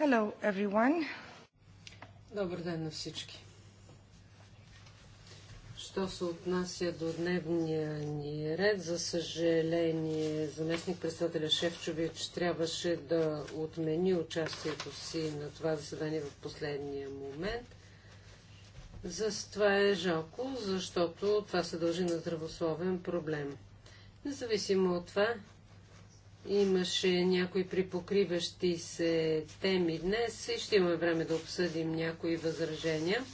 Hello, everyone. Добър ден на всички. Що се отнася до дневния ни ред, за съжаление, заместник председателя Шефчович трябваше да отмени участието си на това заседание в последния момент. За това е жалко, защото това се дължи на здравословен проблем. Независимо от това, Имаше някои припокриващи се теми днес и ще имаме време да обсъдим някои възражения.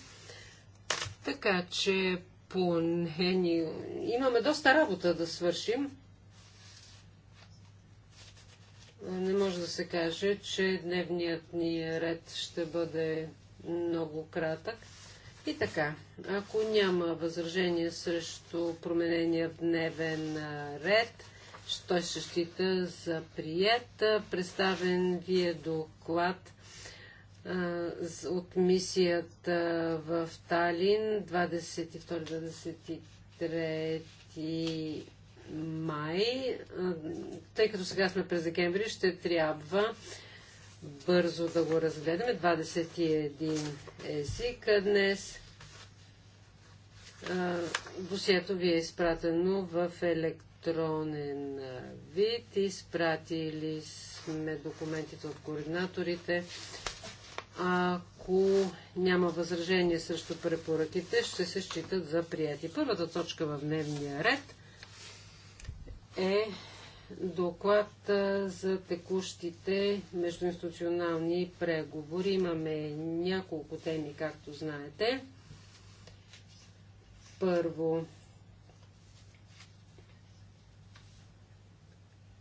Така че поне ни... имаме доста работа да свършим. Не може да се каже, че дневният ни ред ще бъде много кратък. И така, ако няма възражение срещу променения дневен ред, той се счита за прият. Представен ви е доклад а, от мисията в Талин 22-23 май. Тъй като сега сме през декември, ще трябва бързо да го разгледаме. 21 език днес. Досието ви е изпратено в електронно електронен вид. Изпратили сме документите от координаторите. Ако няма възражение срещу препоръките, ще се считат за прияти. Първата точка в дневния ред е доклад за текущите междуинституционални преговори. Имаме няколко теми, както знаете. Първо,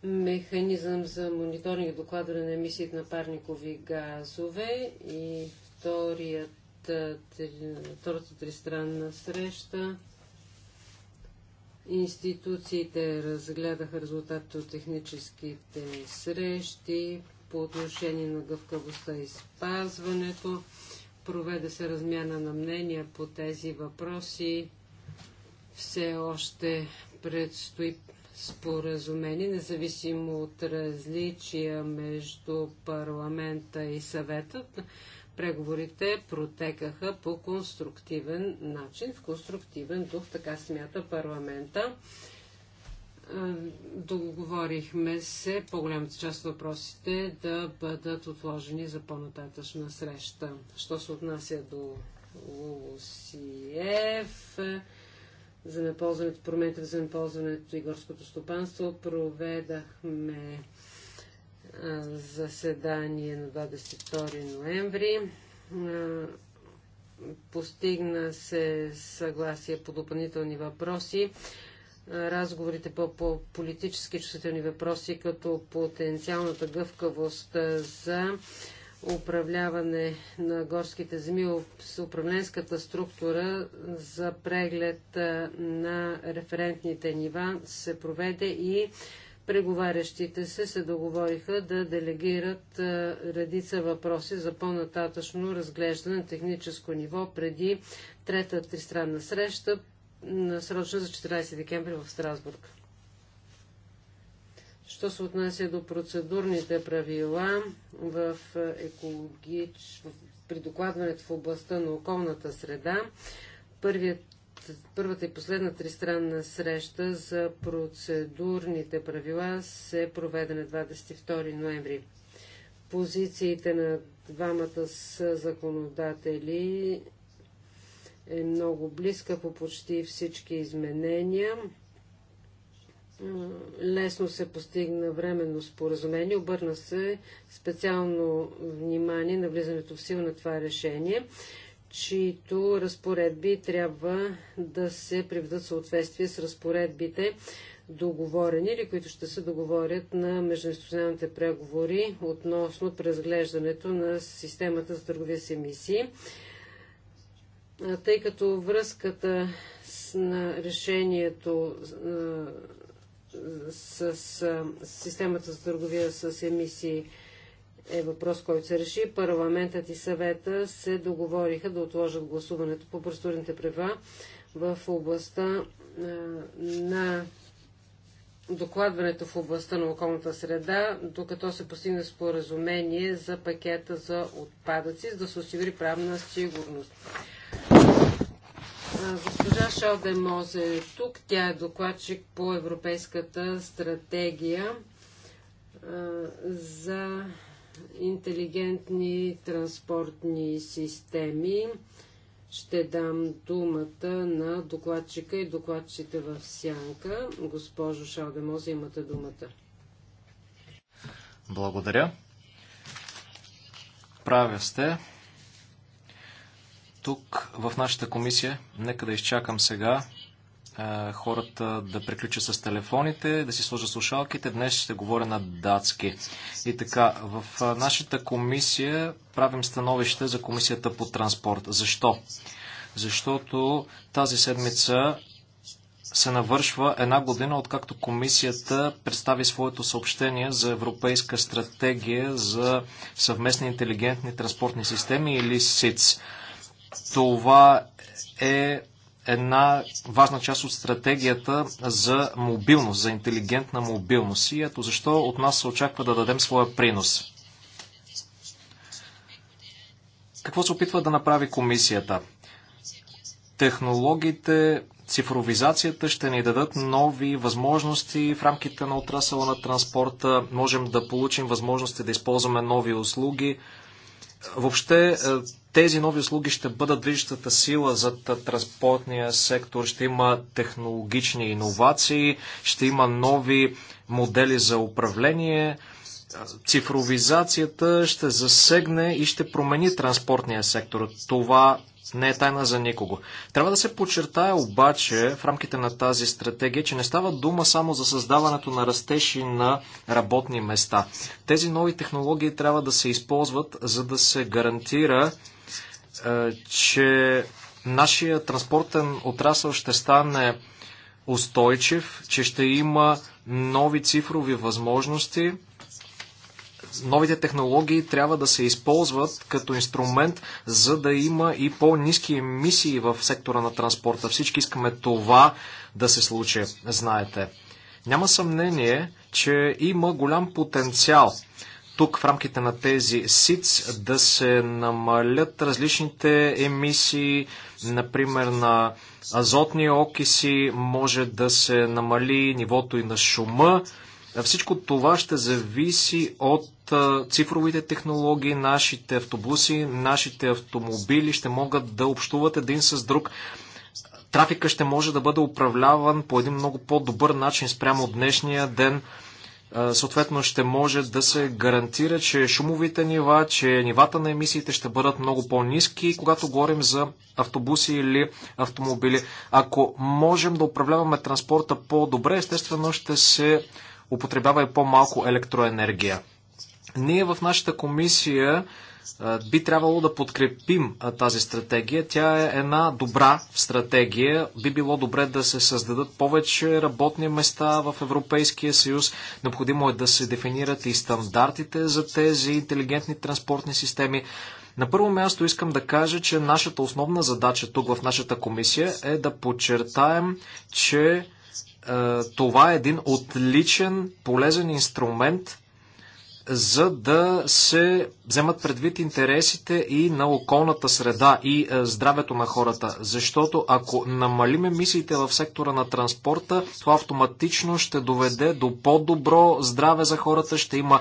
механизъм за мониторинг и докладване на емисиите на парникови газове и вторият, втората тристранна среща. Институциите разгледаха резултатите от техническите срещи по отношение на гъвкавостта и спазването. Проведе се размяна на мнения по тези въпроси. Все още предстои споразумение, независимо от различия между парламента и съветът. Преговорите протекаха по конструктивен начин, в конструктивен дух, така смята парламента. Договорихме се по-голямата част от въпросите да бъдат отложени за по-нататъчна среща. Що се отнася до Лусиев, земеползването, промените в земеползването и горското стопанство. Проведахме заседание на 22 ноември. постигна се съгласие по допълнителни въпроси. Разговорите по, по политически чувствителни въпроси, като потенциалната гъвкавост за управляване на горските земи, с управленската структура за преглед на референтните нива се проведе и преговарящите се се договориха да делегират редица въпроси за по-нататъчно разглеждане на техническо ниво преди трета тристранна среща, насрочена за 14 декември в Страсбург. Що се отнася до процедурните правила в екологич... при докладването в областта на околната среда, първият първата и последна тристранна среща за процедурните правила се проведе на 22 ноември. Позициите на двамата с законодатели е много близка по почти всички изменения лесно се постигна временно споразумение. Обърна се специално внимание на влизането в сила на това решение, чието разпоредби трябва да се приведат в съответствие с разпоредбите договорени или които ще се договорят на междуинституционалните преговори относно преразглеждането на системата за търговия с емисии. Тъй като връзката на решението с, с системата за търговия с емисии е въпрос, който се реши. Парламентът и съвета се договориха да отложат гласуването по просторните права в областта на докладването в областта на околната среда, докато се постигне споразумение за пакета за отпадъци, за да се осигури правна сигурност. Госпожа Шалде Мозе е тук. Тя е докладчик по Европейската стратегия за интелигентни транспортни системи. Ще дам думата на докладчика и докладчите в сянка. Госпожо Мозе, имате думата. Благодаря. Правя сте тук в нашата комисия. Нека да изчакам сега а, хората да приключат с телефоните, да си сложат слушалките. Днес ще говоря на датски. И така, в нашата комисия правим становище за комисията по транспорт. Защо? Защото тази седмица се навършва една година, откакто комисията представи своето съобщение за Европейска стратегия за съвместни интелигентни транспортни системи или СИЦ. Това е една важна част от стратегията за мобилност, за интелигентна мобилност. И ето защо от нас се очаква да дадем своя принос. Какво се опитва да направи комисията? Технологиите, цифровизацията ще ни дадат нови възможности в рамките на отрасъла на транспорта. Можем да получим възможности да използваме нови услуги. Въобще е, тези нови услуги ще бъдат движещата сила за транспортния сектор, ще има технологични иновации, ще има нови модели за управление, цифровизацията ще засегне и ще промени транспортния сектор. Това не е тайна за никого. Трябва да се подчертая обаче в рамките на тази стратегия, че не става дума само за създаването на растежи на работни места. Тези нови технологии трябва да се използват, за да се гарантира, е, че нашия транспортен отрасъл ще стане устойчив, че ще има нови цифрови възможности – новите технологии трябва да се използват като инструмент, за да има и по-низки емисии в сектора на транспорта. Всички искаме това да се случи, знаете. Няма съмнение, че има голям потенциал тук в рамките на тези СИЦ да се намалят различните емисии, например на азотни окиси, може да се намали нивото и на шума. Всичко това ще зависи от цифровите технологии, нашите автобуси, нашите автомобили ще могат да общуват един с друг. Трафика ще може да бъде управляван по един много по-добър начин спрямо днешния ден. Съответно ще може да се гарантира, че шумовите нива, че нивата на емисиите ще бъдат много по-низки, когато говорим за автобуси или автомобили. Ако можем да управляваме транспорта по-добре, естествено ще се употребява и по-малко електроенергия. Ние в нашата комисия би трябвало да подкрепим тази стратегия. Тя е една добра стратегия. Би било добре да се създадат повече работни места в Европейския съюз. Необходимо е да се дефинират и стандартите за тези интелигентни транспортни системи. На първо място искам да кажа, че нашата основна задача тук в нашата комисия е да подчертаем, че е, това е един отличен, полезен инструмент за да се вземат предвид интересите и на околната среда и е, здравето на хората. Защото ако намалим емисиите в сектора на транспорта, това автоматично ще доведе до по-добро здраве за хората, ще има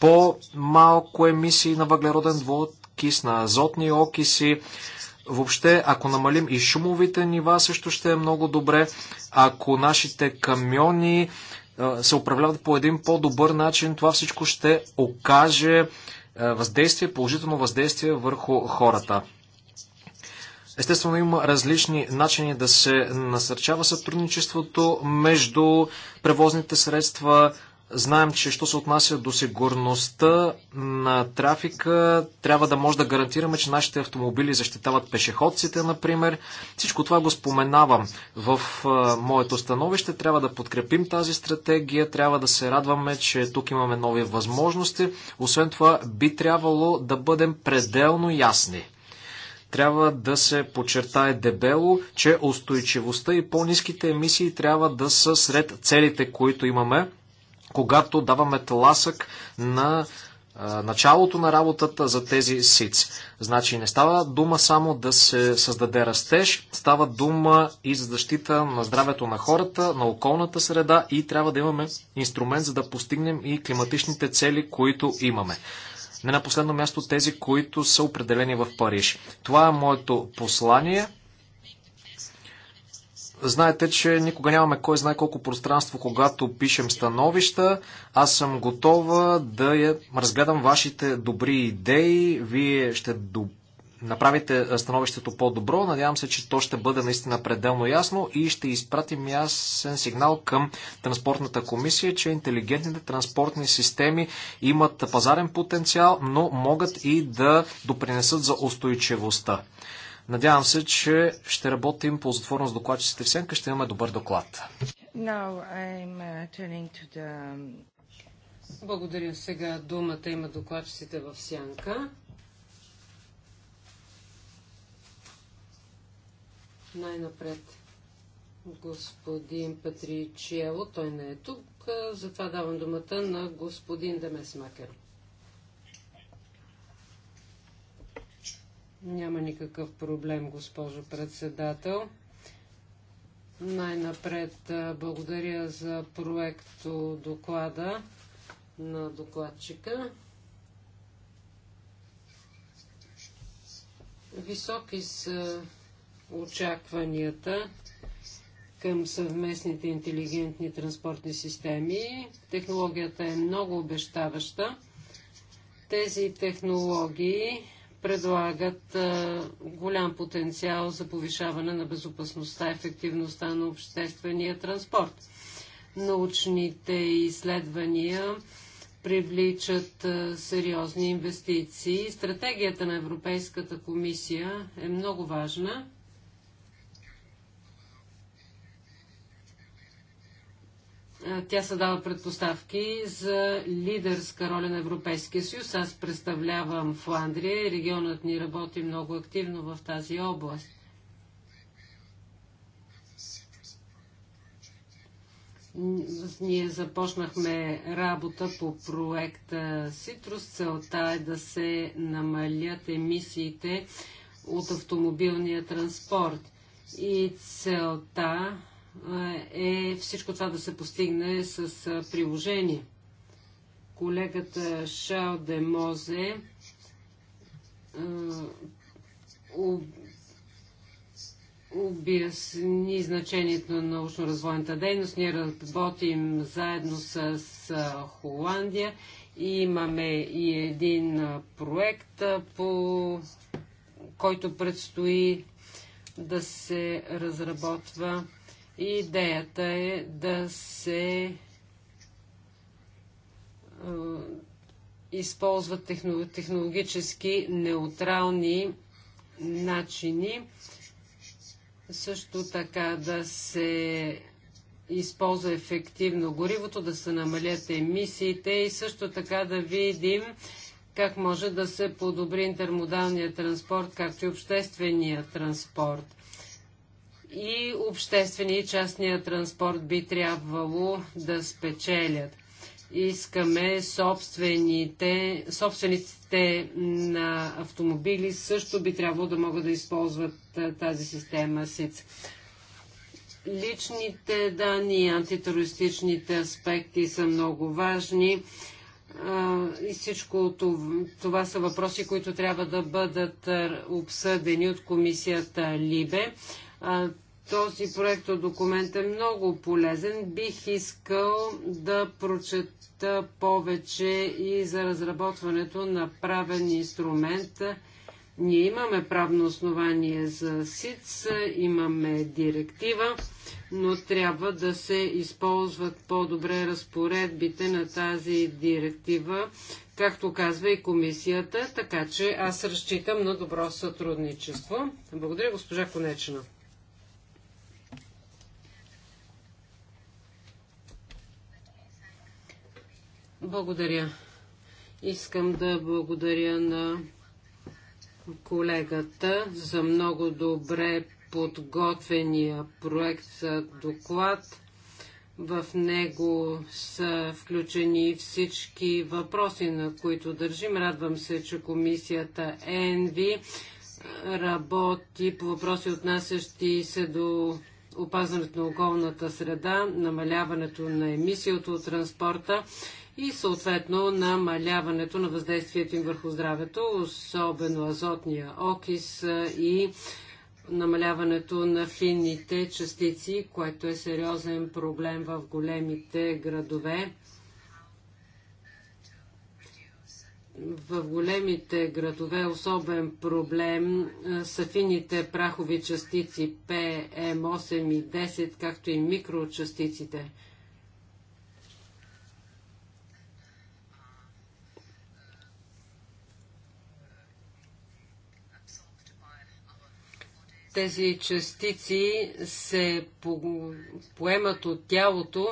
по-малко емисии на въглероден двуокис, на азотни окиси. Въобще, ако намалим и шумовите нива, също ще е много добре. Ако нашите камиони се управляват по един по-добър начин, това всичко ще окаже въздействие, положително въздействие върху хората. Естествено има различни начини да се насърчава сътрудничеството между превозните средства, Знаем, че що се отнася до сигурността на трафика, трябва да може да гарантираме, че нашите автомобили защитават пешеходците, например. Всичко това го споменавам в моето становище. Трябва да подкрепим тази стратегия, трябва да се радваме, че тук имаме нови възможности. Освен това, би трябвало да бъдем пределно ясни трябва да се подчертае дебело, че устойчивостта и по-низките емисии трябва да са сред целите, които имаме когато даваме тласък на началото на работата за тези СИЦ. Значи не става дума само да се създаде растеж, става дума и за защита на здравето на хората, на околната среда и трябва да имаме инструмент, за да постигнем и климатичните цели, които имаме. Не на последно място тези, които са определени в Париж. Това е моето послание. Знаете, че никога нямаме кой знае колко пространство, когато пишем становища. Аз съм готова да я разгледам вашите добри идеи. Вие ще до... направите становището по-добро. Надявам се, че то ще бъде наистина пределно ясно и ще изпратим ясен сигнал към Транспортната комисия, че интелигентните транспортни системи имат пазарен потенциал, но могат и да допринесат за устойчивостта. Надявам се, че ще работим затворно с докладчиците в сенка, ще имаме добър доклад. Uh, the... Благодаря. Сега думата има докладчиците в сянка. Най-напред господин Патричело, той не е тук, затова давам думата на господин Демес Макер. Няма никакъв проблем, госпожо председател. Най-напред благодаря за проекто доклада на докладчика. Високи са очакванията към съвместните интелигентни транспортни системи. Технологията е много обещаваща. Тези технологии предлагат а, голям потенциал за повишаване на безопасността и ефективността на обществения транспорт. Научните изследвания привличат а, сериозни инвестиции. Стратегията на Европейската комисия е много важна Е, тя създава предпоставки за лидерска роля на Европейския съюз. Аз представлявам Фландрия и регионът ни работи много активно в тази област. Ние започнахме работа по проекта Ситрус. Целта е да се намалят емисиите от автомобилния транспорт. И целта е всичко това да се постигне с приложение. Колегата Шал де Мозе обясни значението на научно-развойната дейност. Ние работим заедно с Холандия и имаме и един проект, по който предстои да се разработва Идеята е да се е, използват технологически неутрални начини, също така да се използва ефективно горивото, да се намалят емисиите и също така да видим как може да се подобри интермодалния транспорт, както и обществения транспорт и обществения и частния транспорт би трябвало да спечелят. Искаме собствените, собствениците на автомобили също би трябвало да могат да използват тази система СИЦ. Личните данни и антитерористичните аспекти са много важни и всичко това, това са въпроси, които трябва да бъдат обсъдени от комисията Либе. Този проект от документ е много полезен. Бих искал да прочета повече и за разработването на правен инструмент. Ние имаме правно основание за СИЦ, имаме директива, но трябва да се използват по-добре разпоредбите на тази директива, както казва и комисията, така че аз разчитам на добро сътрудничество. Благодаря, госпожа Конечна. Благодаря. Искам да благодаря на колегата за много добре подготвения проект за доклад. В него са включени всички въпроси, на които държим. Радвам се, че комисията ЕНВ работи по въпроси, отнасящи се до опазването на околната среда, намаляването на емисията от транспорта и съответно намаляването на въздействието им върху здравето, особено азотния окис и намаляването на финните частици, което е сериозен проблем в големите градове. в големите градове особен проблем са фините прахови частици PM8 и 10, както и микрочастиците. Тези частици се поемат от тялото,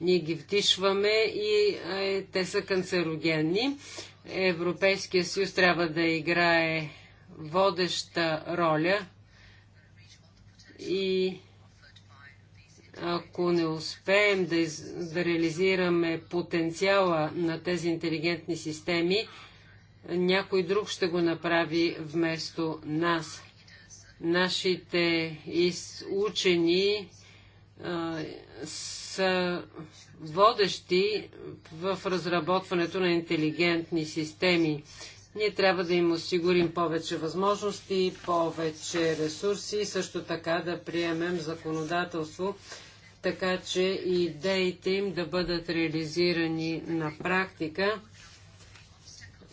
ние ги вдишваме и е, те са канцерогенни. Европейския съюз трябва да играе водеща роля и ако не успеем да, из, да реализираме потенциала на тези интелигентни системи, някой друг ще го направи вместо нас. Нашите учени са водещи в разработването на интелигентни системи. Ние трябва да им осигурим повече възможности, повече ресурси и също така да приемем законодателство, така че идеите им да бъдат реализирани на практика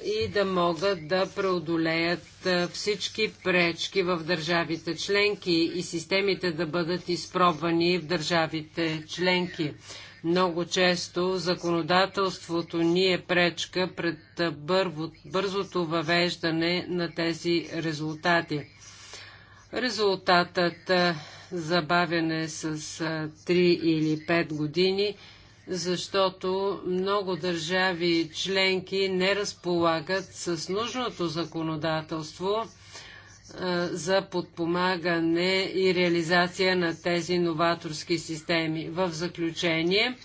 и да могат да преодолеят всички пречки в държавите членки и системите да бъдат изпробвани в държавите членки. Много често законодателството ни е пречка пред бързото въвеждане на тези резултати. Резултатът забавяне с 3 или 5 години – защото много държави членки не разполагат с нужното законодателство за подпомагане и реализация на тези новаторски системи. В заключение,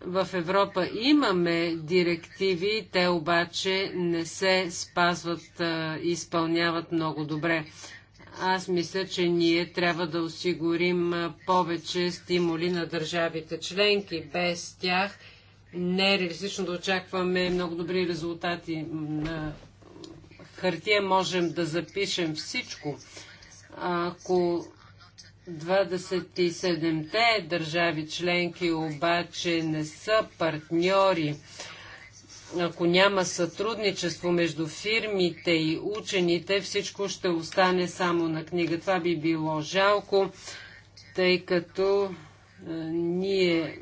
в Европа имаме директиви, те обаче не се спазват и изпълняват много добре. Аз мисля, че ние трябва да осигурим повече стимули на държавите членки. Без тях не е реалистично да очакваме много добри резултати. На хартия можем да запишем всичко. Ако 27-те държави членки обаче не са партньори, ако няма сътрудничество между фирмите и учените, всичко ще остане само на книга. Това би било жалко, тъй като е, ние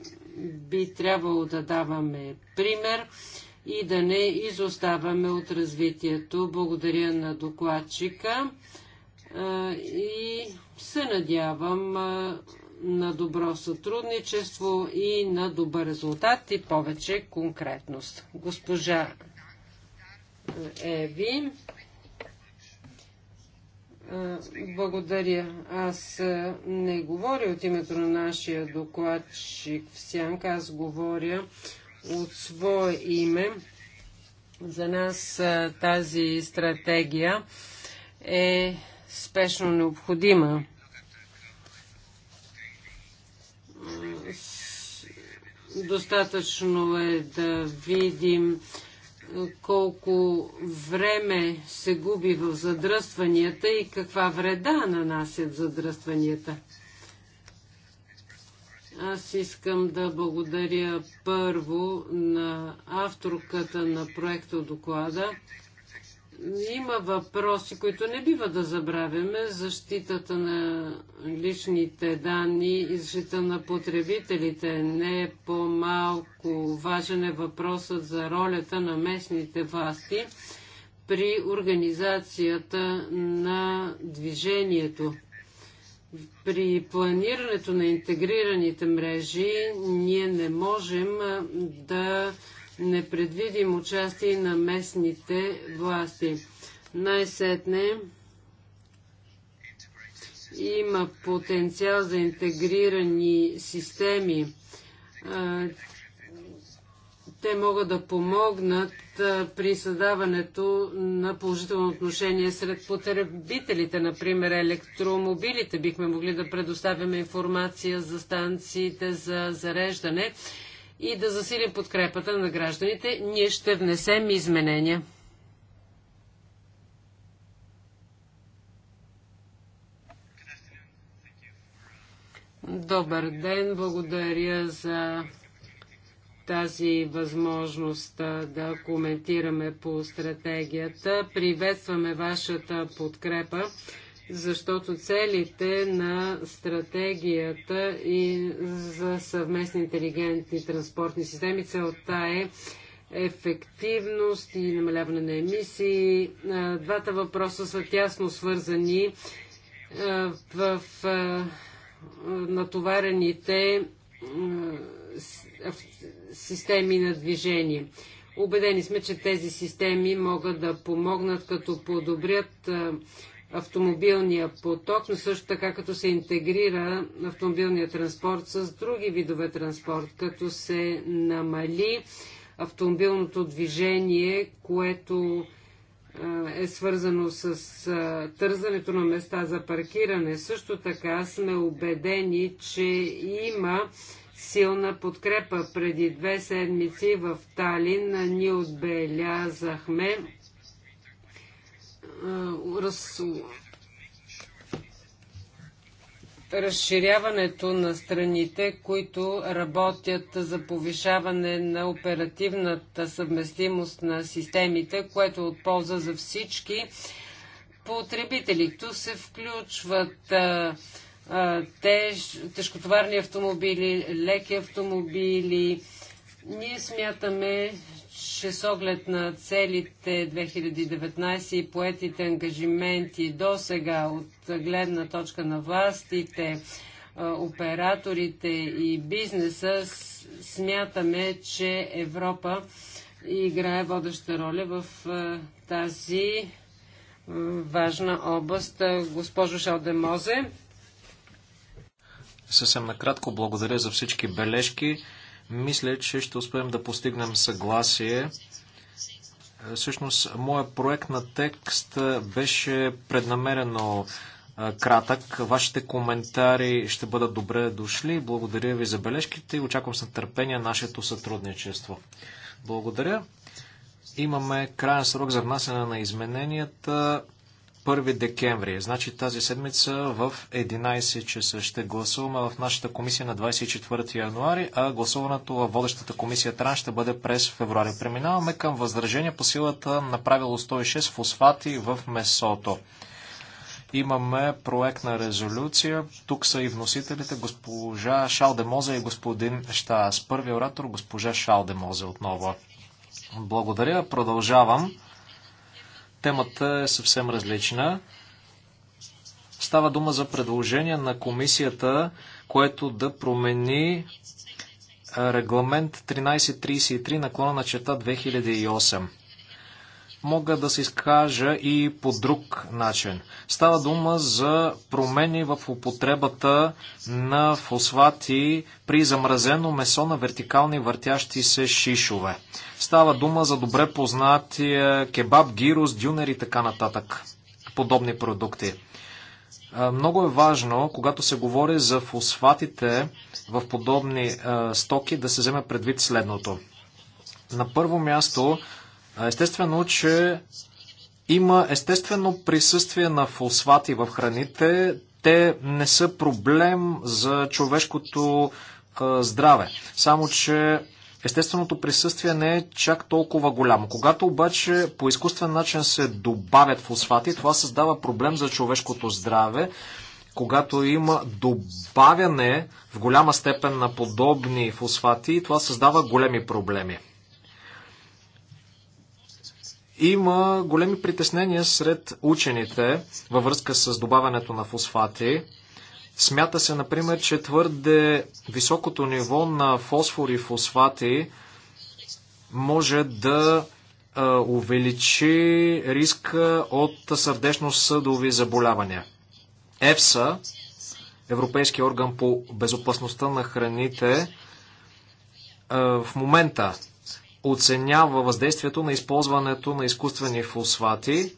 би трябвало да даваме пример и да не изоставаме от развитието. Благодаря на докладчика е, и се надявам е, на добро сътрудничество и на добър резултат и повече конкретност. Госпожа Еви. Благодаря. Аз не говоря от името на нашия докладчик в Сянка, аз говоря от свое име. За нас тази стратегия е спешно необходима. Достатъчно е да видим е, колко време се губи в задръстванията и каква вреда нанасят задръстванията. Аз искам да благодаря първо на авторката на проекта доклада има въпроси, които не бива да забравяме. Защитата на личните данни и защита на потребителите не е по-малко важен е въпросът за ролята на местните власти при организацията на движението. При планирането на интегрираните мрежи ние не можем да непредвидим участие на местните власти. Най-сетне има потенциал за интегрирани системи. Те могат да помогнат при създаването на положително отношение сред потребителите, например електромобилите. Бихме могли да предоставяме информация за станциите за зареждане и да засилим подкрепата на гражданите, ние ще внесем изменения. Добър ден, благодаря за тази възможност да коментираме по стратегията. Приветстваме вашата подкрепа защото целите на стратегията и за съвместни интелигентни транспортни системи, целта е ефективност и намаляване на емисии. Двата въпроса са тясно свързани в натоварените системи на движение. Обедени сме, че тези системи могат да помогнат като подобрят автомобилния поток, но също така като се интегрира автомобилния транспорт с други видове транспорт, като се намали автомобилното движение, което е свързано с тързането на места за паркиране. Също така сме убедени, че има силна подкрепа. Преди две седмици в Талин ние отбелязахме раз, разширяването на страните, които работят за повишаване на оперативната съвместимост на системите, което е от полза за всички потребители. Ту се включват теж, тежкотоварни автомобили, леки автомобили. Ние смятаме, че с оглед на целите 2019 и поетите ангажименти до сега от гледна точка на властите, е, операторите и бизнеса, смятаме, че Европа играе водеща роля в е, тази е, важна област. Госпожо Шалдемозе. Съвсем накратко благодаря за всички бележки. Мисля, че ще успеем да постигнем съгласие. Е, всъщност, моят проект на текст е, беше преднамерено е, кратък. Вашите коментари ще бъдат добре дошли. Благодаря ви за бележките и очаквам с нетърпение нашето сътрудничество. Благодаря. Имаме крайен срок за внасяне на измененията 1 декември. Значи тази седмица в 11 часа ще гласуваме в нашата комисия на 24 януари, а гласуването в водещата комисия Тран ще бъде през февруари. Преминаваме към възражение по силата на правило 106 фосфати в месото. Имаме проект на резолюция. Тук са и вносителите госпожа Шалдемоза и господин Штас. Първи оратор госпожа Шалдемоза отново. Благодаря. Продължавам темата е съвсем различна. Става дума за предложение на комисията, което да промени регламент 1333 наклона на черта 2008 мога да се изкажа и по друг начин. Става дума за промени в употребата на фосфати при замразено месо на вертикални въртящи се шишове. Става дума за добре познатия кебаб, гирос, дюнер и така нататък. Подобни продукти. Много е важно, когато се говори за фосфатите в подобни стоки, да се вземе предвид следното. На първо място, Естествено, че има естествено присъствие на фосфати в храните. Те не са проблем за човешкото здраве. Само, че естественото присъствие не е чак толкова голямо. Когато обаче по изкуствен начин се добавят фосфати, това създава проблем за човешкото здраве. Когато има добавяне в голяма степен на подобни фосфати, това създава големи проблеми има големи притеснения сред учените във връзка с добавянето на фосфати. Смята се, например, че твърде високото ниво на фосфор и фосфати може да увеличи риска от сърдечно-съдови заболявания. ЕФСА, Европейския орган по безопасността на храните, в момента оценява въздействието на използването на изкуствени фосфати.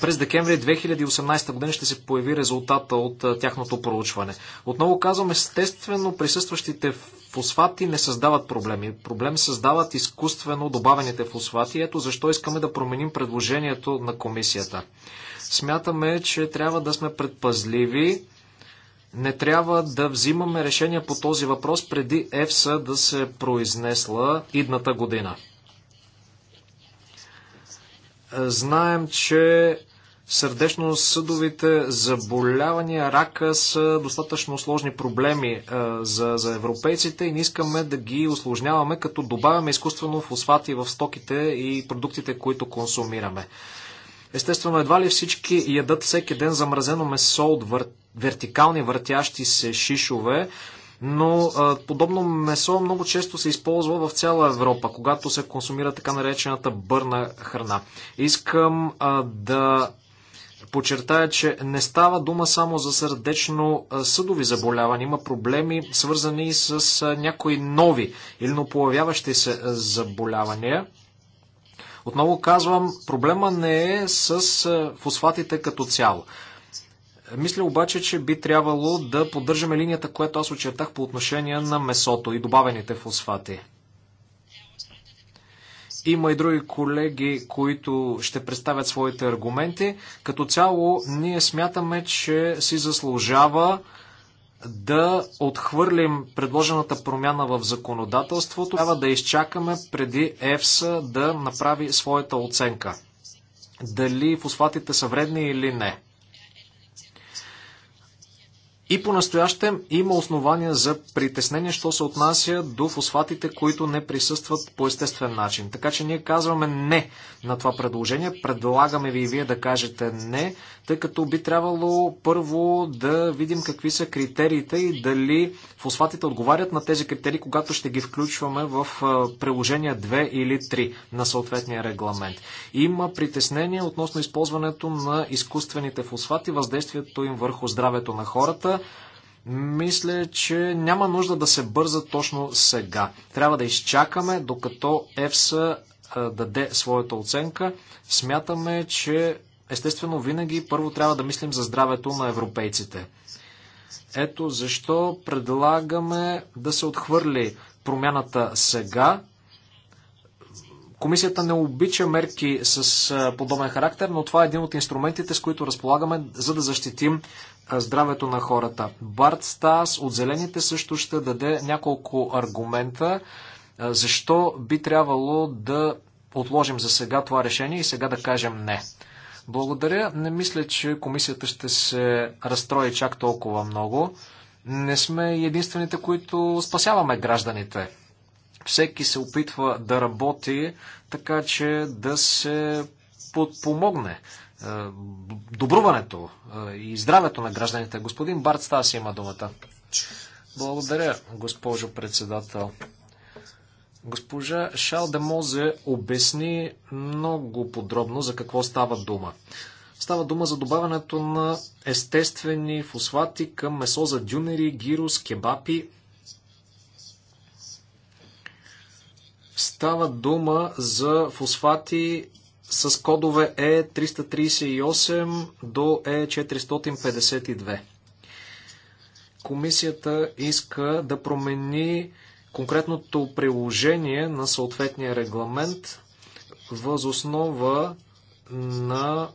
През декември 2018 година ще се появи резултата от тяхното проучване. Отново казвам, естествено присъстващите фосфати не създават проблеми. Проблем създават изкуствено добавените фосфати. Ето защо искаме да променим предложението на комисията. Смятаме, че трябва да сме предпазливи не трябва да взимаме решения по този въпрос преди ЕФСА да се произнесла идната година. Знаем, че сърдечно-съдовите заболявания, рака са достатъчно сложни проблеми е, за, за европейците и не искаме да ги осложняваме, като добавяме изкуствено фосфати в стоките и продуктите, които консумираме. Естествено, едва ли всички ядат всеки ден замразено месо от вър... вертикални въртящи се шишове, но а, подобно месо много често се използва в цяла Европа, когато се консумира така наречената бърна храна. Искам а, да подчертая, че не става дума само за сърдечно-съдови заболявания. Има проблеми, свързани с някои нови или наплавяващи се заболявания. Отново казвам, проблема не е с фосфатите като цяло. Мисля обаче, че би трябвало да поддържаме линията, която аз очертах по отношение на месото и добавените фосфати. Има и други колеги, които ще представят своите аргументи. Като цяло, ние смятаме, че си заслужава да отхвърлим предложената промяна в законодателството. Трябва да изчакаме преди ЕФСА да направи своята оценка. Дали фосфатите са вредни или не. И по-настоящем има основания за притеснение, що се отнася до фосфатите, които не присъстват по естествен начин. Така че ние казваме не на това предложение. Предлагаме ви и вие да кажете не, тъй като би трябвало първо да видим какви са критериите и дали фосфатите отговарят на тези критерии, когато ще ги включваме в приложения 2 или 3 на съответния регламент. Има притеснение относно използването на изкуствените фосфати, въздействието им върху здравето на хората мисля, че няма нужда да се бърза точно сега. Трябва да изчакаме, докато ЕФСА даде своята оценка. Смятаме, че естествено винаги първо трябва да мислим за здравето на европейците. Ето защо предлагаме да се отхвърли промяната сега, Комисията не обича мерки с подобен характер, но това е един от инструментите, с които разполагаме, за да защитим здравето на хората. Барт Стас от Зелените също ще даде няколко аргумента защо би трябвало да отложим за сега това решение и сега да кажем не. Благодаря. Не мисля, че комисията ще се разстрои чак толкова много. Не сме единствените, които спасяваме гражданите всеки се опитва да работи така, че да се подпомогне е, добруването е, и здравето на гражданите. Господин Барт Стас има думата. Благодаря, госпожо председател. Госпожа Шал де Мозе обясни много подробно за какво става дума. Става дума за добавянето на естествени фосфати към месо за дюнери, гирус, кебапи Става дума за фосфати с кодове Е338 до Е452. Комисията иска да промени конкретното приложение на съответния регламент възоснова на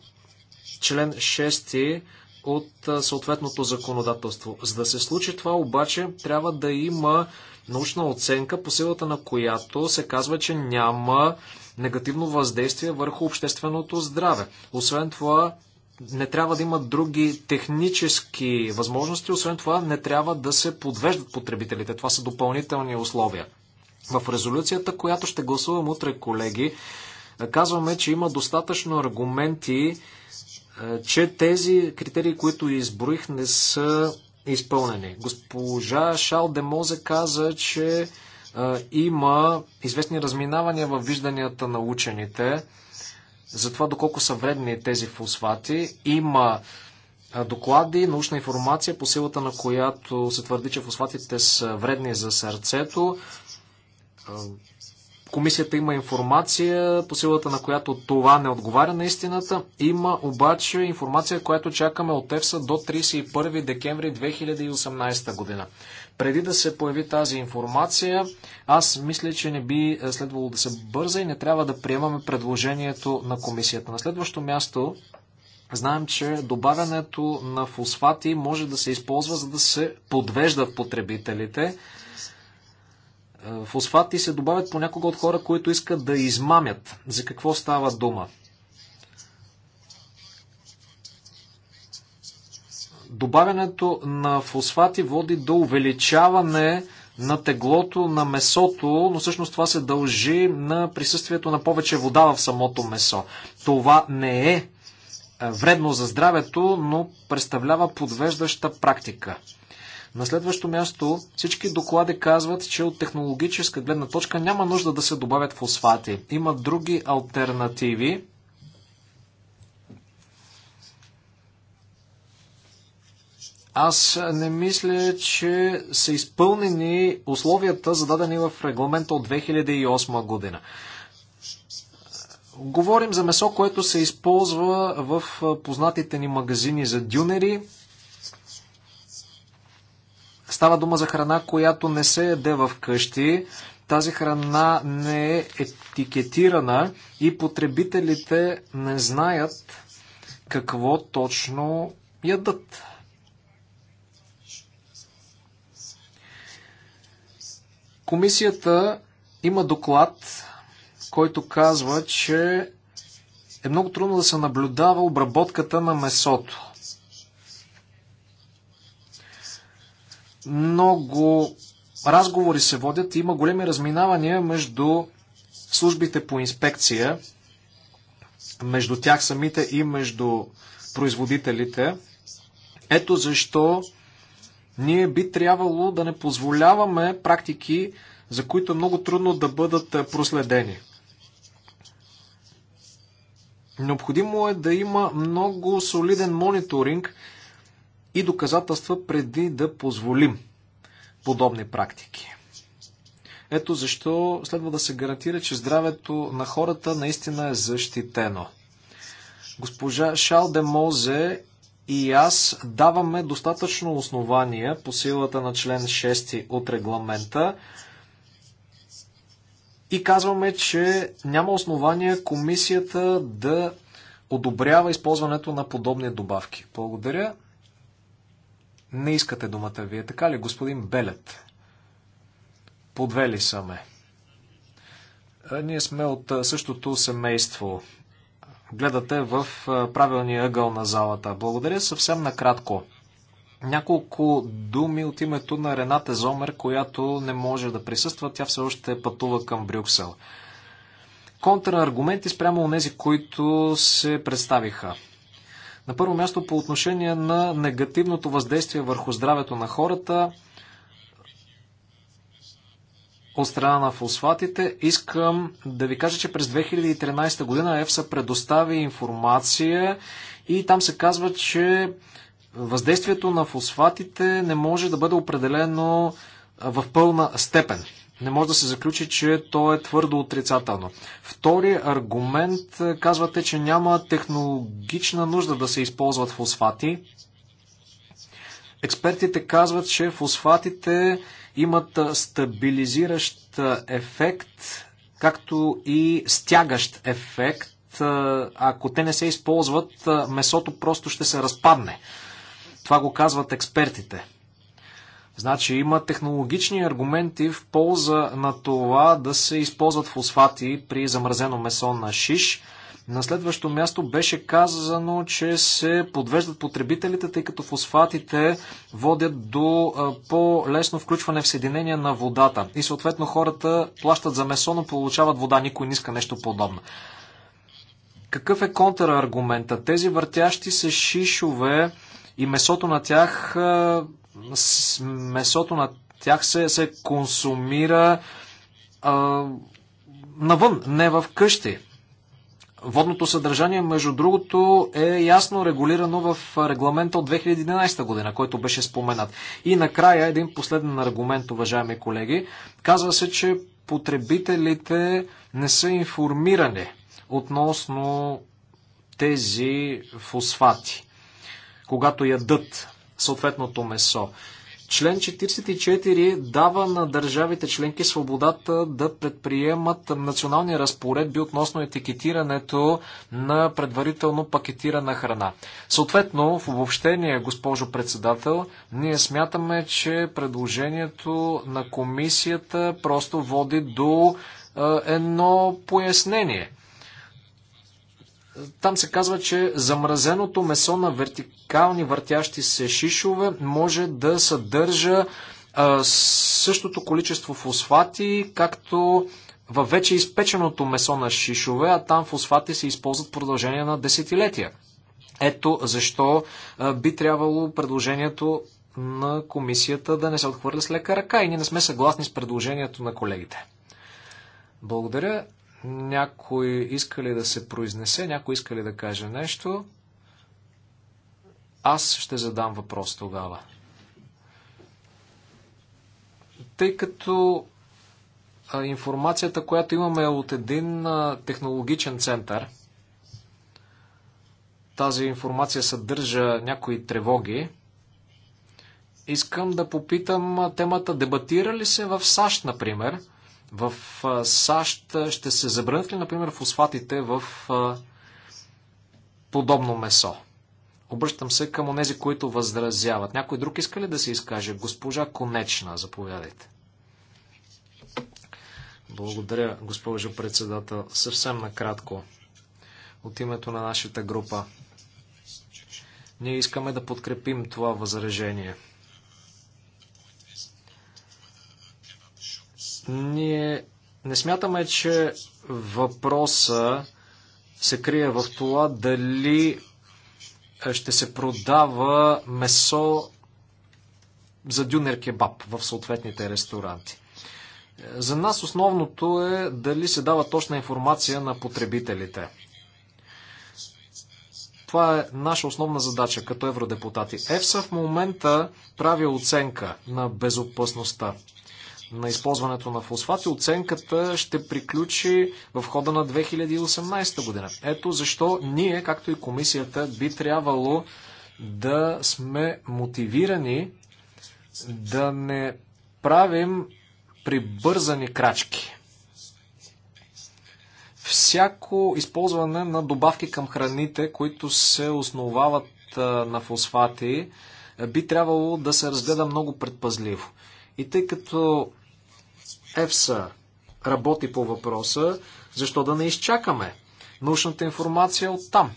член 6 от съответното законодателство. За да се случи това обаче, трябва да има научна оценка, по силата на която се казва, че няма негативно въздействие върху общественото здраве. Освен това, не трябва да имат други технически възможности, освен това не трябва да се подвеждат потребителите. Това са допълнителни условия. В резолюцията, която ще гласувам утре, колеги, казваме, че има достатъчно аргументи, е, че тези критерии, които изброих, не са изпълнени. Госпожа Шал Мозе каза, че а, има известни разминавания в вижданията на учените за това доколко са вредни тези фосфати. Има доклади, научна информация, по силата на която се твърди, че фосфатите са вредни за сърцето комисията има информация, по силата на която това не отговаря на истината. Има обаче информация, която чакаме от ЕФСА до 31 декември 2018 година. Преди да се появи тази информация, аз мисля, че не би е, следвало да се бърза и не трябва да приемаме предложението на комисията. На следващо място Знаем, че добавянето на фосфати може да се използва, за да се подвеждат потребителите фосфати се добавят понякога от хора, които искат да измамят. За какво става дума? Добавянето на фосфати води до увеличаване на теглото на месото, но всъщност това се дължи на присъствието на повече вода в самото месо. Това не е вредно за здравето, но представлява подвеждаща практика. На следващо място, всички доклади казват, че от технологическа гледна точка няма нужда да се добавят фосфати. Има други альтернативи. Аз не мисля, че са изпълнени условията, зададени в регламента от 2008 година. Говорим за месо, което се използва в познатите ни магазини за дюнери. Става дума за храна, която не се яде в къщи. Тази храна не е етикетирана и потребителите не знаят какво точно ядат. Комисията има доклад, който казва, че е много трудно да се наблюдава обработката на месото. Много разговори се водят и има големи разминавания между службите по инспекция, между тях самите и между производителите. Ето защо ние би трябвало да не позволяваме практики, за които е много трудно да бъдат проследени. Необходимо е да има много солиден мониторинг и доказателства преди да позволим подобни практики. Ето защо следва да се гарантира, че здравето на хората наистина е защитено. Госпожа Шал де Мозе и аз даваме достатъчно основания по силата на член 6 от регламента и казваме, че няма основания комисията да одобрява използването на подобни добавки. Благодаря. Не искате думата вие, така ли, господин Белет? Подвели са ме. Ние сме от същото семейство. Гледате в правилния ъгъл на залата. Благодаря съвсем накратко. Няколко думи от името на Рената Зомер, която не може да присъства. Тя все още пътува към Брюксел контраргументи спрямо от тези, които се представиха на първо място по отношение на негативното въздействие върху здравето на хората от страна на фосфатите, искам да ви кажа, че през 2013 година ЕФСА предостави информация и там се казва, че въздействието на фосфатите не може да бъде определено в пълна степен не може да се заключи, че то е твърдо отрицателно. Втори аргумент е, казвате, че няма технологична нужда да се използват фосфати. Експертите казват, че фосфатите имат е, стабилизиращ е, ефект, както и стягащ ефект. Ако те не се използват, месото просто ще се разпадне. Това го казват експертите. Значи има технологични аргументи в полза на това да се използват фосфати при замразено месо на шиш. На следващо място беше казано, че се подвеждат потребителите, тъй като фосфатите водят до по-лесно включване в съединение на водата. И съответно хората плащат за месо, но получават вода. Никой не иска нещо подобно. Какъв е контраргумента? Тези въртящи се шишове и месото на тях месото на тях се, се консумира а, навън, не в къщи. Водното съдържание, между другото, е ясно регулирано в регламента от 2011 година, който беше споменат. И накрая един последен аргумент, уважаеми колеги. Казва се, че потребителите не са информирани относно тези фосфати, когато ядат съответното месо. Член 44 дава на държавите членки свободата да предприемат национални разпоредби относно етикетирането на предварително пакетирана храна. Съответно, в обобщение, госпожо председател, ние смятаме, че предложението на комисията просто води до е, едно пояснение – там се казва, че замразеното месо на вертикални въртящи се шишове може да съдържа а, същото количество фосфати, както във вече изпеченото месо на шишове, а там фосфати се използват в продължение на десетилетия. Ето защо а, би трябвало предложението на комисията да не се отхвърля с лека ръка и ние не сме съгласни с предложението на колегите. Благодаря. Някой иска ли да се произнесе, някой иска ли да каже нещо? Аз ще задам въпрос тогава. Тъй като информацията, която имаме е от един технологичен център, тази информация съдържа някои тревоги. Искам да попитам темата дебатира ли се в САЩ, например? В САЩ ще се забранят ли, например, фосфатите в подобно месо? Обръщам се към онези, които възразяват. Някой друг иска ли да се изкаже? Госпожа Конечна, заповядайте. Благодаря, госпожо председател. Съвсем накратко. От името на нашата група. Ние искаме да подкрепим това възражение. Ние не смятаме, че въпроса се крие в това дали е, ще се продава месо за дюнер кебаб в съответните ресторанти. Е, за нас основното е дали се дава точна информация на потребителите. Това е наша основна задача като евродепутати. ЕФСА в момента прави оценка на безопасността на използването на фосфати. Оценката ще приключи в хода на 2018 година. Ето защо ние, както и комисията, би трябвало да сме мотивирани да не правим прибързани крачки. Всяко използване на добавки към храните, които се основават на фосфати, би трябвало да се разгледа много предпазливо. И тъй като ЕФСА работи по въпроса, защо да не изчакаме научната информация от там?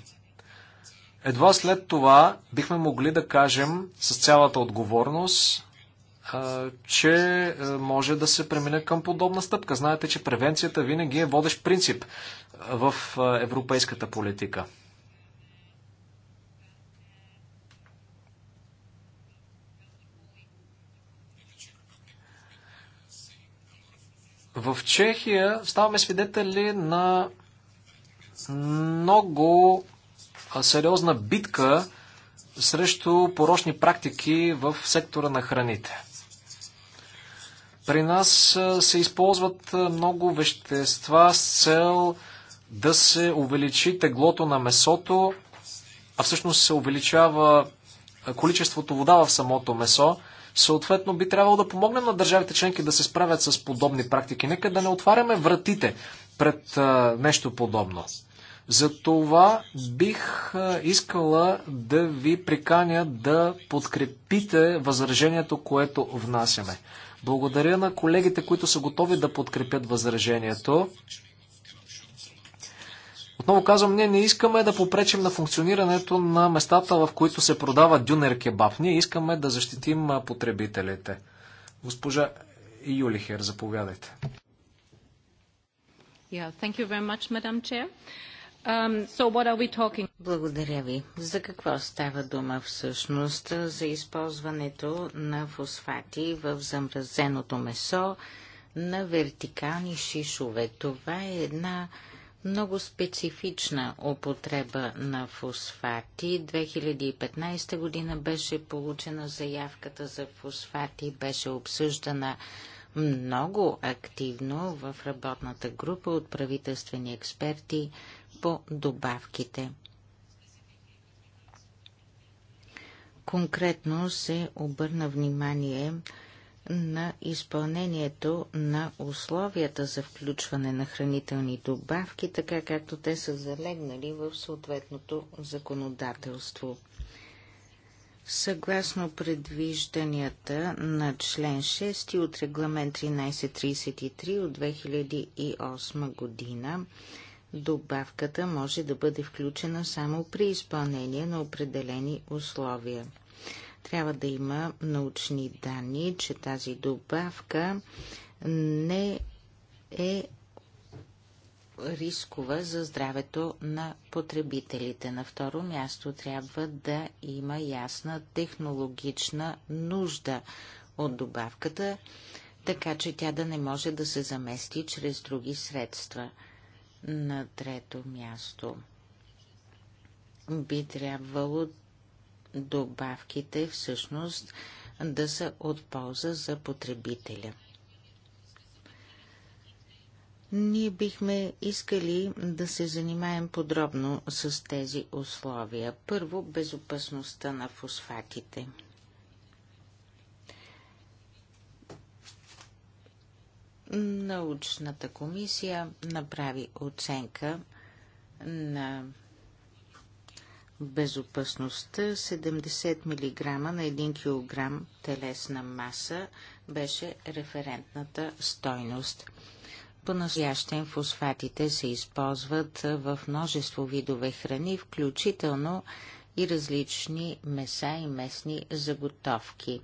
Едва след това бихме могли да кажем с цялата отговорност, че може да се премине към подобна стъпка. Знаете, че превенцията винаги е водещ принцип в европейската политика. В Чехия ставаме свидетели на много сериозна битка срещу порочни практики в сектора на храните. При нас се използват много вещества с цел да се увеличи теглото на месото, а всъщност се увеличава количеството вода в самото месо. Съответно, би трябвало да помогнем на държавите членки да се справят с подобни практики. Нека да не отваряме вратите пред а, нещо подобно. Затова бих искала да ви приканя да подкрепите възражението, което внасяме. Благодаря на колегите, които са готови да подкрепят възражението. Отново казвам, ние не искаме да попречим на функционирането на местата, в които се продава дюнер кебаб. Ние искаме да защитим потребителите. Госпожа Юлихер, заповядайте. Um, Благодаря ви. За какво става дума всъщност? За използването на фосфати в замразеното месо на вертикални шишове. Това е една много специфична употреба на фосфати. 2015 година беше получена заявката за фосфати, беше обсъждана много активно в работната група от правителствени експерти по добавките. Конкретно се обърна внимание на на изпълнението на условията за включване на хранителни добавки, така както те са залегнали в съответното законодателство. Съгласно предвижданията на член 6 от регламент 1333 от 2008 година, добавката може да бъде включена само при изпълнение на определени условия. Трябва да има научни данни, че тази добавка не е рискова за здравето на потребителите. На второ място трябва да има ясна технологична нужда от добавката, така че тя да не може да се замести чрез други средства. На трето място би трябвало добавките всъщност да са от полза за потребителя. Ние бихме искали да се занимаем подробно с тези условия. Първо, безопасността на фосфатите. Научната комисия направи оценка на безопасността 70 мг на 1 кг телесна маса беше референтната стойност. По-настоящен фосфатите се използват в множество видове храни, включително и различни меса и местни заготовки.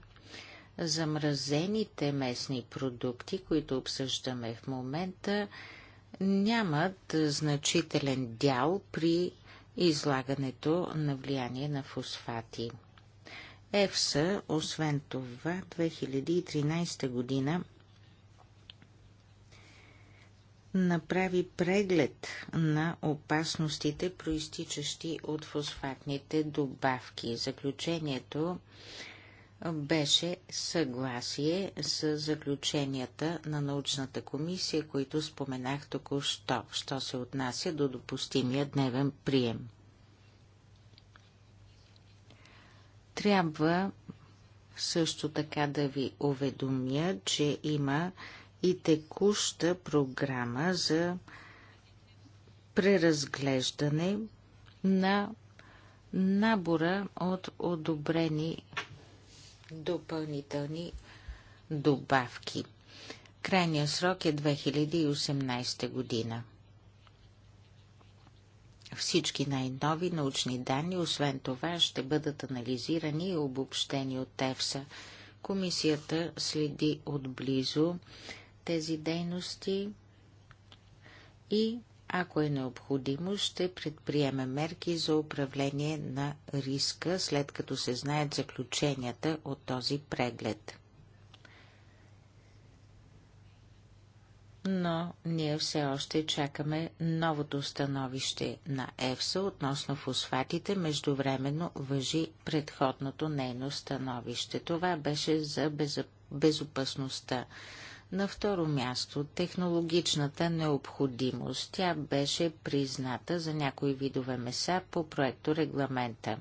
Замразените местни продукти, които обсъждаме в момента, нямат значителен дял при излагането на влияние на фосфати. ЕФСА, освен това, 2013 година направи преглед на опасностите, проистичащи от фосфатните добавки. Заключението беше съгласие с заключенията на научната комисия, които споменах току-що, що се отнася до допустимия дневен прием. Трябва също така да ви уведомя, че има и текуща програма за преразглеждане на набора от одобрени допълнителни добавки. Крайният срок е 2018 година. Всички най-нови научни данни, освен това, ще бъдат анализирани и обобщени от ЕФСА. Комисията следи отблизо тези дейности и ако е необходимо, ще предприеме мерки за управление на риска, след като се знаят заключенията от този преглед. но ние все още чакаме новото становище на ЕФСА относно фосфатите, междувременно въжи предходното нейно становище. Това беше за безопасността. На второ място, технологичната необходимост. Тя беше призната за някои видове меса по проекто регламента.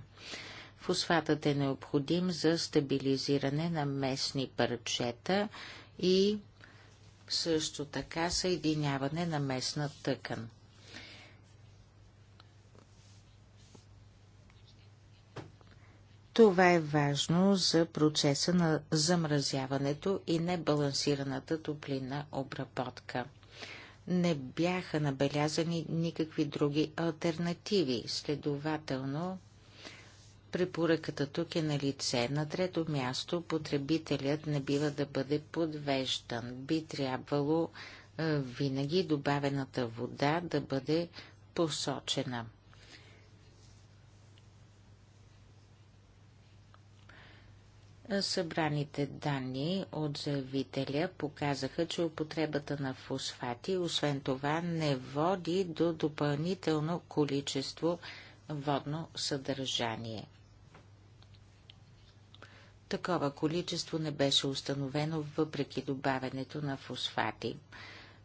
Фосфатът е необходим за стабилизиране на местни парчета и също така съединяване на местна тъкан. Това е важно за процеса на замразяването и небалансираната топлина обработка. Не бяха набелязани никакви други альтернативи, следователно препоръката тук е на лице. На трето място потребителят не бива да бъде подвеждан. Би трябвало винаги добавената вода да бъде посочена. Събраните данни от заявителя показаха, че употребата на фосфати, освен това, не води до допълнително количество водно съдържание. Такова количество не беше установено въпреки добавянето на фосфати.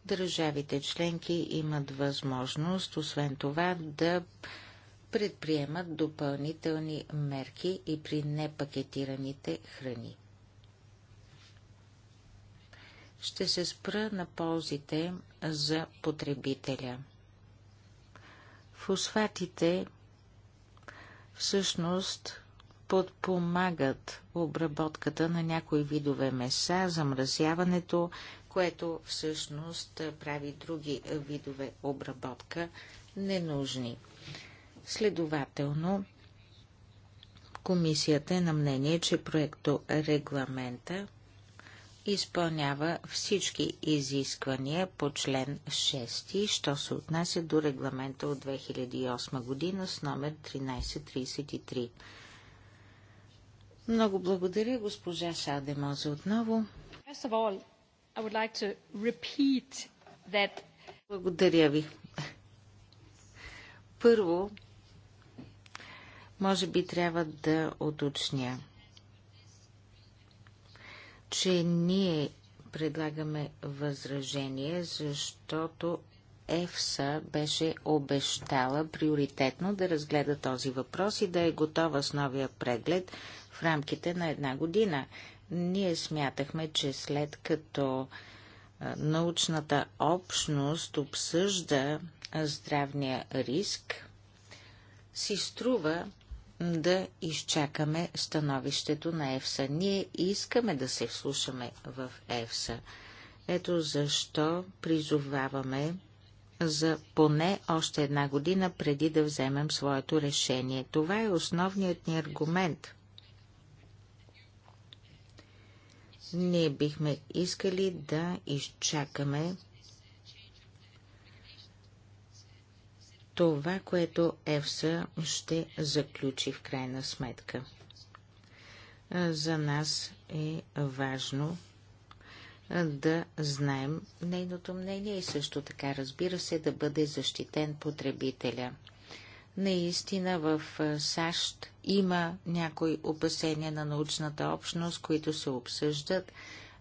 Държавите членки имат възможност, освен това, да предприемат допълнителни мерки и при непакетираните храни. Ще се спра на ползите за потребителя. Фосфатите всъщност подпомагат обработката на някои видове меса, замразяването, което всъщност прави други видове обработка ненужни. Следователно, комисията е на мнение, че проекто регламента изпълнява всички изисквания по член 6, що се отнася до регламента от 2008 година с номер 1333. Много благодаря, госпожа Шадемоза, отново. All, like that... Благодаря ви. Първо, може би трябва да уточня, че ние предлагаме възражение, защото ЕФСА беше обещала приоритетно да разгледа този въпрос и да е готова с новия преглед в рамките на една година. Ние смятахме, че след като научната общност обсъжда здравния риск, си струва да изчакаме становището на ЕФСА. Ние искаме да се вслушаме в ЕФСА. Ето защо призоваваме за поне още една година преди да вземем своето решение. Това е основният ни аргумент. Ние бихме искали да изчакаме това, което ЕФСА ще заключи в крайна сметка. За нас е важно да знаем нейното мнение и също така, разбира се, да бъде защитен потребителя. Наистина в САЩ има някои опасения на научната общност, които се обсъждат,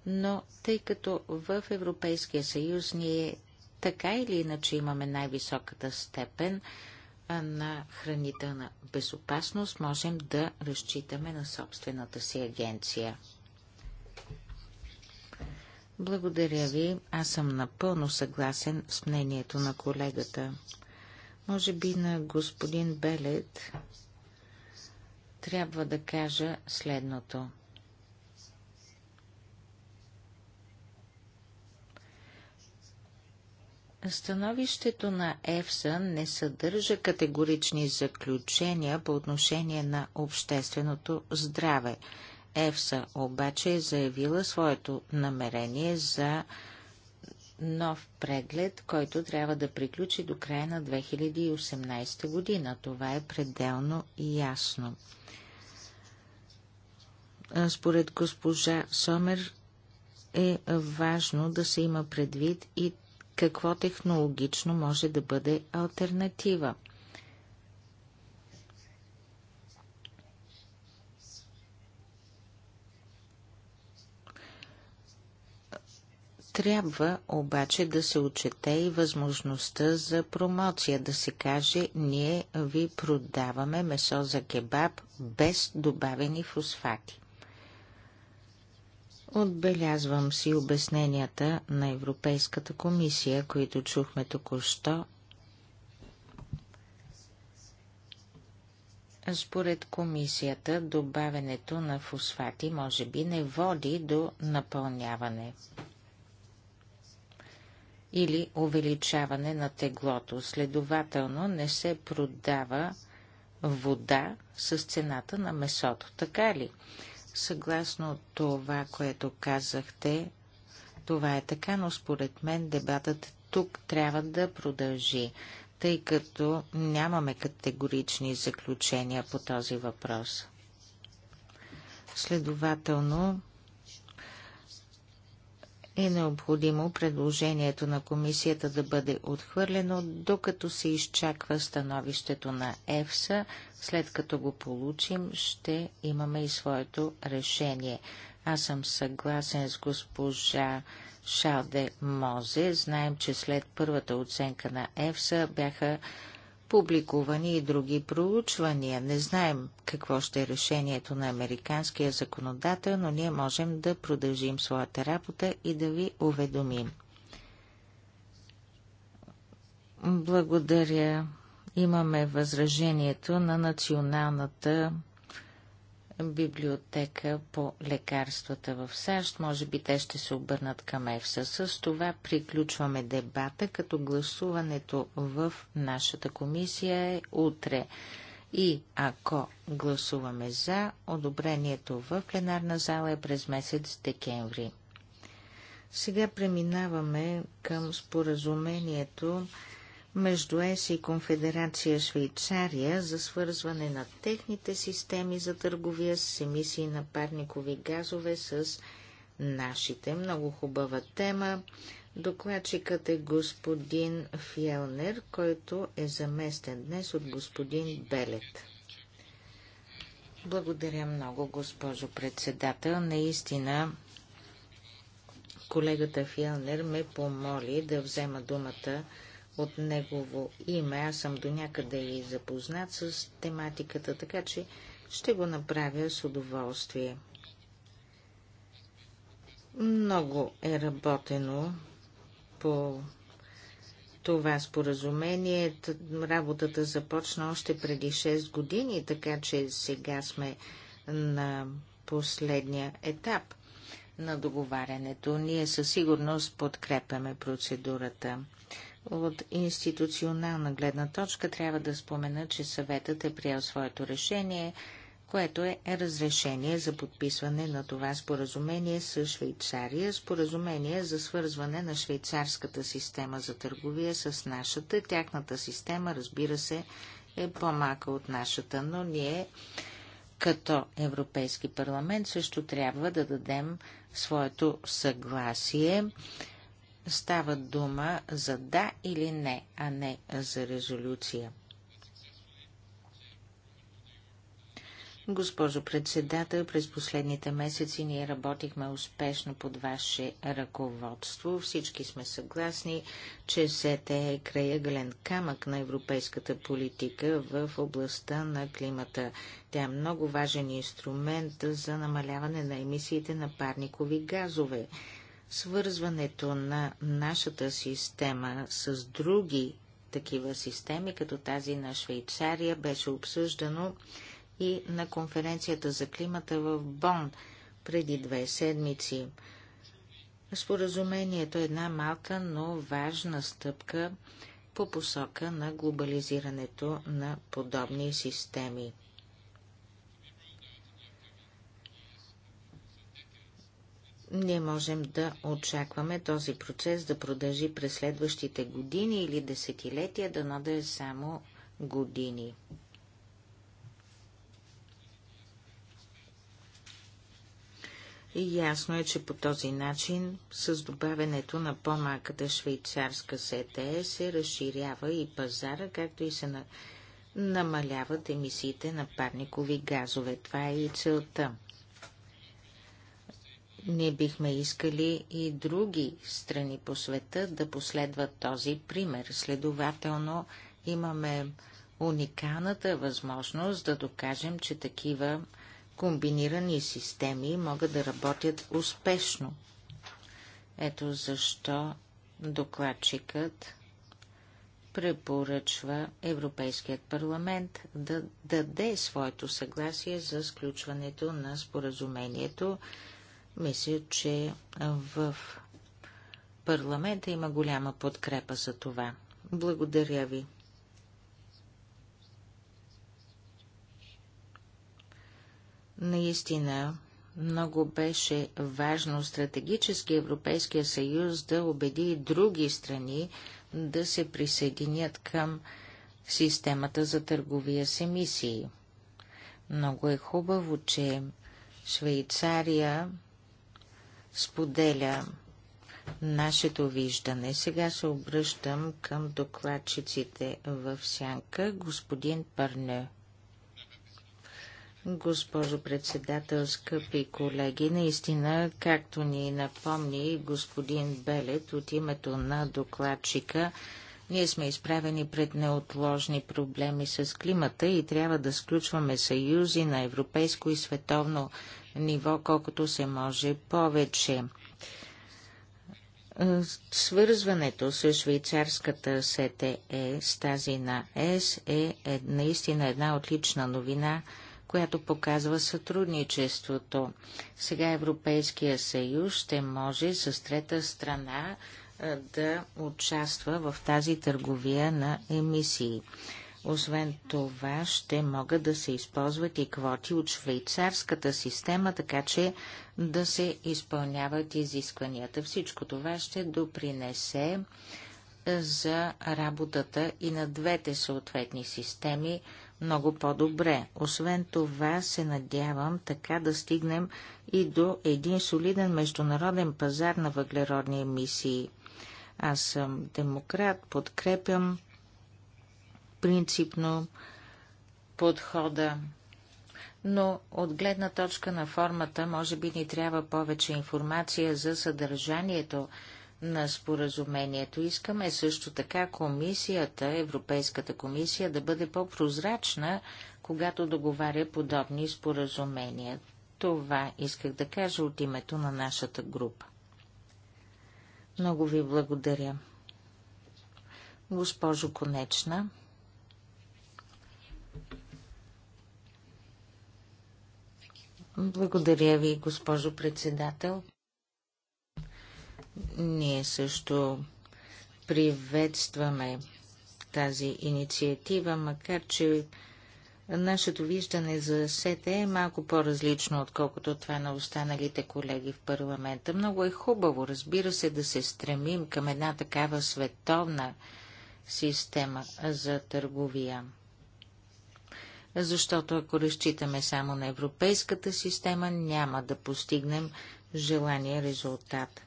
но тъй като в Европейския съюз ние така или иначе имаме най-високата степен на хранителна безопасност, можем да разчитаме на собствената си агенция. Благодаря ви. Аз съм напълно съгласен с мнението на колегата. Може би на господин Белет трябва да кажа следното – Становището на ЕФСА не съдържа категорични заключения по отношение на общественото здраве. ЕФСА обаче е заявила своето намерение за нов преглед, който трябва да приключи до края на 2018 година. Това е пределно ясно. Според госпожа Сомер е важно да се има предвид и какво технологично може да бъде альтернатива. Трябва обаче да се отчете и възможността за промоция, да се каже ние ви продаваме месо за кебаб без добавени фосфати. Отбелязвам си обясненията на Европейската комисия, които чухме току-що. Според комисията, добавенето на фосфати може би не води до напълняване или увеличаване на теглото. Следователно не се продава вода с цената на месото. Така ли? Съгласно това, което казахте, това е така, но според мен дебатът тук трябва да продължи, тъй като нямаме категорични заключения по този въпрос. Следователно, е необходимо предложението на комисията да бъде отхвърлено, докато се изчаква становището на ЕФСА. След като го получим, ще имаме и своето решение. Аз съм съгласен с госпожа Шалде Мозе. Знаем, че след първата оценка на ЕФСА бяха публикувани и други проучвания. Не знаем какво ще е решението на американския законодател, но ние можем да продължим своята работа и да ви уведомим. Благодаря. Имаме възражението на Националната библиотека по лекарствата в САЩ. Може би те ще се обърнат към ЕФСА. С това приключваме дебата, като гласуването в нашата комисия е утре. И ако гласуваме за, одобрението в пленарна зала е през месец декември. Сега преминаваме към споразумението между ЕС и Конфедерация Швейцария за свързване на техните системи за търговия с емисии на парникови газове с нашите. Много хубава тема. Докладчикът е господин Фиелнер, който е заместен днес от господин Белет. Благодаря много, госпожо председател. Наистина, колегата Фиелнер ме помоли да взема думата от негово име. Аз съм до някъде и запознат с тематиката, така че ще го направя с удоволствие. Много е работено по това споразумение. Работата започна още преди 6 години, така че сега сме на последния етап на договарянето. Ние със сигурност подкрепяме процедурата. От институционална гледна точка трябва да спомена, че съветът е приел своето решение, което е разрешение за подписване на това споразумение с Швейцария, споразумение за свързване на швейцарската система за търговия с нашата. Тяхната система, разбира се, е по-мака от нашата, но ние като Европейски парламент също трябва да дадем своето съгласие става дума за да или не, а не за резолюция. Госпожо председател, през последните месеци ние работихме успешно под ваше ръководство. Всички сме съгласни, че СЕТЕ е краягален камък на европейската политика в областта на климата. Тя е много важен инструмент за намаляване на емисиите на парникови газове. Свързването на нашата система с други такива системи, като тази на Швейцария, беше обсъждано и на конференцията за климата в Бон преди две седмици. Споразумението е една малка, но важна стъпка по посока на глобализирането на подобни системи. не можем да очакваме този процес да продължи през следващите години или десетилетия, дано да е само години. И ясно е, че по този начин с добавянето на по-малката швейцарска СТЕ се разширява и пазара, както и се на... намаляват емисиите на парникови газове. Това е и целта. Ние бихме искали и други страни по света да последват този пример. Следователно, имаме уникалната възможност да докажем, че такива комбинирани системи могат да работят успешно. Ето защо докладчикът препоръчва Европейският парламент да даде своето съгласие за сключването на споразумението мисля, че в парламента има голяма подкрепа за това. Благодаря ви. Наистина, много беше важно стратегически Европейския съюз да убеди и други страни да се присъединят към системата за търговия с емисии. Много е хубаво, че Швейцария споделя нашето виждане. Сега се обръщам към докладчиците в сянка. Господин Парне. Госпожо председател, скъпи колеги, наистина, както ни напомни господин Белет от името на докладчика, ние сме изправени пред неотложни проблеми с климата и трябва да сключваме съюзи на европейско и световно ниво, колкото се може повече. Е, свързването с швейцарската СТЕ с тази на ЕС е, е наистина една отлична новина, която показва сътрудничеството. Сега Европейския съюз ще може с трета страна е, да участва в тази търговия на емисии. Освен това, ще могат да се използват и квоти от швейцарската система, така че да се изпълняват изискванията. Всичко това ще допринесе за работата и на двете съответни системи много по-добре. Освен това, се надявам така да стигнем и до един солиден международен пазар на въглеродни емисии. Аз съм демократ, подкрепям принципно подхода. Но от гледна точка на формата, може би ни трябва повече информация за съдържанието на споразумението. Искаме също така комисията, Европейската комисия, да бъде по-прозрачна, когато договаря подобни споразумения. Това исках да кажа от името на нашата група. Много ви благодаря. Госпожо Конечна. Благодаря ви, госпожо председател. Ние също приветстваме тази инициатива, макар че нашето виждане за СЕТЕ е малко по-различно, отколкото това на останалите колеги в парламента. Много е хубаво, разбира се, да се стремим към една такава световна система за търговия защото ако разчитаме само на европейската система, няма да постигнем желания резултат.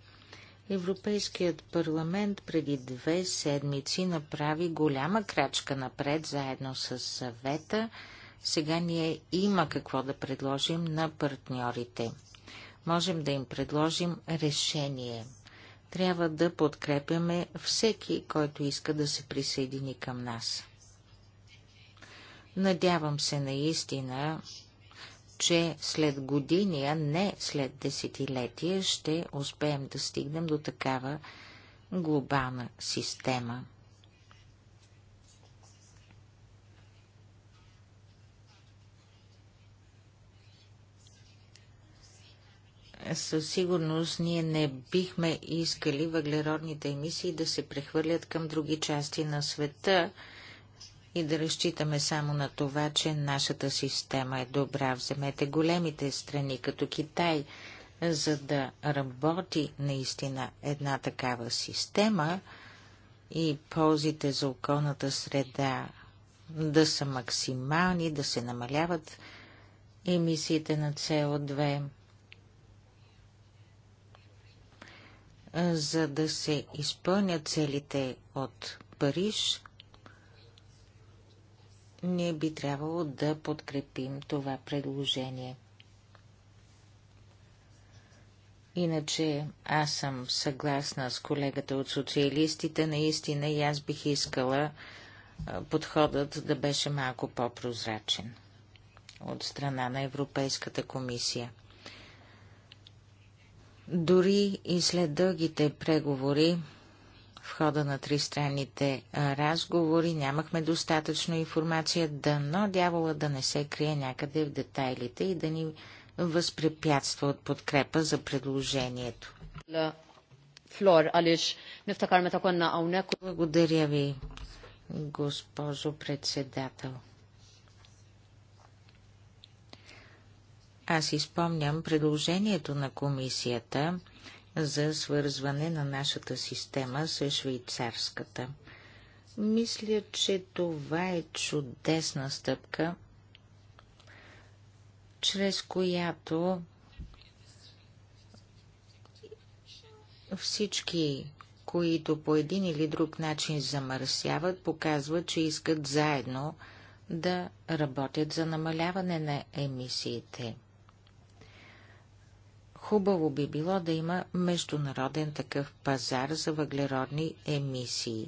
Европейският парламент преди две седмици направи голяма крачка напред заедно с съвета. Сега ние има какво да предложим на партньорите. Можем да им предложим решение. Трябва да подкрепяме всеки, който иска да се присъедини към нас. Надявам се наистина, че след години, а не след десетилетия, ще успеем да стигнем до такава глобална система. Със сигурност ние не бихме искали въглеродните емисии да се прехвърлят към други части на света, и да разчитаме само на това, че нашата система е добра. Вземете големите страни, като Китай, за да работи наистина една такава система и ползите за околната среда да са максимални, да се намаляват емисиите на СО2, за да се изпълнят целите от Париж, ние би трябвало да подкрепим това предложение. Иначе аз съм съгласна с колегата от социалистите, наистина и аз бих искала подходът да беше малко по-прозрачен от страна на Европейската комисия. Дори и след дългите преговори в хода на тристранните разговори нямахме достатъчно информация, но дявола да не се крие някъде в детайлите и да ни възпрепятства от подкрепа за предложението. Благодаря ви, госпожо председател. Аз изпомням предложението на комисията – за свързване на нашата система с швейцарската. Мисля, че това е чудесна стъпка, чрез която всички, които по един или друг начин замърсяват, показват, че искат заедно да работят за намаляване на емисиите. Хубаво би било да има международен такъв пазар за въглеродни емисии.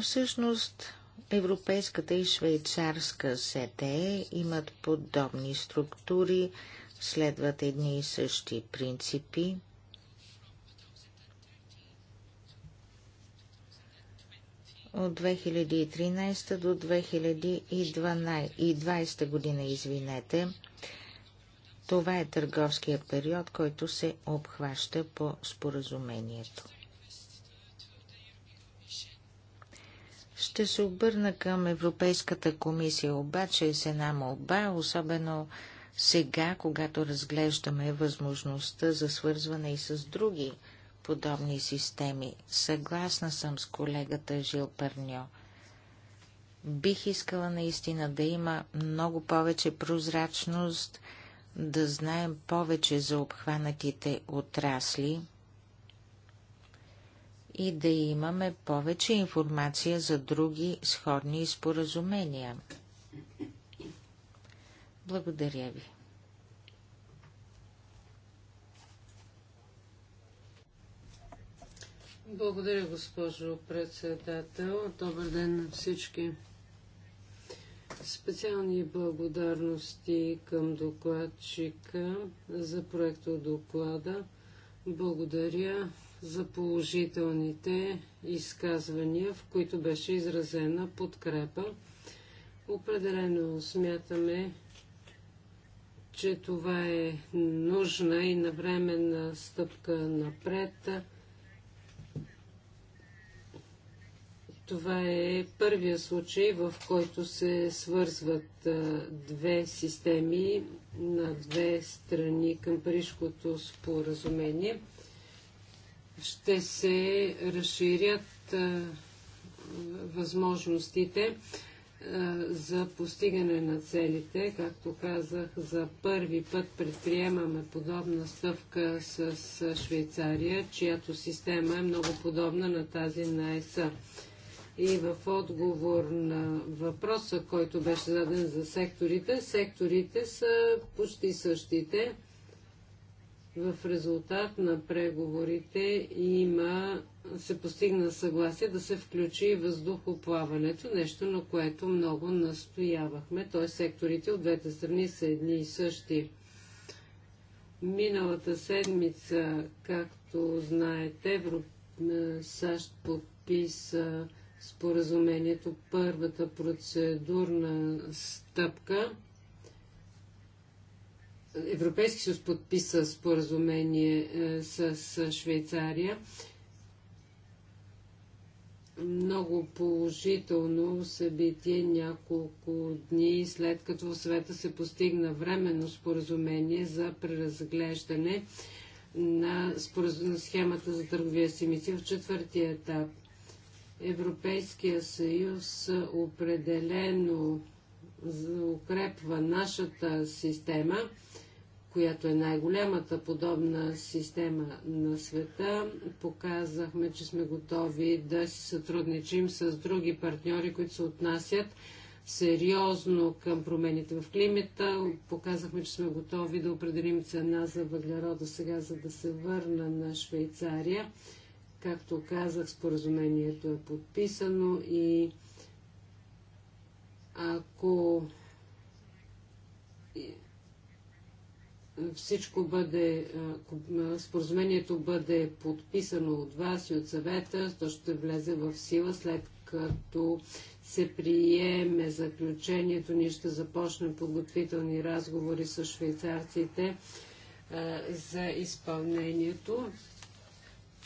Всъщност, Европейската и швейцарска СТЕ имат подобни структури, следват едни и същи принципи. от 2013 до 2020 година, извинете. Това е търговския период, който се обхваща по споразумението. Ще се обърна към Европейската комисия обаче е с една молба, особено сега, когато разглеждаме възможността за свързване и с други подобни системи. Съгласна съм с колегата Жил Пърньо. Бих искала наистина да има много повече прозрачност, да знаем повече за обхванатите отрасли и да имаме повече информация за други сходни споразумения. Благодаря ви. Благодаря, госпожо председател. Добър ден на всички. Специални благодарности към докладчика за проекта доклада. Благодаря за положителните изказвания, в които беше изразена подкрепа. Определено смятаме, че това е нужна и навременна стъпка напред Това е първия случай, в който се свързват две системи на две страни към Парижкото споразумение. Ще се разширят възможностите за постигане на целите. Както казах, за първи път предприемаме подобна стъпка с Швейцария, чиято система е много подобна на тази на ЕСА. И в отговор на въпроса, който беше зададен за секторите, секторите са почти същите. В резултат на преговорите има, се постигна съгласие да се включи въздухоплаването, нещо на което много настоявахме, т.е. секторите от двете страни са едни и същи. Миналата седмица, както знаете, Европ... САЩ подписа споразумението. Първата процедурна стъпка Европейски съюз подписа споразумение е, с, с Швейцария. Много положително събитие няколко дни след като в света се постигна временно споразумение за преразглеждане на, споразум... на схемата за търговия с емисии в четвъртия етап. Европейския съюз определено укрепва нашата система, която е най-голямата подобна система на света. Показахме, че сме готови да си сътрудничим с други партньори, които се отнасят сериозно към промените в климата. Показахме, че сме готови да определим цена за въглерода сега, за да се върна на Швейцария. Както казах, споразумението е подписано и ако всичко бъде, споразумението бъде подписано от вас и от съвета, то ще влезе в сила след като се приеме заключението, ние ще започнем подготвителни разговори с швейцарците за изпълнението.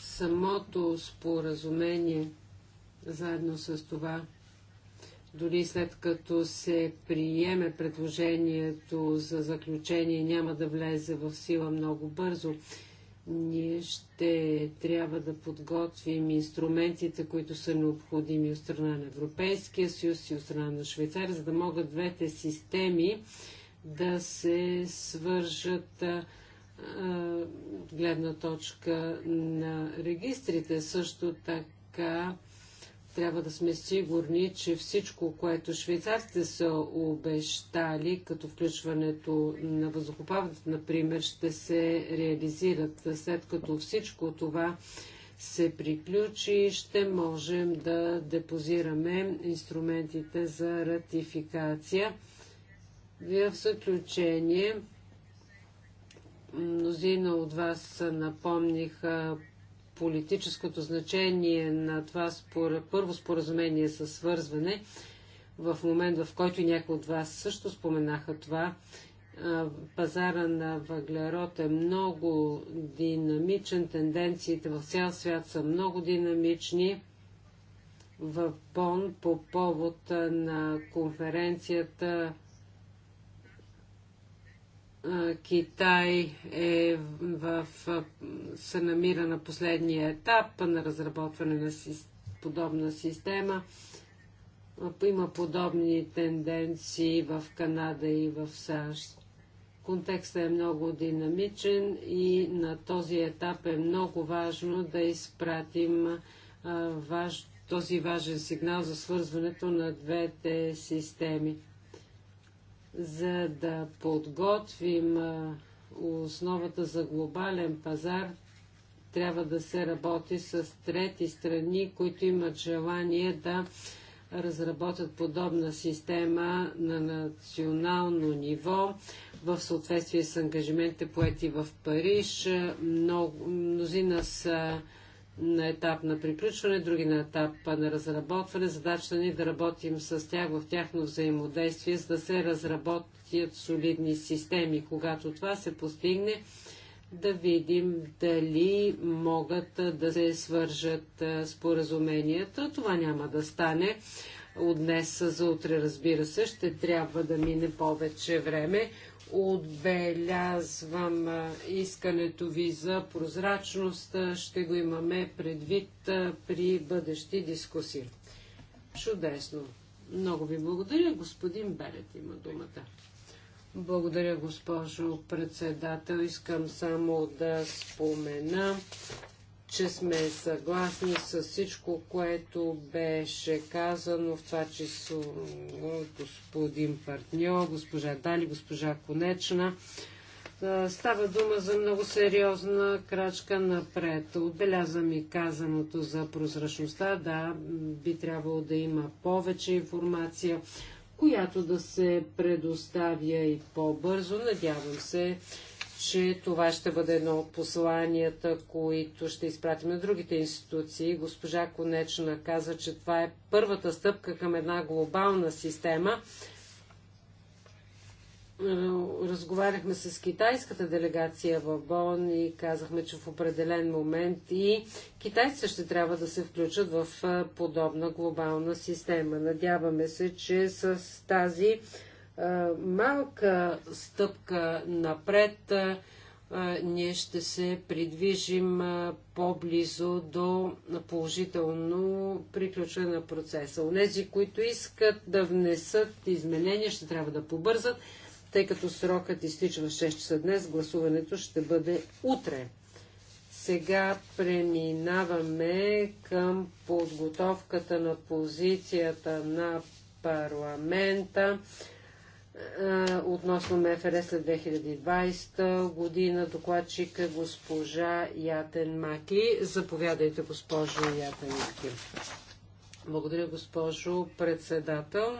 Самото споразумение, заедно с това, дори след като се приеме предложението за заключение, няма да влезе в сила много бързо. Ние ще трябва да подготвим инструментите, които са необходими от страна на Европейския съюз и от страна на Швейцария, за да могат двете системи да се свържат гледна точка на регистрите. Също така трябва да сме сигурни, че всичко, което швейцарците са обещали, като включването на въздухоплаването, например, ще се реализират. След като всичко това се приключи, ще можем да депозираме инструментите за ратификация. В заключение, Мнозина от вас напомниха политическото значение на това спор... първо споразумение със свързване, в момент в който някои от вас също споменаха това, пазара на въглерод е много динамичен, тенденциите в цял свят са много динамични. В Бон по повод на конференцията Китай е в, се намира на последния етап на разработване на подобна система. Има подобни тенденции в Канада и в САЩ. Контекстът е много динамичен и на този етап е много важно да изпратим а, важ, този важен сигнал за свързването на двете системи за да подготвим основата за глобален пазар, трябва да се работи с трети страни, които имат желание да разработят подобна система на национално ниво в съответствие с ангажиментите поети в Париж. Много, мнозина са на етап на приключване, други на етап на разработване. Задачата ни е да работим с тях в тяхно взаимодействие, за да се разработят солидни системи. Когато това се постигне, да видим дали могат да се свържат споразуменията. Това няма да стане от днес за утре, разбира се, ще трябва да мине повече време. Отбелязвам искането ви за прозрачност. Ще го имаме предвид при бъдещи дискусии. Чудесно. Много ви благодаря. Господин Белет има думата. Благодаря, госпожо председател. Искам само да спомена че сме съгласни с всичко, което беше казано, в това число господин партньор, госпожа Дали, госпожа Конечна. Става дума за много сериозна крачка напред. Отбелязвам и казаното за прозрачността. Да, би трябвало да има повече информация, която да се предоставя и по-бързо. Надявам се, че това ще бъде едно от посланията, които ще изпратим на другите институции. Госпожа Конечна каза, че това е първата стъпка към една глобална система. Разговаряхме с китайската делегация в Бон и казахме, че в определен момент и китайците ще трябва да се включат в подобна глобална система. Надяваме се, че с тази е, малка стъпка напред, е, ние ще се придвижим е, по-близо до положително приключване на процеса. Онези, които искат да внесат изменения, ще трябва да побързат, тъй като срокът изтича в 6 часа днес, гласуването ще бъде утре. Сега преминаваме към подготовката на позицията на парламента е, относно МФР след 2020 година. Докладчик е госпожа Ятен Маки. Заповядайте, госпожо Ятен Маки. Благодаря, госпожо председател.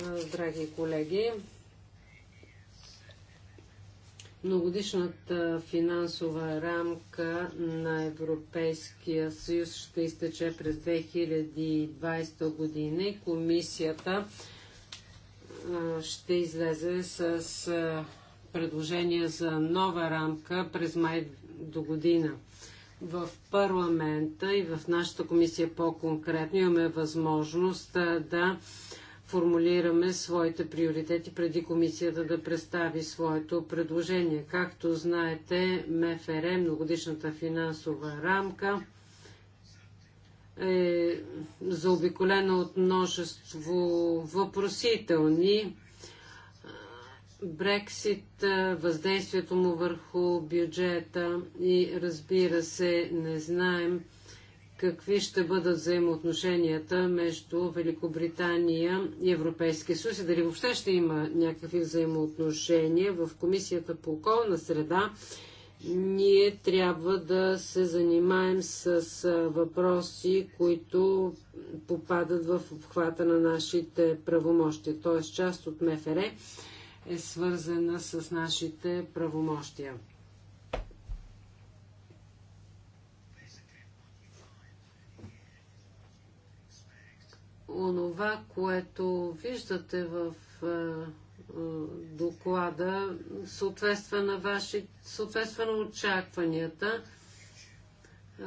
Е, драги колеги, Многодишната финансова рамка на Европейския съюз ще изтече през 2020 година и комисията ще излезе с предложение за нова рамка през май до година. В парламента и в нашата комисия по-конкретно имаме възможност да формулираме своите приоритети преди комисията да представи своето предложение. Както знаете, МФР, многодишната финансова рамка, е заобиколена от множество въпросителни. Брексит, въздействието му върху бюджета и разбира се, не знаем – какви ще бъдат взаимоотношенията между Великобритания и Европейския съюз и дали въобще ще има някакви взаимоотношения в Комисията по околна среда. Ние трябва да се занимаем с въпроси, които попадат в обхвата на нашите правомощия, т.е. част от МФР е свързана с нашите правомощия. онова, което виждате в е, е, доклада, съответства на, ваши, съответства на очакванията. Е,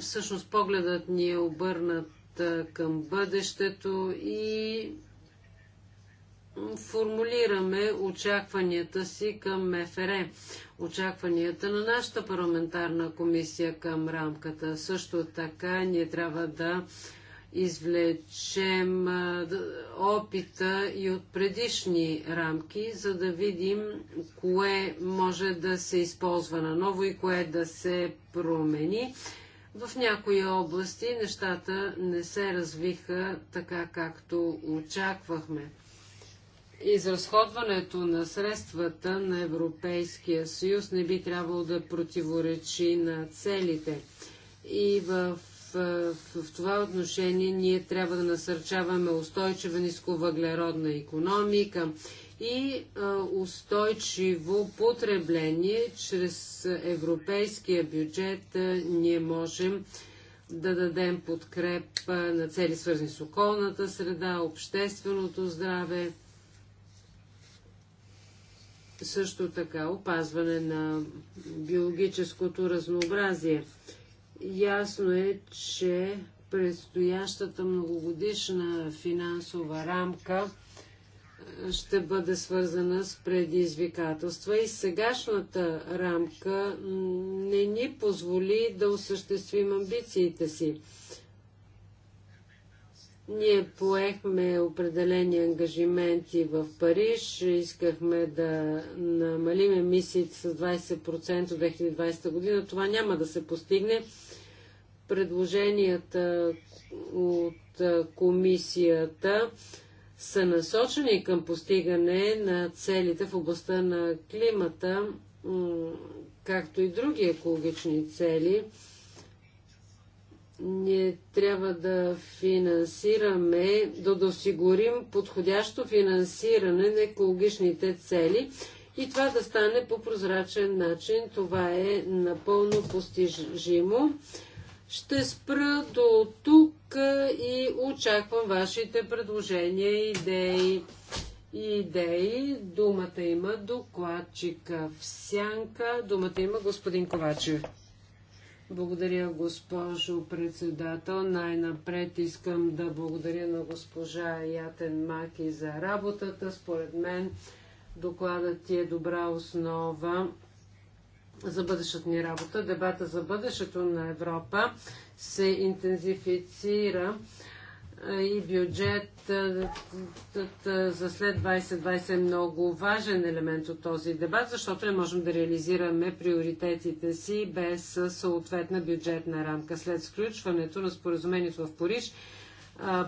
всъщност погледът ни е обърнат към бъдещето и формулираме очакванията си към МФР, очакванията на нашата парламентарна комисия към рамката. Също така ние трябва да извлечем опита и от предишни рамки, за да видим кое може да се използва наново и кое да се промени. В някои области нещата не се развиха така, както очаквахме. Изразходването на средствата на Европейския съюз не би трябвало да противоречи на целите. И в в, в това отношение ние трябва да насърчаваме устойчива нисковъглеродна економика и устойчиво потребление чрез европейския бюджет ние можем да дадем подкрепа на цели свързани с околната среда, общественото здраве, също така опазване на биологическото разнообразие. Ясно е, че предстоящата многогодишна финансова рамка ще бъде свързана с предизвикателства и сегашната рамка не ни позволи да осъществим амбициите си. Ние поехме определени ангажименти в Париж. Искахме да намалим емисиите с 20% в 2020 година. Това няма да се постигне. Предложенията от комисията са насочени към постигане на целите в областта на климата, както и други екологични цели ние трябва да финансираме, да досигурим подходящо финансиране на екологичните цели и това да стане по прозрачен начин. Това е напълно постижимо. Ще спра до тук и очаквам вашите предложения и идеи. Идеи. Думата има докладчика в сянка. Думата има господин Ковачев. Благодаря, госпожо председател. Най-напред искам да благодаря на госпожа Ятен Маки за работата. Според мен докладът ти е добра основа за бъдещата ни работа. Дебата за бъдещето на Европа се интензифицира и бюджет за след 2020 е много важен елемент от този дебат, защото не можем да реализираме приоритетите си без съответна бюджетна рамка. След сключването на споразумението в Париж,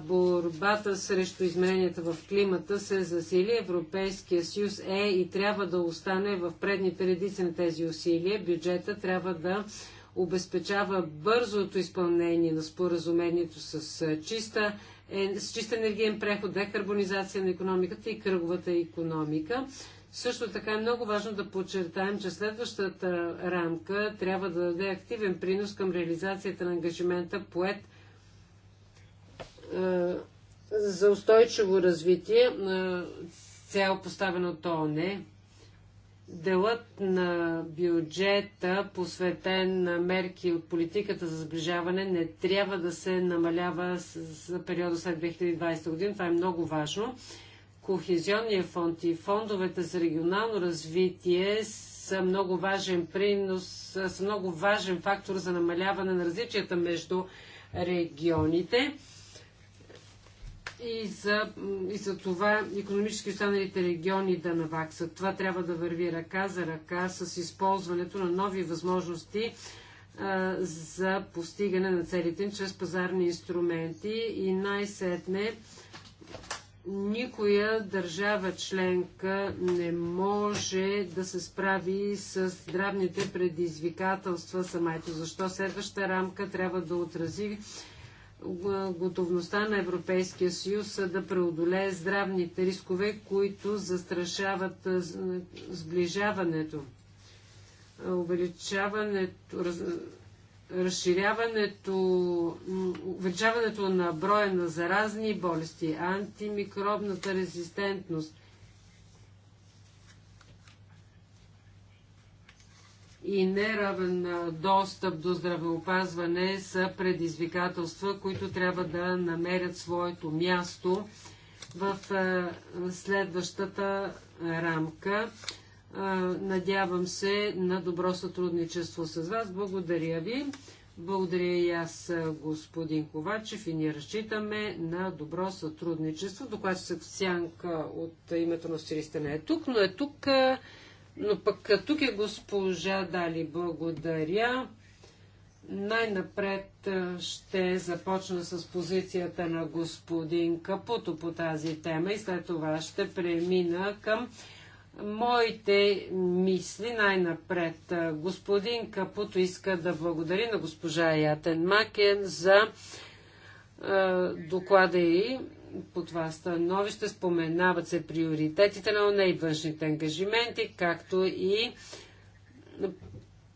борбата срещу измененията в климата се засили. Европейския съюз е и трябва да остане в предните редици на тези усилия. Бюджета трябва да обезпечава бързото изпълнение на споразумението с чиста, е, с чиста енергиен преход, декарбонизация на економиката и кръговата економика. Също така е много важно да подчертаем, че следващата рамка трябва да даде активен принос към реализацията на ангажимента поет за устойчиво развитие, цяло поставено от ООН, Делът на бюджета, посветен на мерки от политиката за сближаване, не трябва да се намалява за периода след 2020 година. Това е много важно. Кохезионния фонд и фондовете за регионално развитие са много важен принос, са много важен фактор за намаляване на различията между регионите и за, и за това економически останалите региони да наваксат. Това трябва да върви ръка за ръка с използването на нови възможности а, за постигане на целите им чрез пазарни инструменти и най-сетне никоя държава членка не може да се справи с здравните предизвикателства сама. Ето защо следващата рамка трябва да отрази готовността на Европейския съюз да преодолее здравните рискове, които застрашават сближаването. Увеличаването, разширяването, увеличаването на броя на заразни болести, антимикробната резистентност, и неравен достъп до здравеопазване са предизвикателства, които трябва да намерят своето място в следващата рамка. Надявам се на добро сътрудничество с вас. Благодаря ви. Благодаря и аз, господин Ковачев, и ние разчитаме на добро сътрудничество. се Сянка от името на Сириста не е тук, но е тук но пък тук е госпожа Дали. Благодаря. Най-напред ще започна с позицията на господин Капуто по тази тема и след това ще премина към моите мисли. Най-напред господин Капуто иска да благодари на госпожа Ятен Макен за е, доклада и по това становище споменават се приоритетите на ОНЕ и външните ангажименти, както и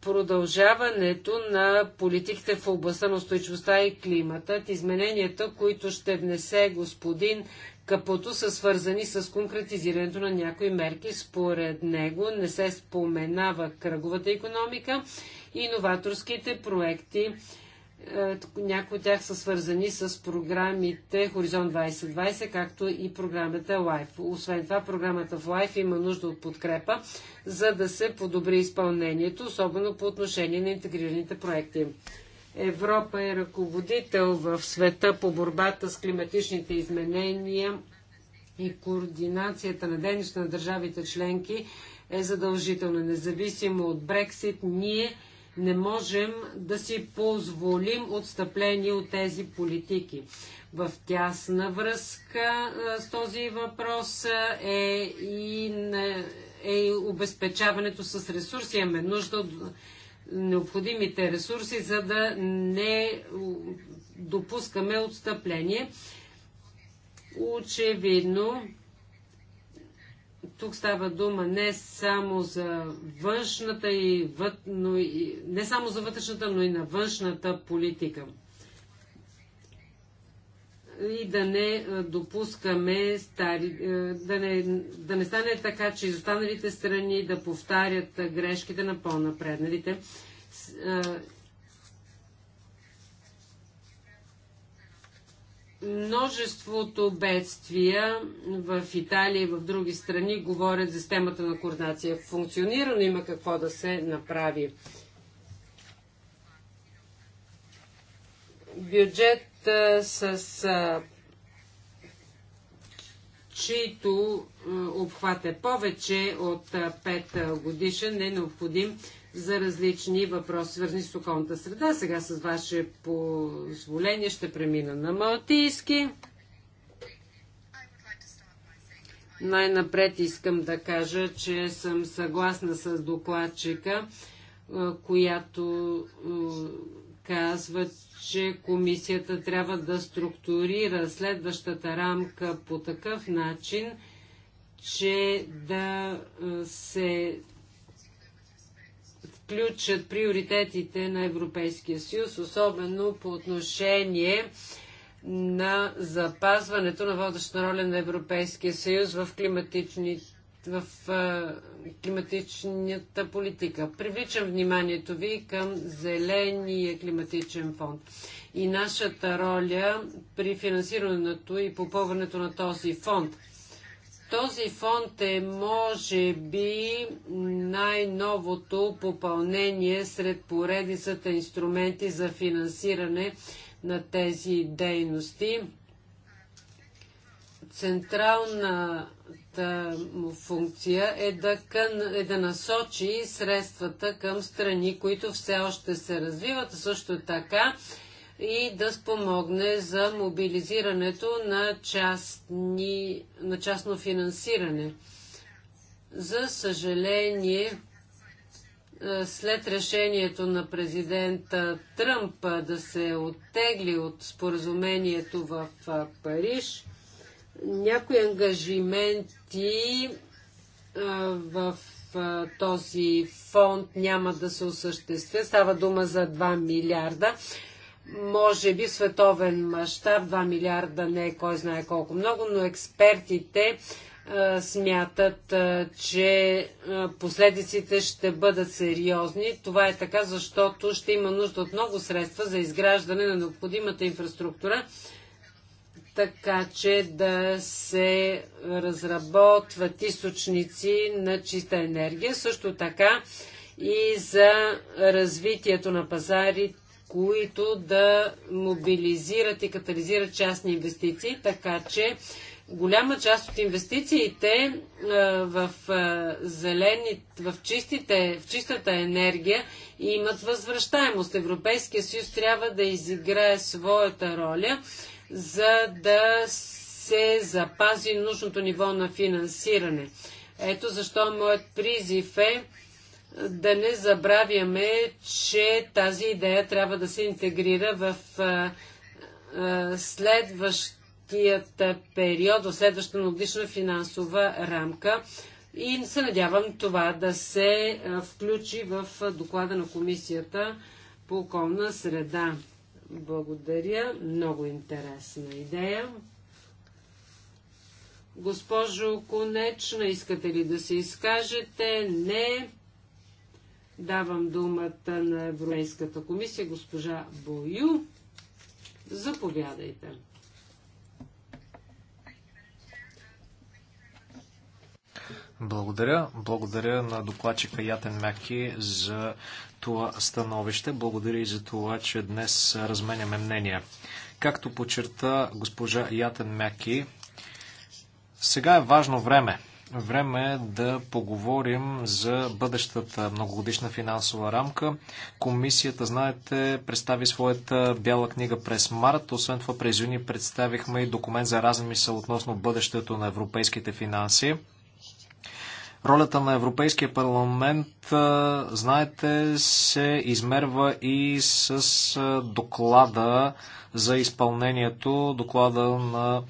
продължаването на политиките в областта на устойчивостта и климата. Измененията, които ще внесе господин Капото, са свързани с конкретизирането на някои мерки. Според него не се споменава кръговата економика и иноваторските проекти е, някои от тях са свързани с програмите Хоризонт 2020, както и програмата LIFE. Освен това, програмата в LIFE има нужда от подкрепа, за да се подобри изпълнението, особено по отношение на интегрираните проекти. Европа е ръководител в света по борбата с климатичните изменения и координацията на дейност на държавите членки е задължителна. Независимо от Брексит, ние не можем да си позволим отстъпление от тези политики. В тясна връзка с този въпрос е и, е и обезпечаването с ресурси. Имаме нужда от необходимите ресурси, за да не допускаме отстъпление. Очевидно, тук става дума не само за външната и, вът, но и не само за вътрешната, но и на външната политика. И да не е, допускаме стари, е, да не, да не стане така, че изостаналите страни да повтарят грешките на по-напредналите е, Множеството бедствия в Италия и в други страни говорят за системата на координация. Функционира, но има какво да се направи. Бюджет с чието обхват е повече от 5 годишен, не е необходим за различни въпроси, свързани с околната среда. Сега с ваше позволение ще премина на малтийски. Най-напред искам да кажа, че съм съгласна с докладчика, е, която е, казва, че комисията трябва да структурира следващата рамка по такъв начин, че да е, се включат приоритетите на Европейския съюз, особено по отношение на запазването на водеща роля на Европейския съюз в, климатични, в а, климатичната политика. Привличам вниманието ви към Зеления климатичен фонд и нашата роля при финансирането и попълването на този фонд – този фонд е, може би, най-новото попълнение сред поредицата инструменти за финансиране на тези дейности. Централната му функция е да, кън, е да насочи средствата към страни, които все още се развиват, също така и да спомогне за мобилизирането на, частни, на частно финансиране. За съжаление, след решението на президента Тръмп да се оттегли от споразумението в Париж, някои ангажименти в този фонд няма да се осъществят. Става дума за 2 милиарда може би в световен мащаб 2 милиарда не е кой знае колко много, но експертите смятат, че последиците ще бъдат сериозни. Това е така, защото ще има нужда от много средства за изграждане на необходимата инфраструктура, така че да се разработват източници на чиста енергия. Също така и за развитието на пазарите които да мобилизират и катализират частни инвестиции, така че голяма част от инвестициите в зелени, в, чистите, в чистата енергия имат възвръщаемост. Европейския съюз трябва да изиграе своята роля, за да се запази нужното ниво на финансиране. Ето защо моят призив е да не забравяме, че тази идея трябва да се интегрира в следващият период, в следващата многодишна финансова рамка. И се надявам това да се включи в доклада на Комисията по околна среда. Благодаря. Много интересна идея. Госпожо Конечна, искате ли да се изкажете? Не. Давам думата на Европейската комисия, госпожа Бою. Заповядайте. Благодаря. Благодаря на докладчика Ятен Мяки за това становище. Благодаря и за това, че днес разменяме мнения. Както почерта госпожа Ятен Мяки, сега е важно време Време е да поговорим за бъдещата многогодишна финансова рамка. Комисията, знаете, представи своята бяла книга през март. Освен това, през юни представихме и документ за размисъл относно бъдещето на европейските финанси. Ролята на Европейския парламент, знаете, се измерва и с доклада за изпълнението, доклада на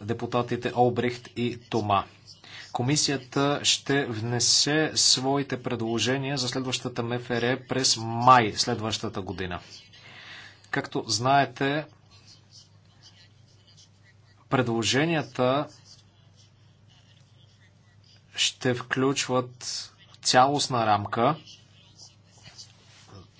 депутатите Олбрихт и Тома. Комисията ще внесе своите предложения за следващата МФР през май следващата година. Както знаете, предложенията ще включват цялостна рамка.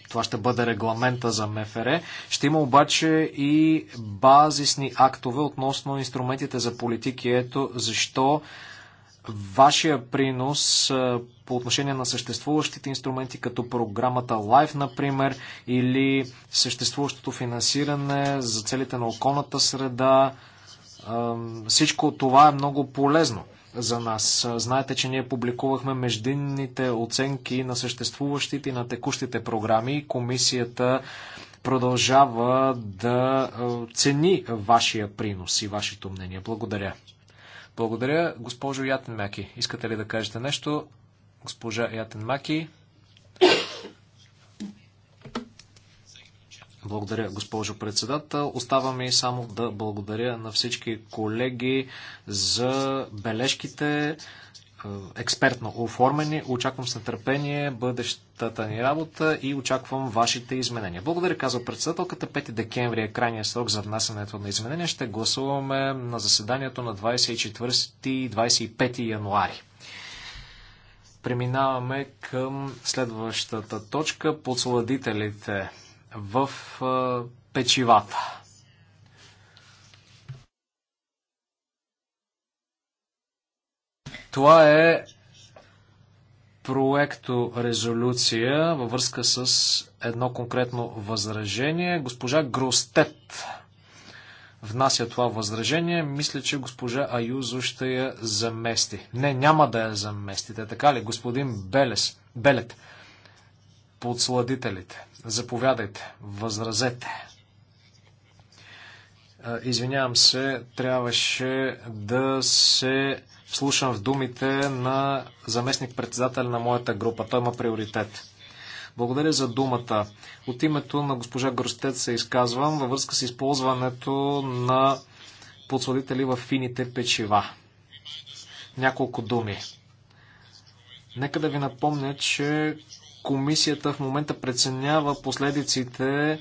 Това ще бъде регламента за МФР. Ще има обаче и базисни актове относно инструментите за политики. Ето защо вашия принос по отношение на съществуващите инструменти, като програмата LIFE, например, или съществуващото финансиране за целите на околната среда. Всичко това е много полезно за нас. Знаете, че ние публикувахме междинните оценки на съществуващите и на текущите програми. Комисията продължава да цени вашия принос и вашето мнение. Благодаря. Благодаря. Госпожо Ятенмаки, искате ли да кажете нещо? Госпожа Ятенмаки. Благодаря, госпожо председател. Остава ми само да благодаря на всички колеги за бележките е, експертно оформени. Очаквам с нетърпение бъдещата ни работа и очаквам вашите изменения. Благодаря, казва председателката. 5 декември е крайния срок за внасянето на изменения. Ще гласуваме на заседанието на 24 и 25 януари. Преминаваме към следващата точка подсладителите в е, печивата. Това е проекто резолюция във връзка с едно конкретно възражение. Госпожа Гростет внася това възражение. Мисля, че госпожа Аюзо ще я замести. Не, няма да я заместите. Така ли, господин Белес, Белет? Подсладителите, заповядайте, възразете. Извинявам се, трябваше да се слушам в думите на заместник-председател на моята група. Той има приоритет. Благодаря за думата. От името на госпожа Горстет се изказвам във връзка с използването на подсладители в фините печива. Няколко думи. Нека да ви напомня, че комисията в момента преценява последиците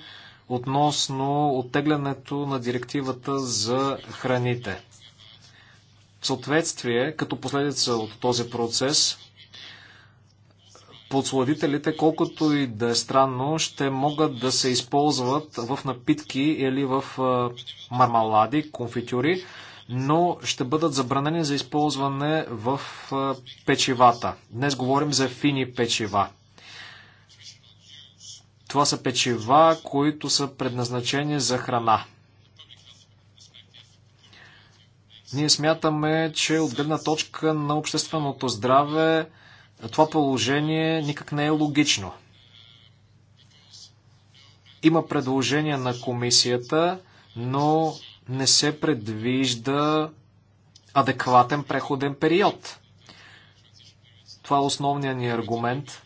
относно оттеглянето на директивата за храните съответствие, като последица от този процес, подсладителите, колкото и да е странно, ще могат да се използват в напитки или в мармалади, конфитюри, но ще бъдат забранени за използване в печивата. Днес говорим за фини печива. Това са печива, които са предназначени за храна. Ние смятаме, че от гледна точка на общественото здраве това положение никак не е логично. Има предложение на комисията, но не се предвижда адекватен преходен период. Това е основният ни аргумент.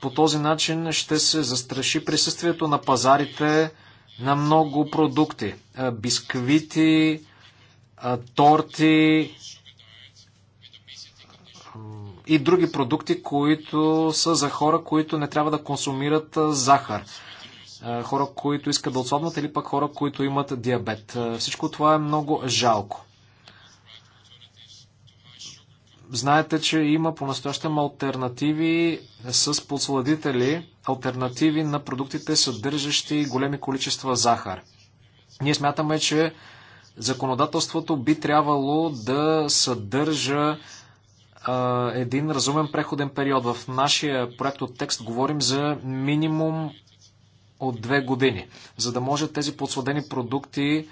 По този начин ще се застраши присъствието на пазарите на много продукти. Е, бисквити, торти и други продукти, които са за хора, които не трябва да консумират захар. Хора, които искат да отслабнат или пък хора, които имат диабет. Всичко това е много жалко. Знаете, че има по-настоящем альтернативи с подсладители, альтернативи на продуктите, съдържащи големи количества захар. Ние смятаме, че законодателството би трябвало да съдържа а, един разумен преходен период. В нашия проект от текст говорим за минимум от две години, за да може тези подсладени продукти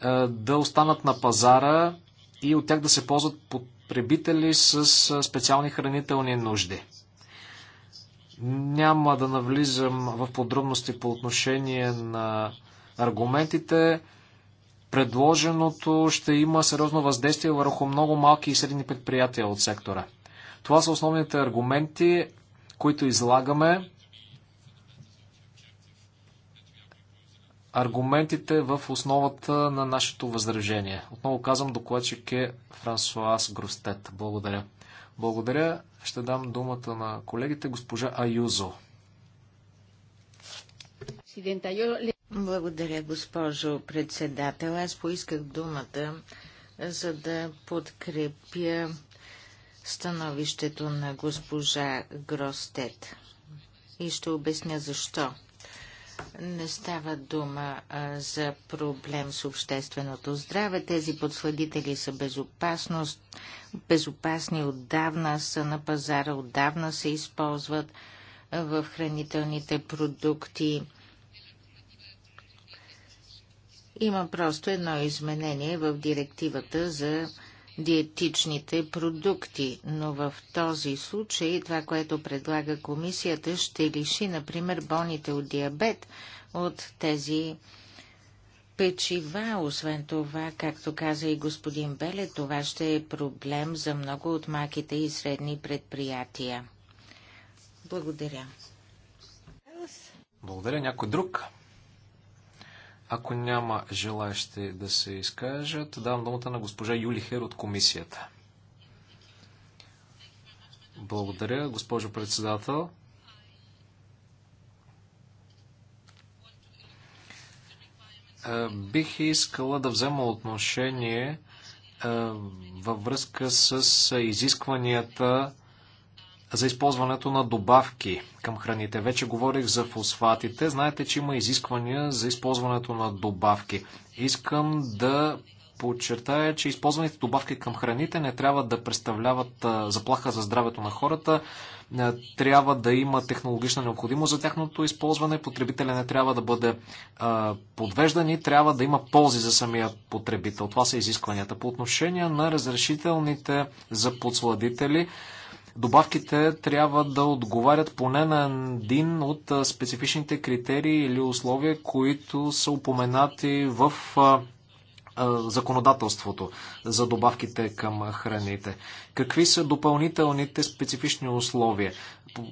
а, да останат на пазара и от тях да се ползват потребители с специални хранителни нужди. Няма да навлизам в подробности по отношение на аргументите предложеното ще има сериозно въздействие върху много малки и средни предприятия от сектора. Това са основните аргументи, които излагаме. Аргументите в основата на нашето възражение. Отново казвам, докладчик е Франсуас Гростет. Благодаря. Благодаря. Ще дам думата на колегите госпожа Аюзо. Благодаря, госпожо председател. Аз поисках думата, за да подкрепя становището на госпожа Гростет. И ще обясня защо. Не става дума за проблем с общественото здраве. Тези подсладители са безопасност, безопасни отдавна са на пазара, отдавна се използват в хранителните продукти. Има просто едно изменение в директивата за диетичните продукти, но в този случай това, което предлага комисията, ще лиши, например, болните от диабет от тези печива. Освен това, както каза и господин Беле, това ще е проблем за много от маките и средни предприятия. Благодаря. Благодаря. Някой друг? Ако няма желащи да се изкажат, давам думата на госпожа Юлихер от комисията. Благодаря, госпожо председател. Е, бих искала да взема отношение е, във връзка с изискванията за използването на добавки към храните. Вече говорих за фосфатите. Знаете, че има изисквания за използването на добавки. Искам да подчертая, че използваните добавки към храните не трябва да представляват заплаха за здравето на хората, трябва да има технологична необходимост за тяхното използване, потребителя не трябва да бъде а, подвеждан и трябва да има ползи за самия потребител. Това са изискванията. По отношение на разрешителните за подсладители, добавките трябва да отговарят поне на един от специфичните критерии или условия, които са упоменати в законодателството за добавките към храните. Какви са допълнителните специфични условия?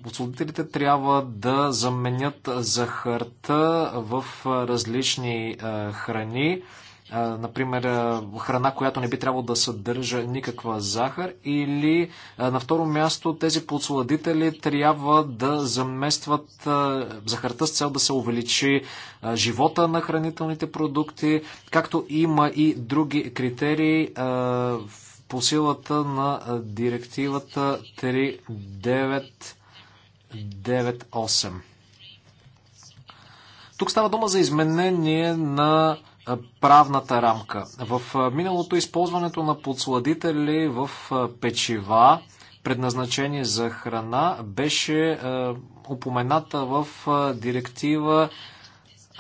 Подсладителите трябва да заменят захарта в различни храни например, храна, която не би трябвало да съдържа никаква захар, или на второ място тези подсладители трябва да заместват захарта с цел да се увеличи живота на хранителните продукти, както има и други критерии по силата на директивата 3998. Тук става дума за изменение на правната рамка. В миналото използването на подсладители в печива, предназначени за храна, беше упомената в директива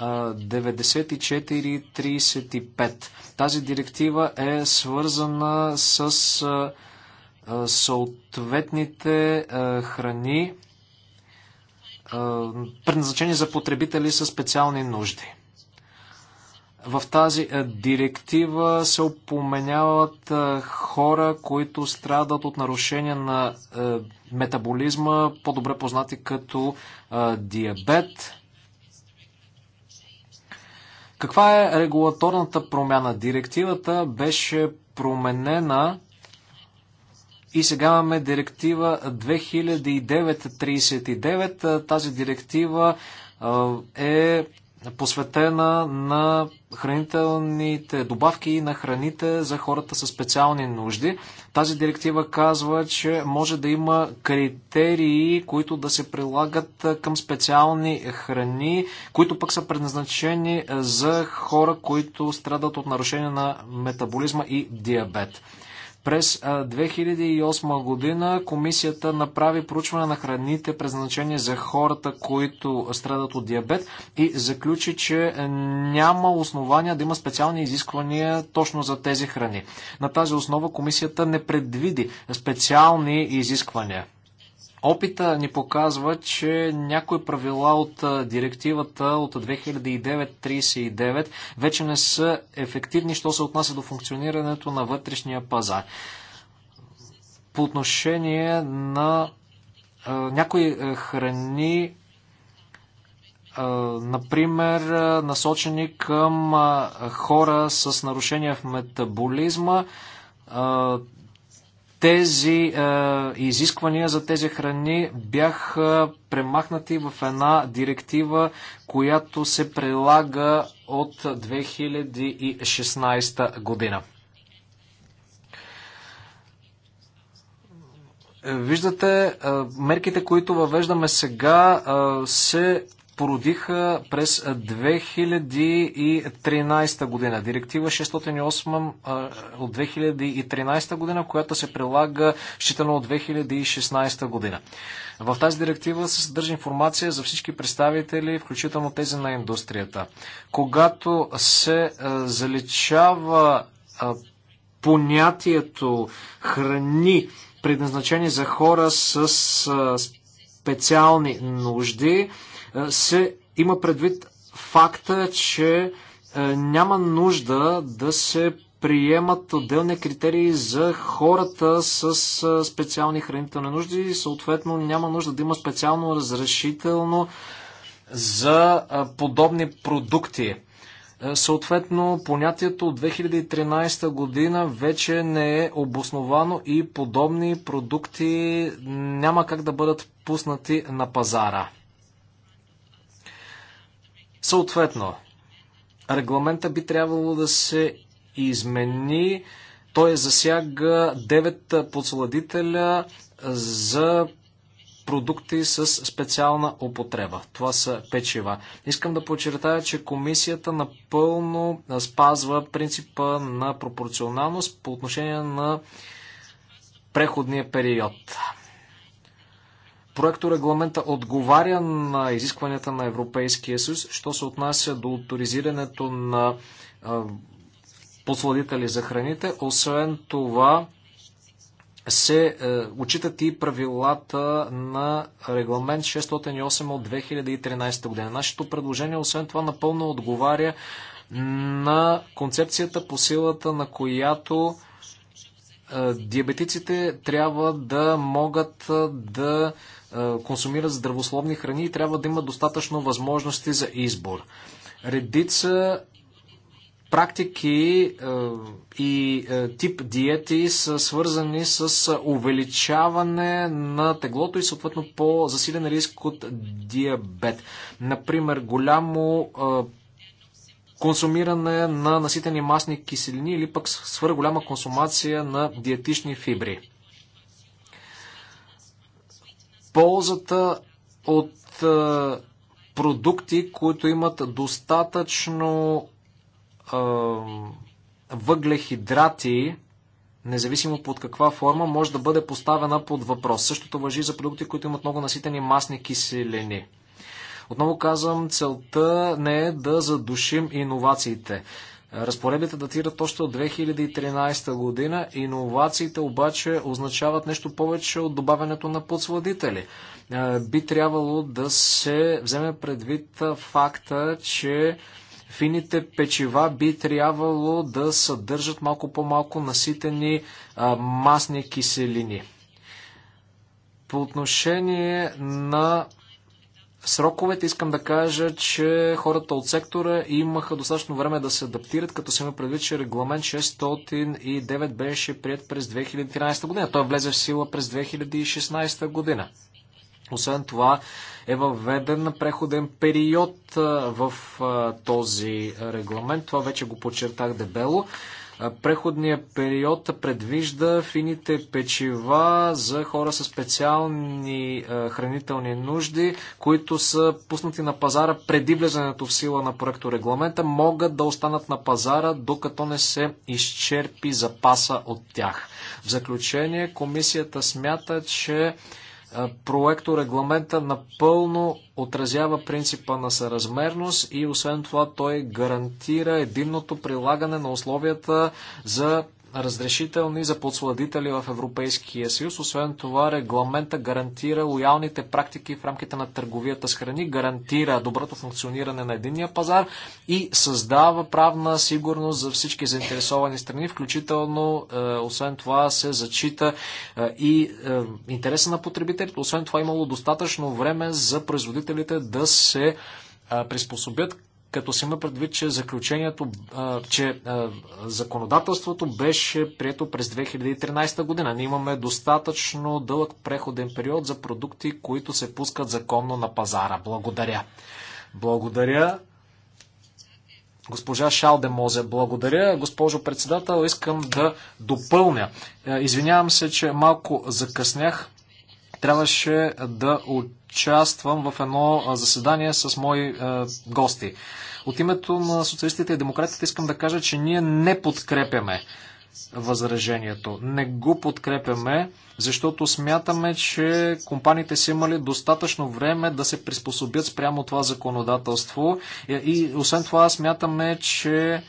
9435. Тази директива е свързана с съответните храни, предназначени за потребители със специални нужди. В тази е, директива се опоменяват е, хора, които страдат от нарушения на е, метаболизма, по-добре познати като диабет. Каква е регулаторната промяна? Директивата беше променена и сега имаме директива 2009-39. Тази директива е посветена на хранителните добавки и на храните за хората с специални нужди. Тази директива казва, че може да има критерии, които да се прилагат към специални храни, които пък са предназначени за хора, които страдат от нарушение на метаболизма и диабет. През 2008 година комисията направи проучване на храните, предназначени за хората, които страдат от диабет и заключи, че няма основания да има специални изисквания точно за тези храни. На тази основа комисията не предвиди специални изисквания. Опита ни показва, че някои правила от директивата от 2009-39 вече не са ефективни, що се отнася до функционирането на вътрешния пазар. По отношение на е, някои храни, е, например, насочени към е, хора с нарушения в метаболизма, тези е, изисквания за тези храни бяха премахнати в една директива, която се прилага от 2016 година. Виждате, мерките, които въвеждаме сега, се породиха през 2013 година. Директива 608 от 2013 година, която се прилага считано от 2016 година. В тази директива се съдържа информация за всички представители, включително тези на индустрията. Когато се заличава понятието храни, предназначени за хора с специални нужди, е, се има предвид факта, че е, няма нужда да се приемат отделни критерии за хората с е, специални хранителни нужди и съответно няма нужда да има специално разрешително за подобни продукти. Съответно, понятието от 2013 година вече не е обосновано и подобни продукти няма как да бъдат пуснати на пазара. Съответно, регламента би трябвало да се измени. Той засяга 9 подсладителя за продукти с специална употреба. Това са печива. Искам да подчертая, че комисията напълно спазва принципа на пропорционалност по отношение на преходния период проекторегламента отговаря на изискванията на Европейския съюз, що се отнася до авторизирането на посладители за храните. Освен това, се е, отчитат и правилата на регламент 608 от 2013 година. Нашето предложение, освен това, напълно отговаря на концепцията по силата на която диабетиците трябва да могат да консумират здравословни храни и трябва да имат достатъчно възможности за избор. Редица практики и тип диети са свързани с увеличаване на теглото и съответно по-засилен риск от диабет. Например, голямо консумиране на наситени масни киселини или пък свърх голяма консумация на диетични фибри. Ползата от е, продукти, които имат достатъчно е, въглехидрати, независимо под каква форма, може да бъде поставена под въпрос. Същото въжи за продукти, които имат много наситени масни киселини. Отново казвам, целта не е да задушим иновациите. Разпоредбите датират още от 2013 година. Иновациите обаче означават нещо повече от добавянето на подсладители. Е, би трябвало да се вземе предвид факта, че фините печива би трябвало да съдържат малко по-малко наситени е, масни киселини. По отношение на в сроковете искам да кажа, че хората от сектора имаха достатъчно време да се адаптират, като се има предвид, че регламент 609 беше прият през 2013 година. Той влезе в сила през 2016 година. Освен това е въведен преходен период в този регламент. Това вече го подчертах дебело. Преходният период предвижда фините печива за хора с специални хранителни нужди, които са пуснати на пазара преди влезането в сила на проекто регламента, могат да останат на пазара, докато не се изчерпи запаса от тях. В заключение, комисията смята, че е, проекто регламента напълно отразява принципа на съразмерност и освен това той гарантира единното прилагане на условията за разрешителни за подсладители в Европейския съюз. Освен това, регламента гарантира лоялните практики в рамките на търговията с храни, гарантира доброто функциониране на единния пазар и създава правна сигурност за всички заинтересовани страни, включително, е, освен това, се зачита е, и е, интереса на потребителите. Освен това, имало достатъчно време за производителите да се е, приспособят като се има предвид, че заключението, че законодателството беше прието през 2013 година. Ние имаме достатъчно дълъг преходен период за продукти, които се пускат законно на пазара. Благодаря. Благодаря. Госпожа Шалдемозе, благодаря. Госпожо председател, искам да допълня. Е, извинявам се, че малко закъснях. Трябваше да от участвам в едно заседание с мои гости. От името на социалистите и демократите искам да кажа, че ние не подкрепяме възражението. Не го подкрепяме, защото смятаме, че компаниите са имали достатъчно време да се приспособят спрямо това законодателство. и освен това смятаме, че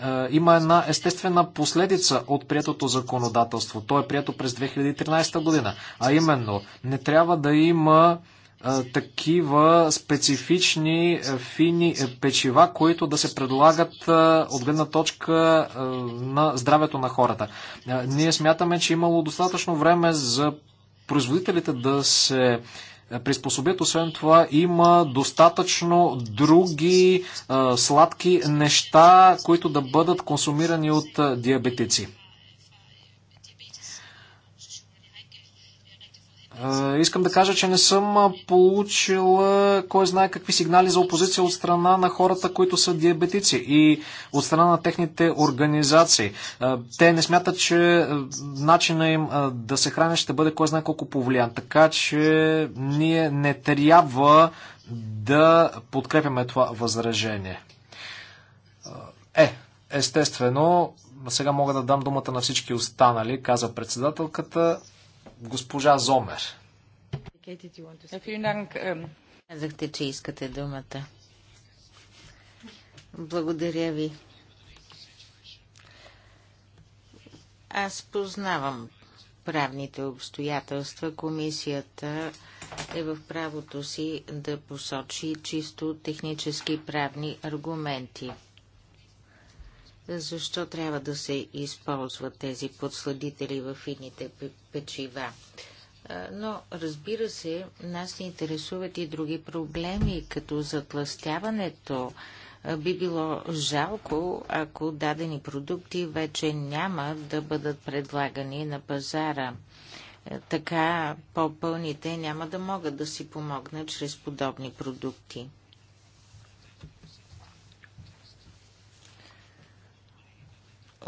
е, има една естествена последица от приетото законодателство. То е прието през 2013 година. А именно, не трябва да има е, такива специфични е, фини печива, които да се предлагат от гледна точка на здравето на хората. Ние смятаме, че имало достатъчно време за производителите да се приспособят. Освен това има достатъчно други сладки неща, които да бъдат консумирани от диабетици. Искам да кажа, че не съм получила кой знае какви сигнали за опозиция от страна на хората, които са диабетици и от страна на техните организации. Те не смятат, че начина им да се хранят ще бъде кой знае колко повлиян. Така че ние не трябва да подкрепяме това възражение. Е, естествено, сега мога да дам думата на всички останали, каза председателката. Госпожа Зомер. Um, Казахте, че искате думата. Благодаря ви. Аз познавам правните обстоятелства. Комисията е в правото си да посочи чисто технически правни аргументи защо трябва да се използват тези подсладители в фините печива. Но, разбира се, нас ни интересуват и други проблеми, като затластяването. Би било жалко, ако дадени продукти вече няма да бъдат предлагани на пазара. Така по-пълните няма да могат да си помогнат чрез подобни продукти.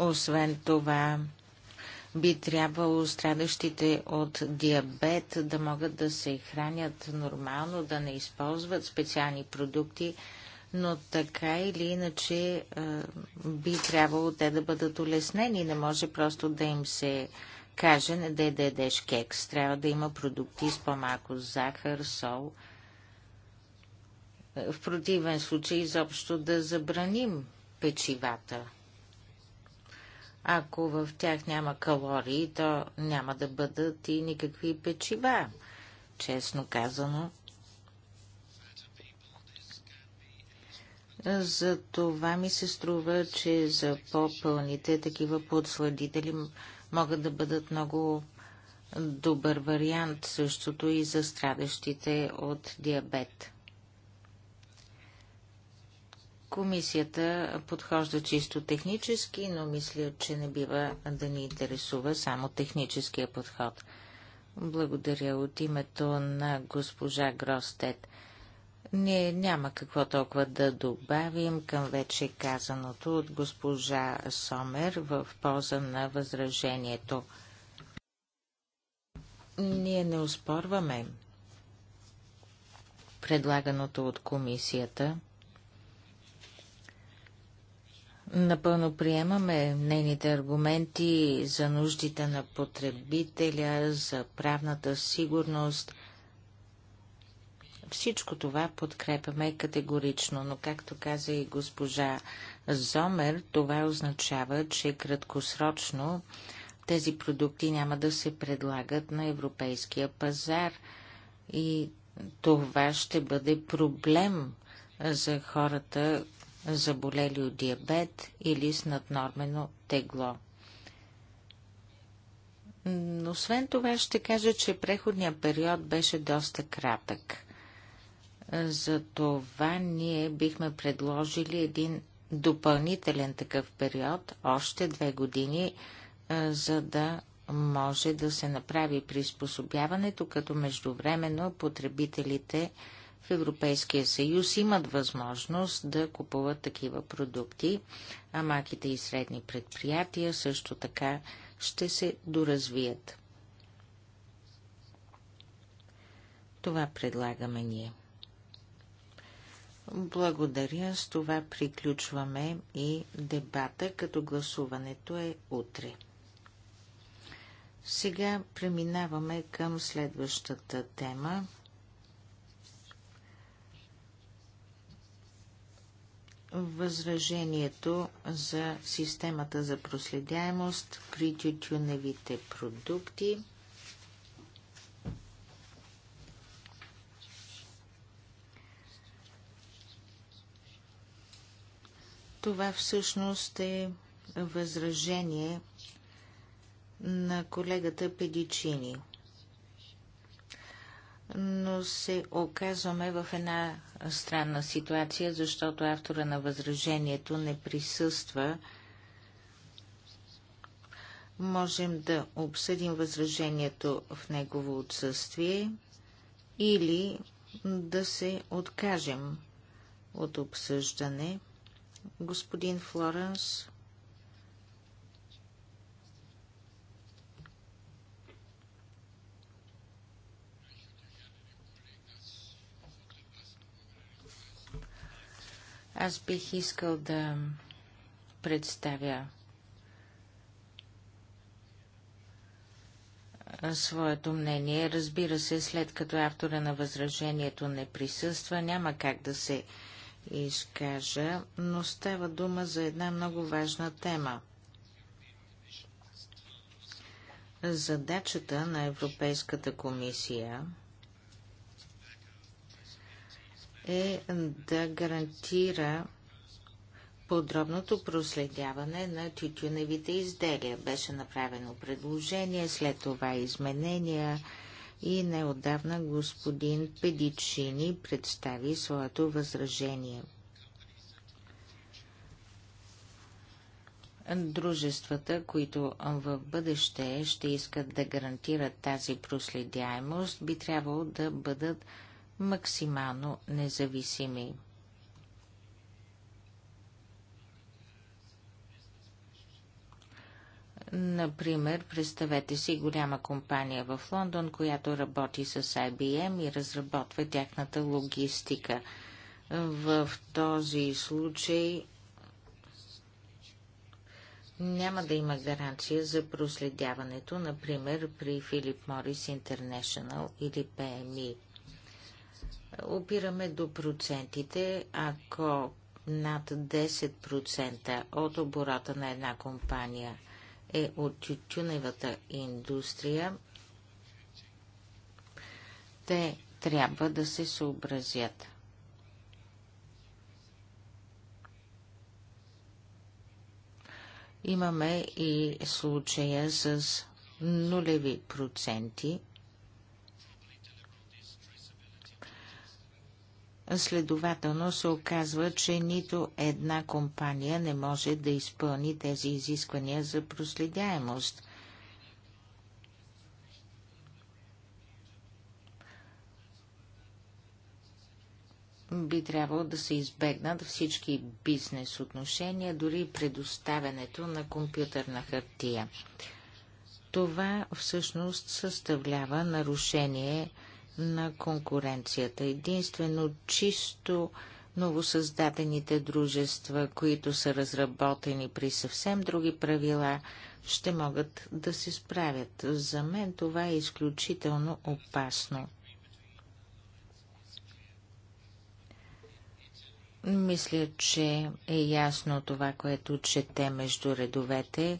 Освен това, би трябвало страдащите от диабет да могат да се хранят нормално, да не използват специални продукти, но така или иначе би трябвало те да бъдат улеснени. Не може просто да им се каже не да ядеш кекс. Трябва да има продукти с по-малко захар, сол. В противен случай изобщо да забраним печивата. Ако в тях няма калории, то няма да бъдат и никакви печива, честно казано. За това ми се струва, че за по-пълните такива подсладители могат да бъдат много добър вариант, същото и за страдащите от диабет. Комисията подхожда чисто технически, но мисля, че не бива да ни интересува само техническия подход. Благодаря от името на госпожа Гростет. Ние няма какво толкова да добавим към вече казаното от госпожа Сомер в полза на възражението. Ние не успорваме предлаганото от комисията – Напълно приемаме нейните аргументи за нуждите на потребителя, за правната сигурност. Всичко това подкрепяме категорично, но както каза и госпожа Зомер, това означава, че краткосрочно тези продукти няма да се предлагат на европейския пазар и това ще бъде проблем за хората, заболели от диабет или с наднормено тегло. Освен това ще кажа, че преходният период беше доста кратък. За това ние бихме предложили един допълнителен такъв период, още две години, за да може да се направи приспособяването, като междувременно потребителите в Европейския съюз имат възможност да купуват такива продукти, а малките и средни предприятия също така ще се доразвият. Това предлагаме ние. Благодаря. С това приключваме и дебата, като гласуването е утре. Сега преминаваме към следващата тема. възражението за системата за проследяемост при тютюневите продукти. Това всъщност е възражение на колегата Педичини – но се оказваме в една странна ситуация, защото автора на възражението не присъства. Можем да обсъдим възражението в негово отсъствие или да се откажем от обсъждане. Господин Флоренс, Аз бих искал да представя своето мнение. Разбира се, след като е автора на възражението не присъства, няма как да се изкажа, но става дума за една много важна тема. Задачата на Европейската комисия е да гарантира подробното проследяване на тютюневите изделия. Беше направено предложение, след това изменения и неодавна господин Педичини представи своето възражение. Дружествата, които в бъдеще ще искат да гарантират тази проследяемост, би трябвало да бъдат максимално независими. Например, представете си голяма компания в Лондон, която работи с IBM и разработва тяхната логистика. В този случай няма да има гаранция за проследяването, например при Philip Morris International или PMI опираме до процентите. Ако над 10% от оборота на една компания е от тютюневата индустрия, те трябва да се съобразят. Имаме и случая с нулеви проценти – Следователно се оказва, че нито една компания не може да изпълни тези изисквания за проследяемост. Би трябвало да се избегнат всички бизнес отношения, дори предоставянето на компютърна хартия. Това всъщност съставлява нарушение на на конкуренцията. Единствено чисто новосъздадените дружества, които са разработени при съвсем други правила, ще могат да се справят. За мен това е изключително опасно. Мисля, че е ясно това, което чете между редовете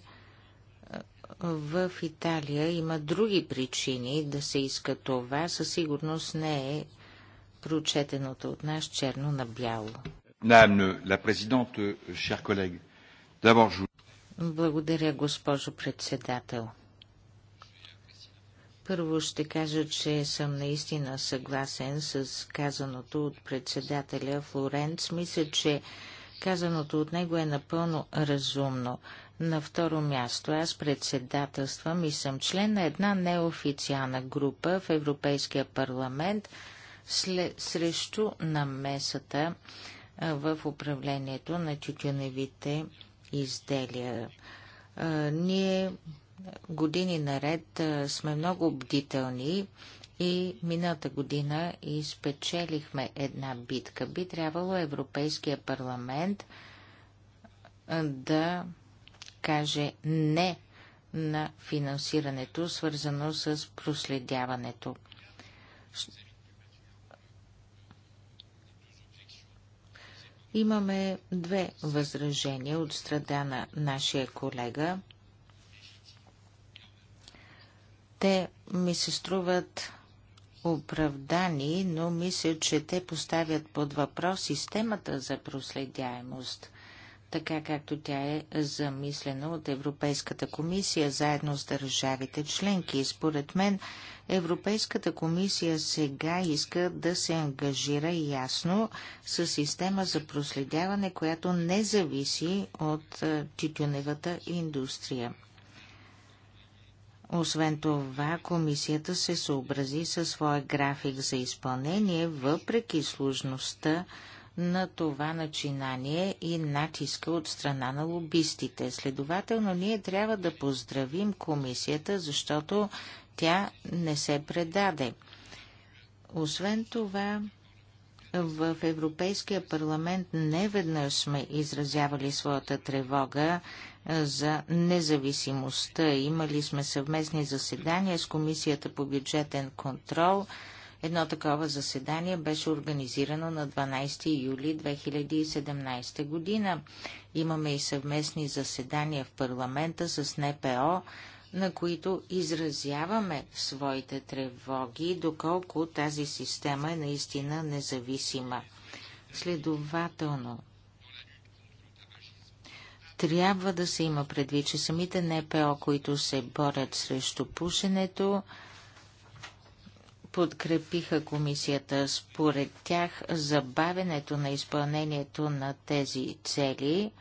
в Италия има други причини да се иска това. Със сигурност не е прочетеното от нас черно на бяло. Благодаря, госпожо председател. Първо ще кажа, че съм наистина съгласен с казаното от председателя Флоренц. Мисля, че казаното от него е напълно разумно. На второ място аз председателствам и съм член на една неофициална група в Европейския парламент срещу намесата в управлението на тютюневите изделия. ние години наред сме много бдителни и миналата година изпечелихме една битка. Би трябвало Европейския парламент да каже не на финансирането, свързано с проследяването. Имаме две възражения от страда на нашия колега. Те ми се струват оправдани, но мисля, че те поставят под въпрос системата за проследяемост така както тя е замислена от Европейската комисия заедно с държавите членки. Според мен Европейската комисия сега иска да се ангажира ясно с система за проследяване, която не зависи от е, титюневата индустрия. Освен това, комисията се съобрази със своя график за изпълнение, въпреки сложността на това начинание и натиска от страна на лобистите. Следователно, ние трябва да поздравим комисията, защото тя не се предаде. Освен това, в Европейския парламент неведнъж сме изразявали своята тревога за независимостта. Имали сме съвместни заседания с Комисията по бюджетен контрол – Едно такова заседание беше организирано на 12 юли 2017 година. Имаме и съвместни заседания в парламента с НПО, на които изразяваме своите тревоги, доколко тази система е наистина независима. Следователно, трябва да се има предвид, че самите НПО, които се борят срещу пушенето, подкрепиха комисията. Според тях забавенето на изпълнението на тези цели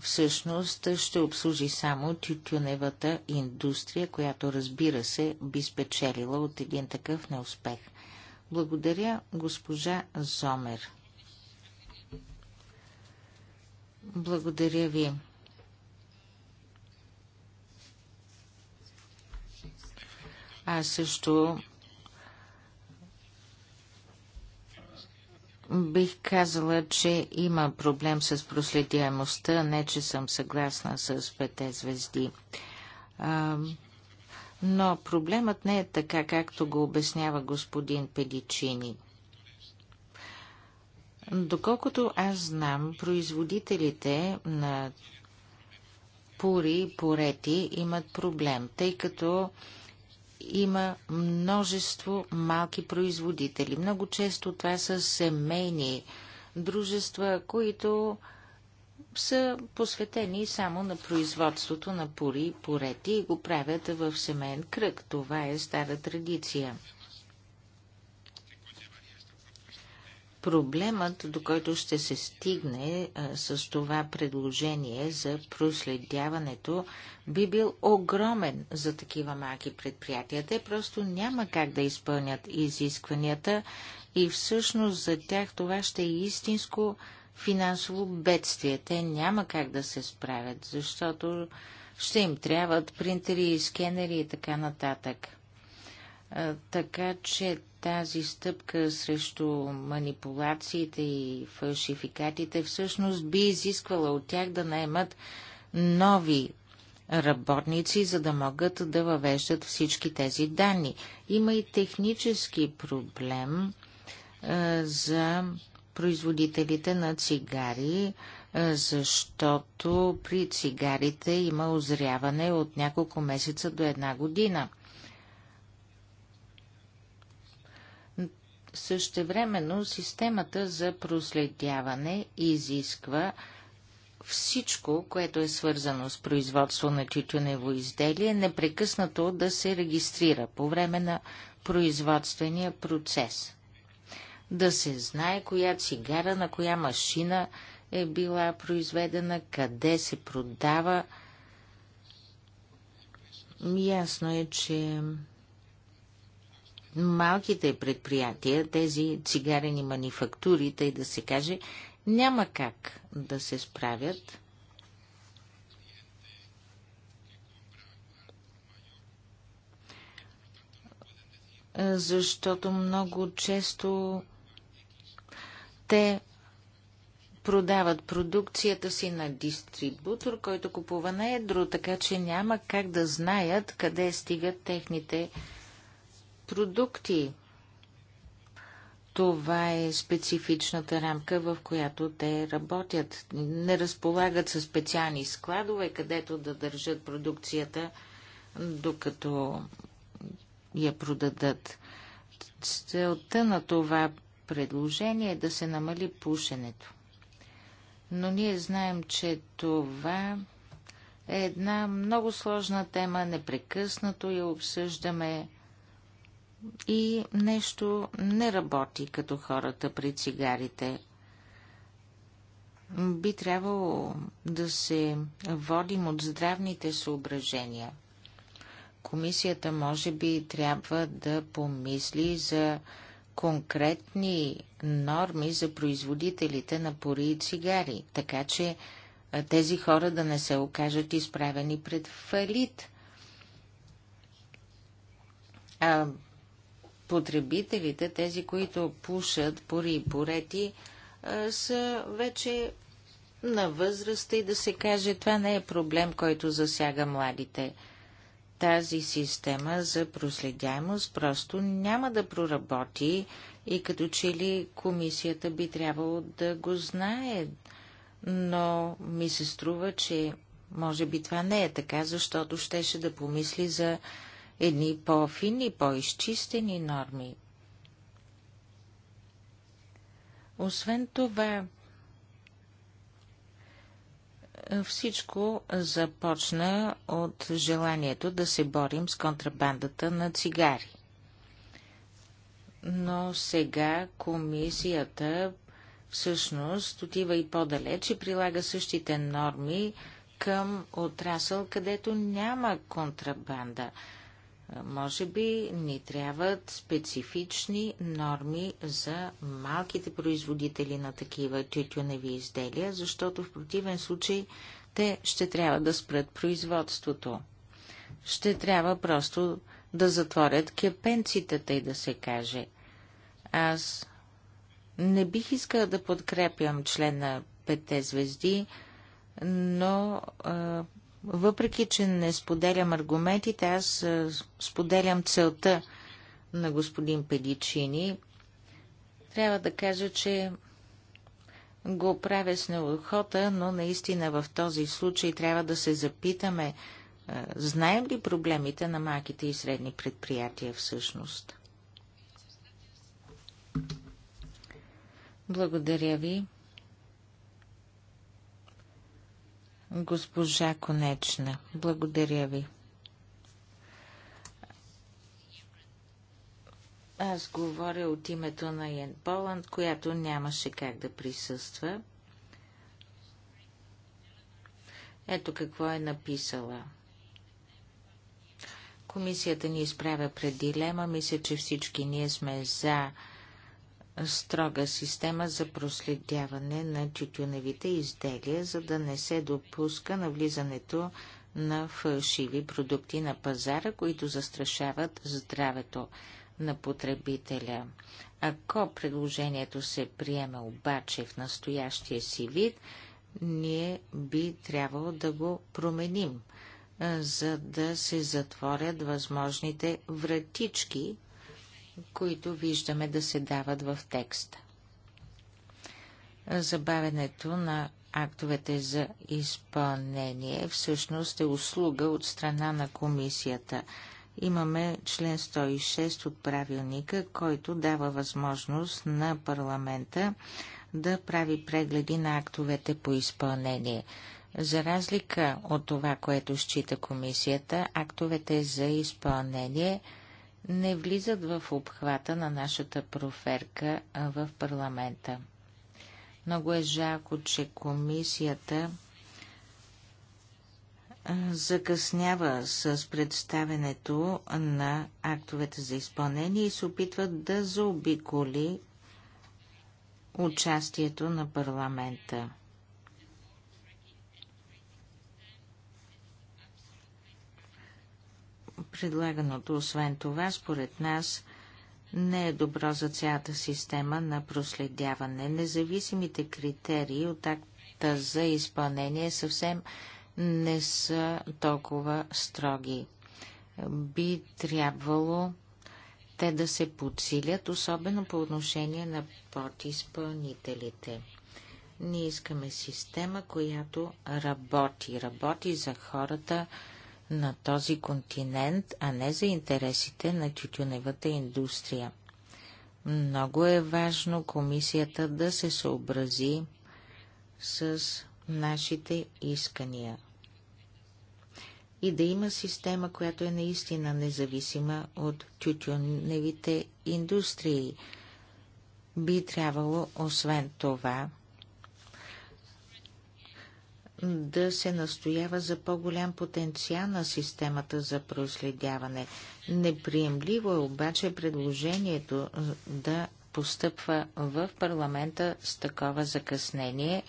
всъщност ще обслужи само тютюневата индустрия, която разбира се би спечелила от един такъв неуспех. Благодаря, госпожа Зомер. Благодаря ви. Аз също Бих казала, че има проблем с проследяемостта, не че съм съгласна с пете звезди. но проблемът не е така, както го обяснява господин Педичини. Доколкото аз знам, производителите на пури и порети имат проблем, тъй като има множество малки производители. Много често това са семейни дружества, които са посветени само на производството на пури и порети и го правят в семейен кръг. Това е стара традиция. Проблемът, до който ще се стигне а, с това предложение за проследяването, би бил огромен за такива малки предприятия. Те просто няма как да изпълнят изискванията и всъщност за тях това ще е истинско финансово бедствие. Те няма как да се справят, защото ще им трябват принтери, скенери и така нататък. А, така че тази стъпка срещу манипулациите и фалшификатите всъщност би изисквала от тях да наемат нови работници, за да могат да въвеждат всички тези данни. Има и технически проблем а, за производителите на цигари, а, защото при цигарите има озряване от няколко месеца до една година – Същевременно системата за проследяване изисква всичко, което е свързано с производство на тютюнево изделие, непрекъснато да се регистрира по време на производствения процес. Да се знае коя цигара, на коя машина е била произведена, къде се продава. Ясно е, че малките предприятия, тези цигарени манифактури, тъй да се каже, няма как да се справят. Защото много често те продават продукцията си на дистрибутор, който купува на едро, така че няма как да знаят къде стигат техните продукти. Това е специфичната рамка, в която те работят. Не разполагат със специални складове, където да държат продукцията, докато я продадат. Целта на това предложение е да се намали пушенето. Но ние знаем, че това е една много сложна тема, непрекъснато я обсъждаме и нещо не работи като хората при цигарите. Би трябвало да се водим от здравните съображения. Комисията може би трябва да помисли за конкретни норми за производителите на пори и цигари, така че тези хора да не се окажат изправени пред фалит. А потребителите, тези, които пушат пори и порети, са вече на възраст и да се каже, това не е проблем, който засяга младите. Тази система за проследяемост просто няма да проработи и като че ли комисията би трябвало да го знае, но ми се струва, че може би това не е така, защото щеше да помисли за едни по-фини, по-изчистени норми. Освен това, всичко започна от желанието да се борим с контрабандата на цигари. Но сега комисията всъщност отива и по-далеч и прилага същите норми към отрасъл, където няма контрабанда. Може би ни трябват специфични норми за малките производители на такива тютюневи изделия, защото в противен случай те ще трябва да спрат производството. Ще трябва просто да затворят кепенците, тъй да се каже. Аз не бих искала да подкрепям член на Петте звезди, но а, въпреки, че не споделям аргументите, аз споделям целта на господин Педичини. Трябва да кажа, че го правя с неохота, но наистина в този случай трябва да се запитаме, знаем ли проблемите на малките и средни предприятия всъщност? Благодаря ви. Госпожа Конечна, благодаря ви. Аз говоря от името на Ян Поланд, която нямаше как да присъства. Ето какво е написала. Комисията ни изправя пред дилема. Мисля, че всички ние сме за строга система за проследяване на тютюневите изделия, за да не се допуска навлизането на фалшиви продукти на пазара, които застрашават здравето на потребителя. Ако предложението се приеме обаче в настоящия си вид, ние би трябвало да го променим, за да се затворят възможните вратички които виждаме да се дават в текста. Забавенето на актовете за изпълнение всъщност е услуга от страна на комисията. Имаме член 106 от правилника, който дава възможност на парламента да прави прегледи на актовете по изпълнение. За разлика от това, което счита комисията, актовете за изпълнение – не влизат в обхвата на нашата проферка в парламента. Много е жалко, че комисията закъснява с представенето на актовете за изпълнение и се опитва да заобиколи участието на парламента. Предлаганото освен това, според нас, не е добро за цялата система на проследяване. Независимите критерии от акта за изпълнение съвсем не са толкова строги. Би трябвало те да се подсилят, особено по отношение на подизпълнителите. Ние искаме система, която работи. Работи за хората, на този континент, а не за интересите на тютюневата индустрия. Много е важно комисията да се съобрази с нашите искания и да има система, която е наистина независима от тютюневите индустрии. Би трябвало, освен това, да се настоява за по-голям потенциал на системата за проследяване. Неприемливо е обаче предложението е, да постъпва в парламента с такова закъснение.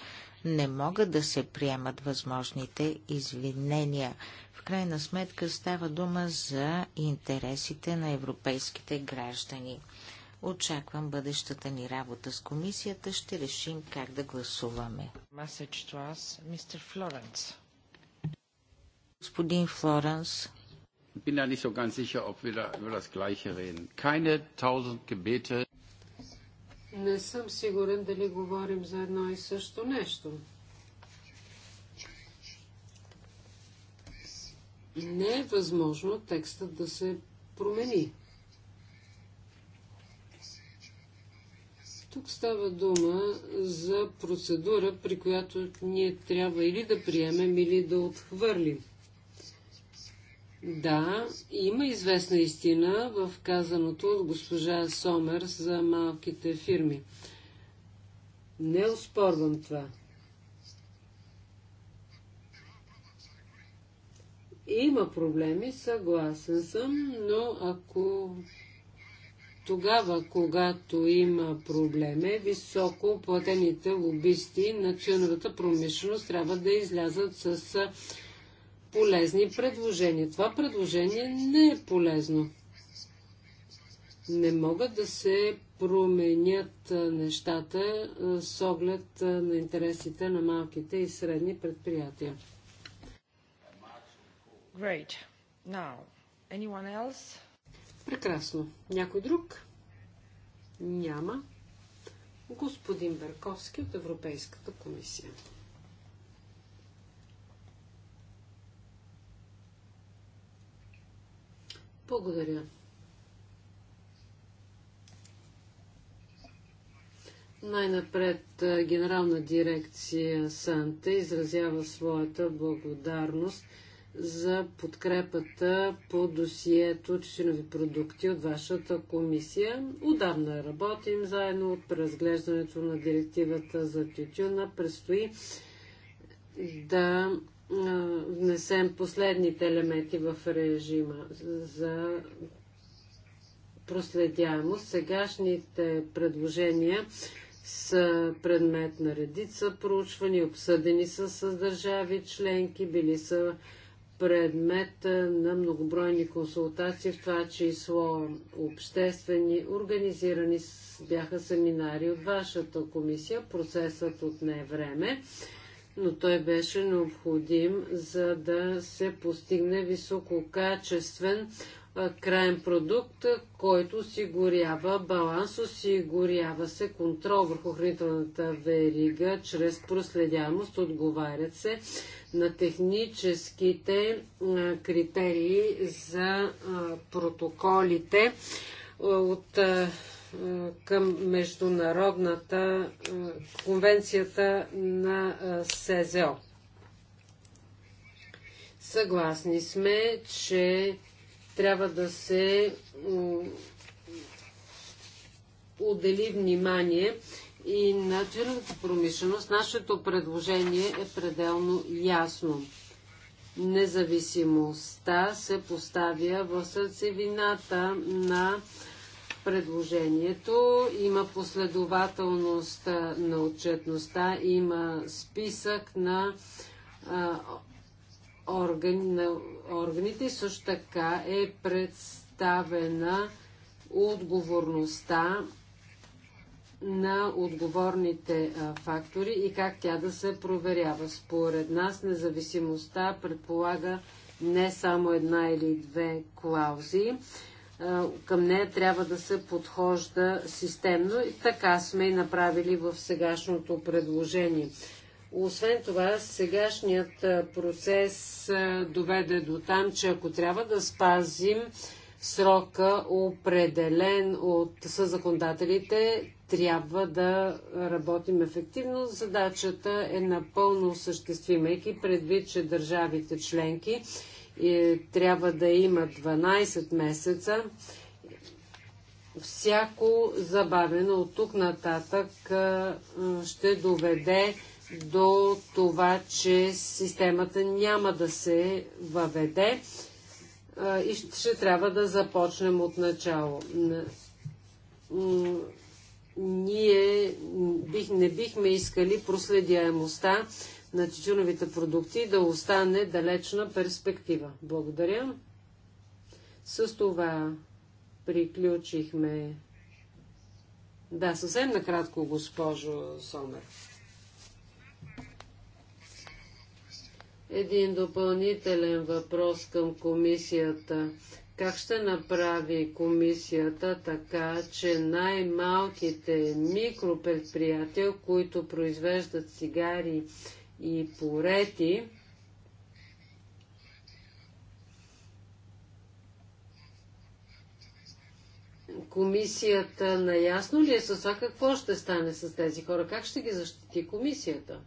Не могат да се приемат възможните извинения. В крайна сметка става дума за интересите на европейските граждани. Очаквам бъдещата ни работа с комисията. Ще решим как да гласуваме. Господин Флоренс. Bin da nicht so ganz sicher, ob wir da über das Gleiche reden. Keine tausend Gebete. Не съм сигурен дали говорим за едно и също нещо. Не е възможно текстът да се промени. Тук става дума за процедура, при която ние трябва или да приемем, или да отхвърлим. Да, има известна истина в казаното от госпожа Сомер за малките фирми. Не оспорвам това. Има проблеми, съгласен съм, но ако тогава, когато има проблеми, високо платените лобисти на членовата промишленост трябва да излязат с полезни предложения. Това предложение не е полезно. Не могат да се променят нещата с оглед на интересите на малките и средни предприятия. Great. Now, anyone else? Прекрасно. Някой друг? Няма. Господин Берковски от Европейската комисия. Благодаря. Най-напред Генерална дирекция Санте изразява своята благодарност – за подкрепата по досието тютюнови продукти от вашата комисия. Отдавна работим заедно от преразглеждането на директивата за тютюна. Предстои да внесем последните елементи в режима за проследяемост. Сегашните предложения са предмет на редица проучвания, обсъдени са с държави членки, били са предмет на многобройни консултации, в това число обществени, организирани бяха семинари от вашата комисия. Процесът отне време, но той беше необходим, за да се постигне висококачествен крайен продукт, който осигурява баланс, осигурява се контрол върху хранителната верига чрез проследяемост, отговарят се на техническите критерии за протоколите от към международната конвенцията на СЗО. Съгласни сме, че трябва да се отдели внимание и на тюрната промишленост. Нашето предложение е пределно ясно. Независимостта се поставя в сърцевината на предложението. Има последователност на отчетността, има списък на а, органи, на органите и също така е представена отговорността на отговорните а, фактори и как тя да се проверява. Според нас независимостта предполага не само една или две клаузи. А, към нея трябва да се подхожда системно и така сме и направили в сегашното предложение. Освен това, сегашният процес доведе до там, че ако трябва да спазим срока, определен от съзаконодателите, трябва да работим ефективно. Задачата е напълно осъществимайки предвид, че държавите членки е, трябва да имат 12 месеца. Всяко забавено от тук нататък ще доведе до това, че системата няма да се въведе и ще трябва да започнем от начало. Ние бих, не бихме искали проследяемостта на тютюновите продукти да остане далечна перспектива. Благодаря. С това приключихме. Да, съвсем накратко, госпожо Сомер. Един допълнителен въпрос към комисията. Как ще направи комисията така, че най-малките микропредприятия, които произвеждат цигари и порети, комисията наясно ли е с това какво ще стане с тези хора? Как ще ги защити комисията?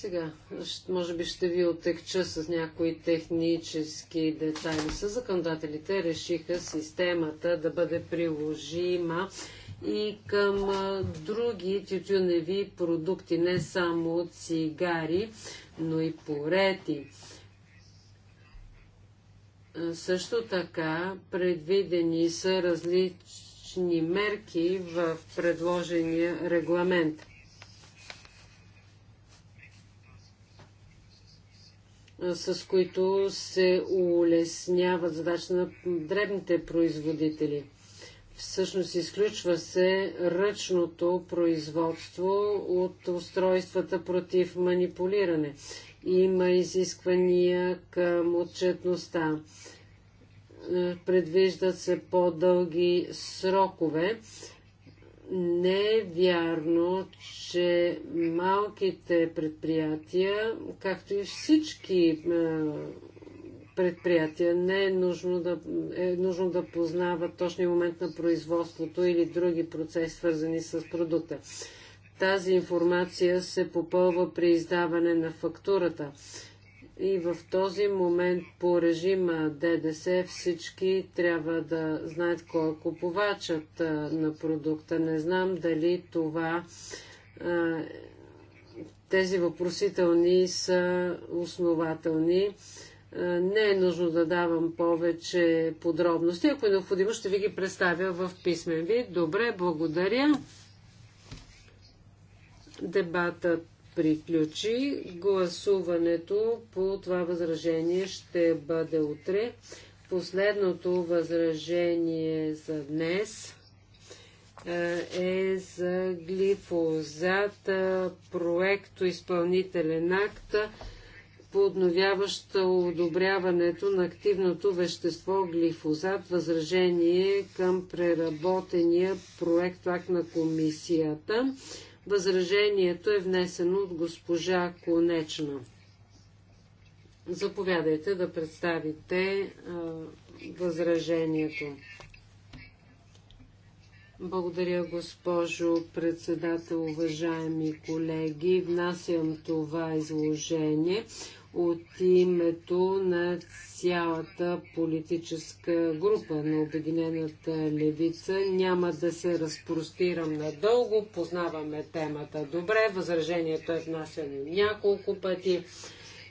Сега, може би ще ви отекча с някои технически детайли. с законодателите решиха системата да бъде приложима и към други тютюневи продукти, не само цигари, но и порети. също така предвидени са различни мерки в предложения регламент. с които се улеснява задача на дребните производители. Всъщност изключва се ръчното производство от устройствата против манипулиране. Има изисквания към отчетността. Предвиждат се по-дълги срокове не е вярно, че малките предприятия, както и всички предприятия, не е нужно да, е нужно да познават точния момент на производството или други процеси, свързани с продукта. Тази информация се попълва при издаване на фактурата. И в този момент по режима ДДС всички трябва да знаят кой е купувачът на продукта. Не знам дали това тези въпросителни са основателни. Не е нужно да давам повече подробности. Ако е необходимо, ще ви ги представя в писмен вид. Добре, благодаря. Дебатът приключи. Гласуването по това възражение ще бъде утре. Последното възражение за днес е за глифозат, проекто изпълнителен акт, подновяваща одобряването на активното вещество глифозат, възражение към преработения проект акт на комисията. Възражението е внесено от госпожа Конечна. Заповядайте да представите а, възражението. Благодаря, госпожо председател, уважаеми колеги. Внасям това изложение от името на цялата политическа група на Обединената левица. Няма да се разпростирам надълго, познаваме темата добре, възражението е внасяно няколко пъти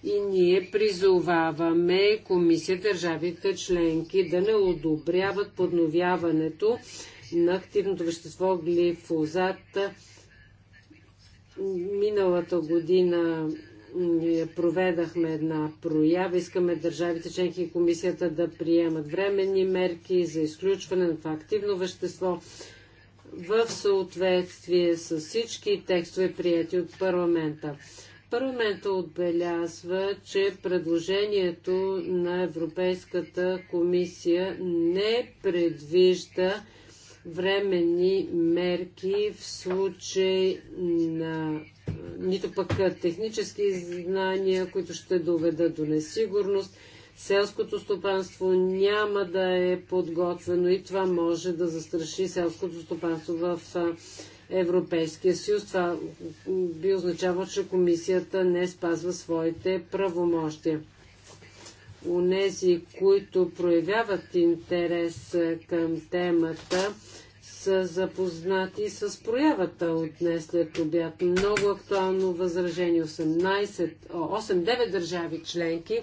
и ние призоваваме комисия държавите членки да не одобряват подновяването на активното вещество глифозат. Миналата година ние проведахме една проява. Искаме държавите членки и комисията да приемат временни мерки за изключване на това активно вещество в съответствие с всички текстове, прияти от парламента. Парламента отбелязва, че предложението на Европейската комисия не предвижда временни мерки в случай на нито пък технически знания, които ще доведат до несигурност. Селското стопанство няма да е подготвено и това може да застраши селското стопанство в Европейския съюз. Това би означава, че комисията не спазва своите правомощия. Унези, които проявяват интерес към темата, са запознати с проявата от днес след обяд. Много актуално възражение. 18, 8-9 държави членки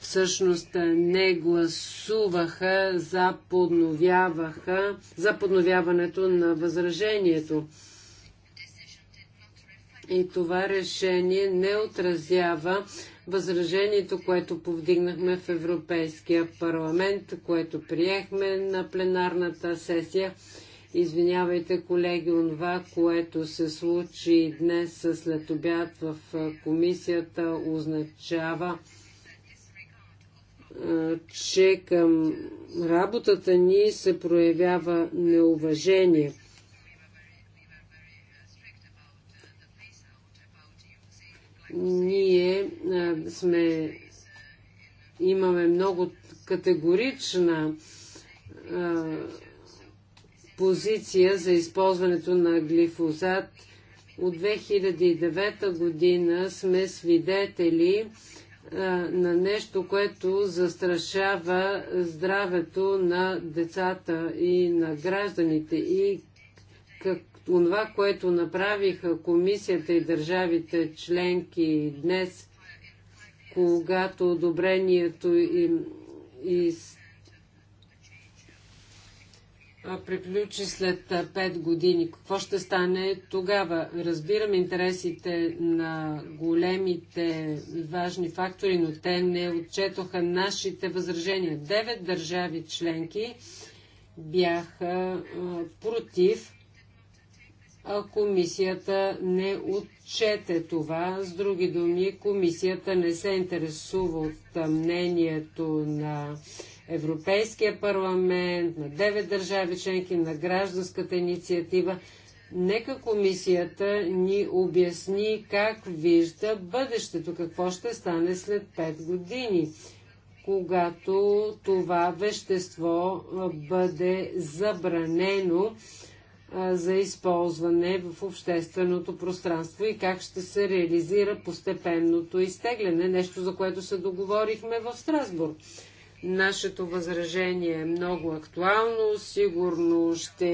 всъщност не гласуваха за, подновяваха, за подновяването на възражението. И това решение не отразява възражението, което повдигнахме в Европейския парламент, което приехме на пленарната сесия Извинявайте, колеги, онова, което се случи днес след обяд в комисията, означава, че към работата ни се проявява неуважение. Ние сме, имаме много категорична позиция за използването на глифозат. От 2009 година сме свидетели а, на нещо, което застрашава здравето на децата и на гражданите. И как, това, което направиха комисията и държавите членки днес, когато одобрението им приключи след 5 години. Какво ще стане тогава? Разбирам интересите на големите важни фактори, но те не отчетоха нашите възражения. Девет държави членки бяха против, а комисията не отчете това. С други думи, комисията не се интересува от мнението на Европейския парламент, на девет държави членки, на гражданската инициатива. Нека комисията ни обясни как вижда бъдещето, какво ще стане след 5 години, когато това вещество бъде забранено за използване в общественото пространство и как ще се реализира постепенното изтегляне, нещо за което се договорихме в Страсбург. Нашето възражение е много актуално, сигурно ще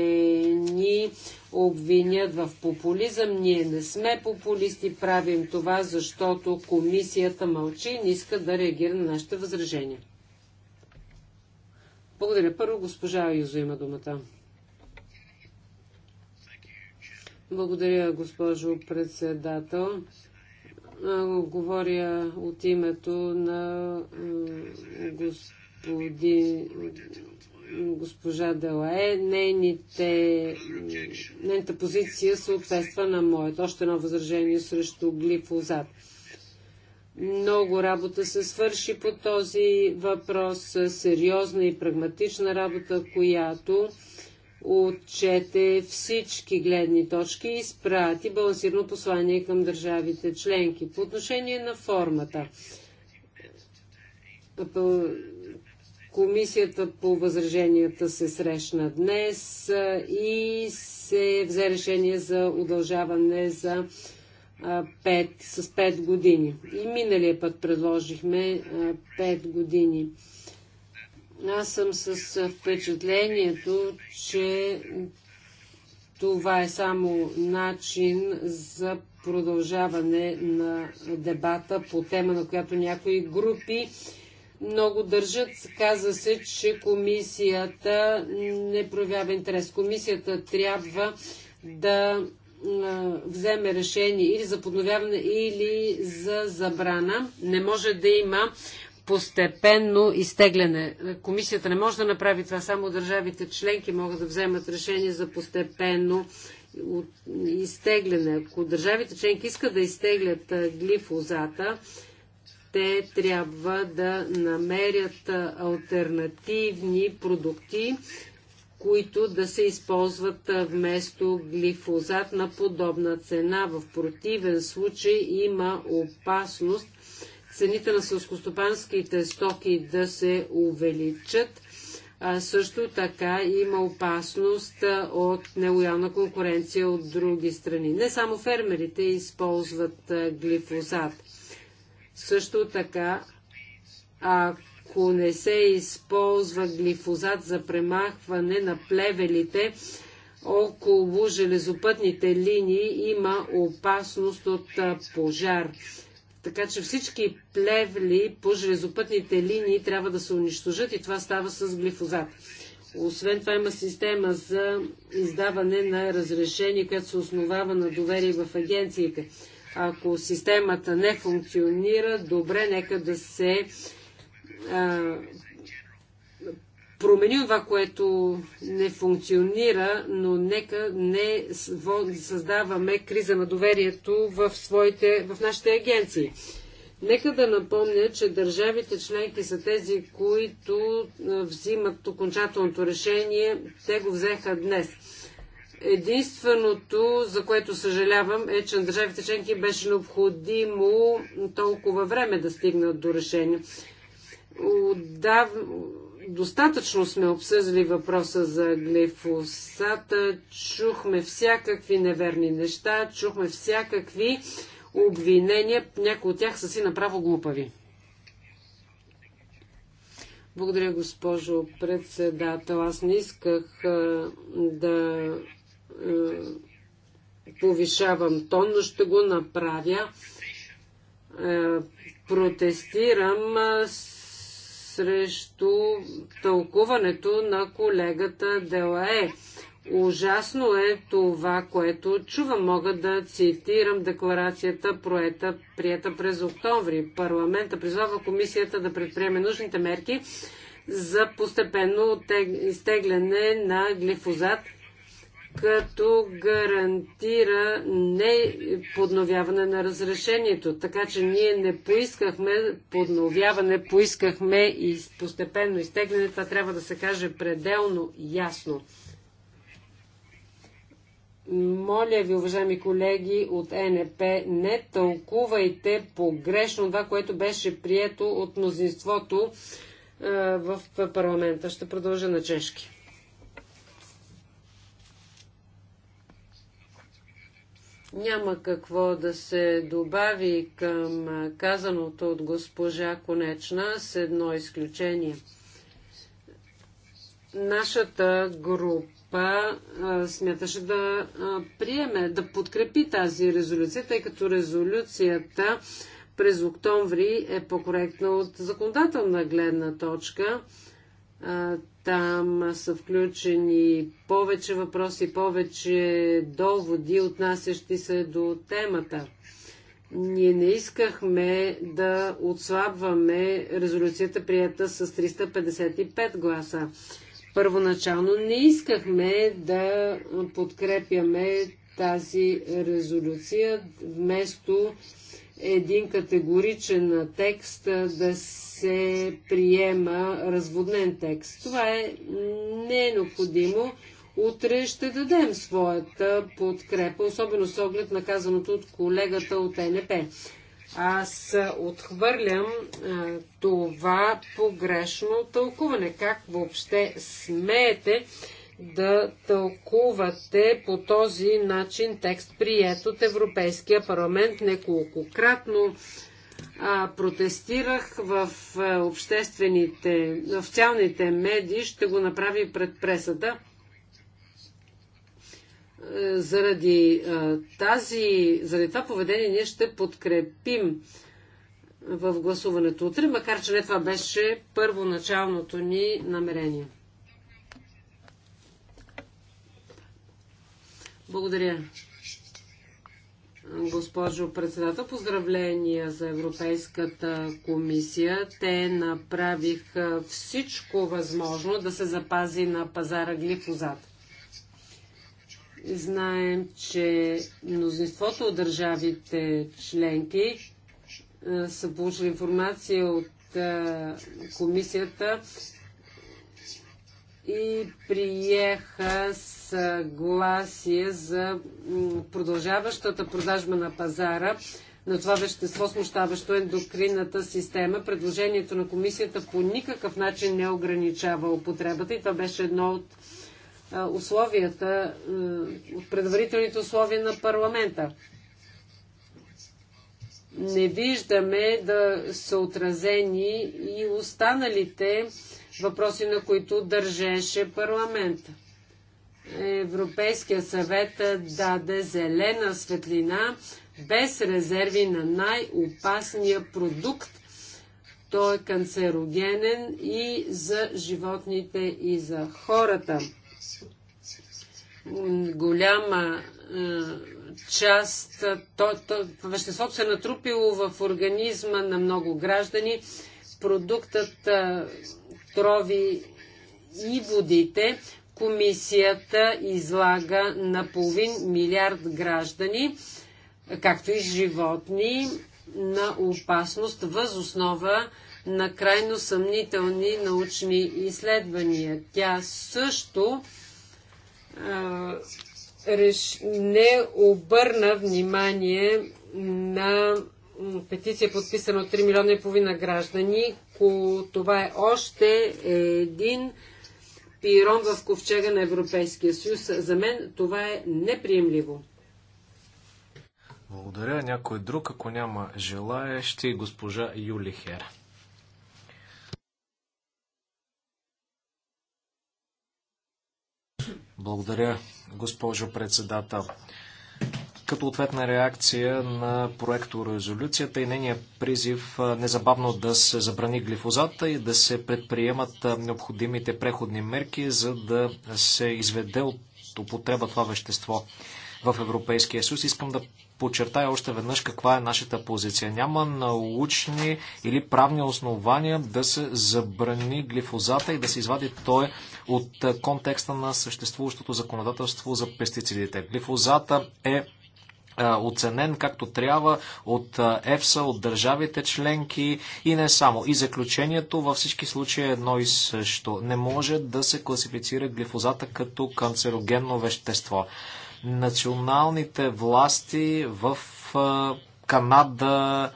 ни обвинят в популизъм. Ние не сме популисти, правим това, защото комисията мълчи и не иска да реагира на нашите възражения. Благодаря. Първо госпожа Юзо има думата. Благодаря, госпожо председател говоря от името на господи, госпожа Делае. Нейните, нейната позиция съответства на моето. Още едно възражение срещу глифозат. Много работа се свърши по този въпрос, сериозна и прагматична работа, която отчете всички гледни точки и изпрати балансирано послание към държавите членки. По отношение на формата, Комисията по възраженията се срещна днес и се взе решение за удължаване за 5, с 5 години. И миналия път предложихме 5 години. Аз съм с впечатлението, че това е само начин за продължаване на дебата по тема, на която някои групи много държат. Каза се, че комисията не проявява интерес. Комисията трябва да вземе решение или за подновяване, или за забрана. Не може да има постепенно изтегляне. Комисията не може да направи това, само държавите членки могат да вземат решение за постепенно изтегляне. Ако държавите членки искат да изтеглят глифозата, те трябва да намерят альтернативни продукти, които да се използват вместо глифозат на подобна цена. В противен случай има опасност цените на селскостопанските стоки да се увеличат. А също така има опасност от нелоялна конкуренция от други страни. Не само фермерите използват глифозат. Също така, ако не се използва глифозат за премахване на плевелите, около железопътните линии има опасност от пожар. Така че всички плевли по железопътните линии трябва да се унищожат и това става с глифозат. Освен това има система за издаване на разрешение, което се основава на доверие в агенциите. Ако системата не функционира, добре, нека да се а, променим това, което не функционира, но нека не създаваме криза на доверието в, своите, в нашите агенции. Нека да напомня, че държавите членки са тези, които взимат окончателното решение. Те го взеха днес. Единственото, за което съжалявам, е, че на държавите членки беше необходимо толкова време да стигнат до решение. Отдав достатъчно сме обсъждали въпроса за глифосата, чухме всякакви неверни неща, чухме всякакви обвинения, някои от тях са си направо глупави. Благодаря, госпожо председател. Аз не исках а, да а, повишавам тон, но ще го направя. А, протестирам с срещу тълкуването на колегата Делае. Ужасно е това, което чувам. Мога да цитирам декларацията, проета, прията през октомври. Парламента призвава комисията да предприеме нужните мерки за постепенно изтегляне на глифозат – като гарантира не подновяване на разрешението. Така че ние не поискахме подновяване, поискахме и постепенно изтегляне. Това трябва да се каже пределно ясно. Моля ви, уважаеми колеги от НП, не тълкувайте погрешно това, което беше прието от мнозинството е, в парламента. Ще продължа на чешки. Няма какво да се добави към казаното от госпожа Конечна с едно изключение. Нашата група смяташе да приеме, да подкрепи тази резолюция, тъй като резолюцията през октомври е по-коректна от законодателна гледна точка. Там са включени повече въпроси, повече доводи, отнасящи се до темата. Ние не искахме да отслабваме резолюцията, прията с 355 гласа. Първоначално не искахме да подкрепяме тази резолюция, вместо един категоричен текст да се приема разводнен текст. Това е, не е необходимо. Утре ще дадем своята подкрепа, особено с оглед на казаното от колегата от НП. Аз отхвърлям а, това погрешно тълкуване. Как въобще смеете да тълкувате по този начин текст, прият от Европейския парламент неколкократно. А, протестирах в а, обществените, в официалните медии, ще го направи пред пресата. Заради, а, тази, заради това поведение ние ще подкрепим в гласуването утре, макар че не това беше първоначалното ни намерение. Благодаря. Госпожо председател, поздравления за Европейската комисия. Те направиха всичко възможно да се запази на пазара глифозат. Знаем, че мнозинството от държавите членки са получили информация от комисията и приеха съгласие за продължаващата продажба на пазара на това вещество, смущаващо ендокринната система. Предложението на комисията по никакъв начин не ограничава употребата и това беше едно от условията, от предварителните условия на парламента. Не виждаме да са отразени и останалите въпроси, на които държеше парламента. Европейския съвет даде зелена светлина без резерви на най-опасния продукт. Той е канцерогенен и за животните, и за хората. Голяма част, то, то, веществото се е натрупило в организма на много граждани. Продуктът трови и водите комисията излага на половин милиард граждани, както и животни, на опасност възоснова на крайно съмнителни научни изследвания. Тя също а, реш... не обърна внимание на петиция, подписана от 3 милиона и половина граждани. Това е още един пирон в ковчега на Европейския съюз. За мен това е неприемливо. Благодаря. Някой друг, ако няма желаящи, госпожа Юли Хер. Благодаря, госпожо председател като ответна реакция на проекто резолюцията и нения призив незабавно да се забрани глифозата и да се предприемат необходимите преходни мерки, за да се изведе от употреба това вещество в Европейския съюз. Искам да подчертая още веднъж каква е нашата позиция. Няма научни или правни основания да се забрани глифозата и да се извади той от контекста на съществуващото законодателство за пестицидите. Глифозата е оценен както трябва от ЕФСА, от държавите членки и не само. И заключението във всички случаи е едно и също. Не може да се класифицира глифозата като канцерогенно вещество. Националните власти в Канада,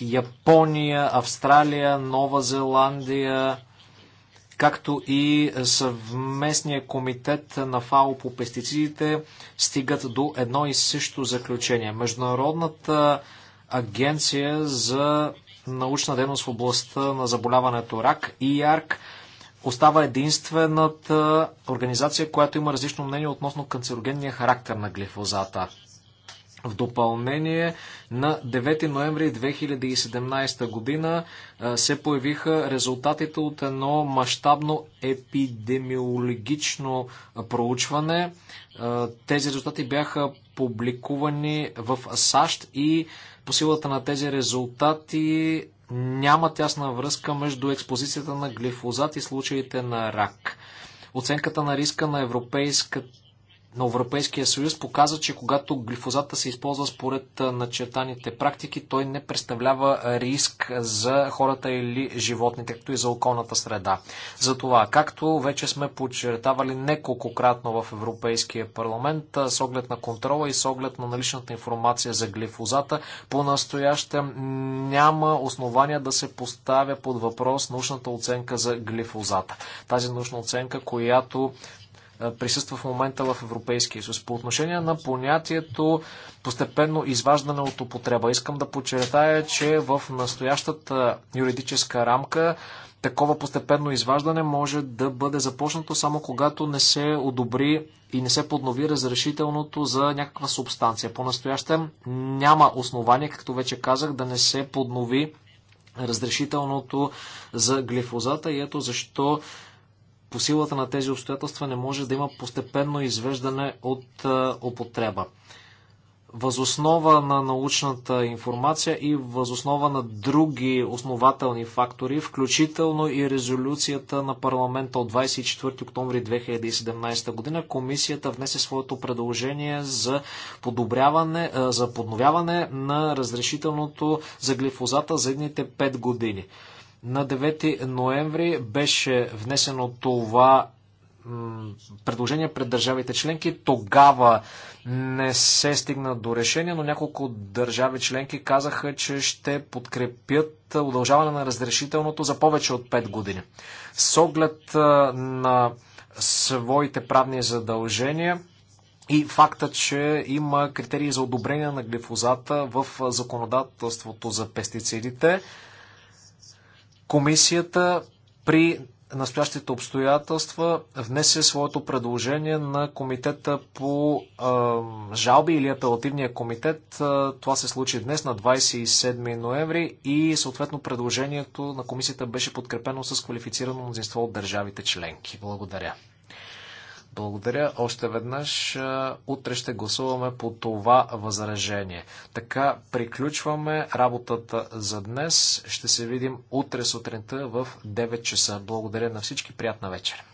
Япония, Австралия, Нова Зеландия, както и съвместния комитет на ФАО по пестицидите стигат до едно и също заключение. Международната агенция за научна дейност в областта на заболяването РАК и ЯРК остава единствената организация, която има различно мнение относно канцерогенния характер на глифозата. В допълнение на 9 ноември 2017 година се появиха резултатите от едно мащабно епидемиологично проучване. Тези резултати бяха публикувани в САЩ и по силата на тези резултати няма тясна връзка между експозицията на глифозат и случаите на рак. Оценката на риска на Европейската на Европейския съюз показа, че когато глифозата се използва според начертаните практики, той не представлява риск за хората или животните, както и за околната среда. Затова, както вече сме подчертавали неколкократно в Европейския парламент, с оглед на контрола и с оглед на наличната информация за глифозата, по-настояще няма основания да се поставя под въпрос научната оценка за глифозата. Тази научна оценка, която присъства в момента в Европейския съюз. По отношение на понятието постепенно изваждане от употреба, искам да подчертая, че в настоящата юридическа рамка такова постепенно изваждане може да бъде започнато само когато не се одобри и не се поднови разрешителното за някаква субстанция. По-настоящем няма основание, както вече казах, да не се поднови разрешителното за глифозата и ето защо по силата на тези обстоятелства не може да има постепенно извеждане от употреба. Възоснова на научната информация и възоснова на други основателни фактори, включително и резолюцията на парламента от 24 октомври 2017 година, комисията внесе своето предложение за, подобряване, за подновяване на разрешителното за глифозата за едните 5 години. На 9 ноември беше внесено това предложение пред държавите членки. Тогава не се стигна до решение, но няколко държави членки казаха, че ще подкрепят удължаване на разрешителното за повече от 5 години. С оглед на своите правни задължения и факта, че има критерии за одобрение на глифозата в законодателството за пестицидите, Комисията при настоящите обстоятелства внесе своето предложение на комитета по а, жалби или апелативния комитет. А, това се случи днес на 27 ноември и съответно предложението на комисията беше подкрепено с квалифицирано мнозинство от държавите членки. Благодаря. Благодаря още веднъж. Утре ще гласуваме по това възражение. Така приключваме работата за днес. Ще се видим утре сутринта в 9 часа. Благодаря на всички. Приятна вечер.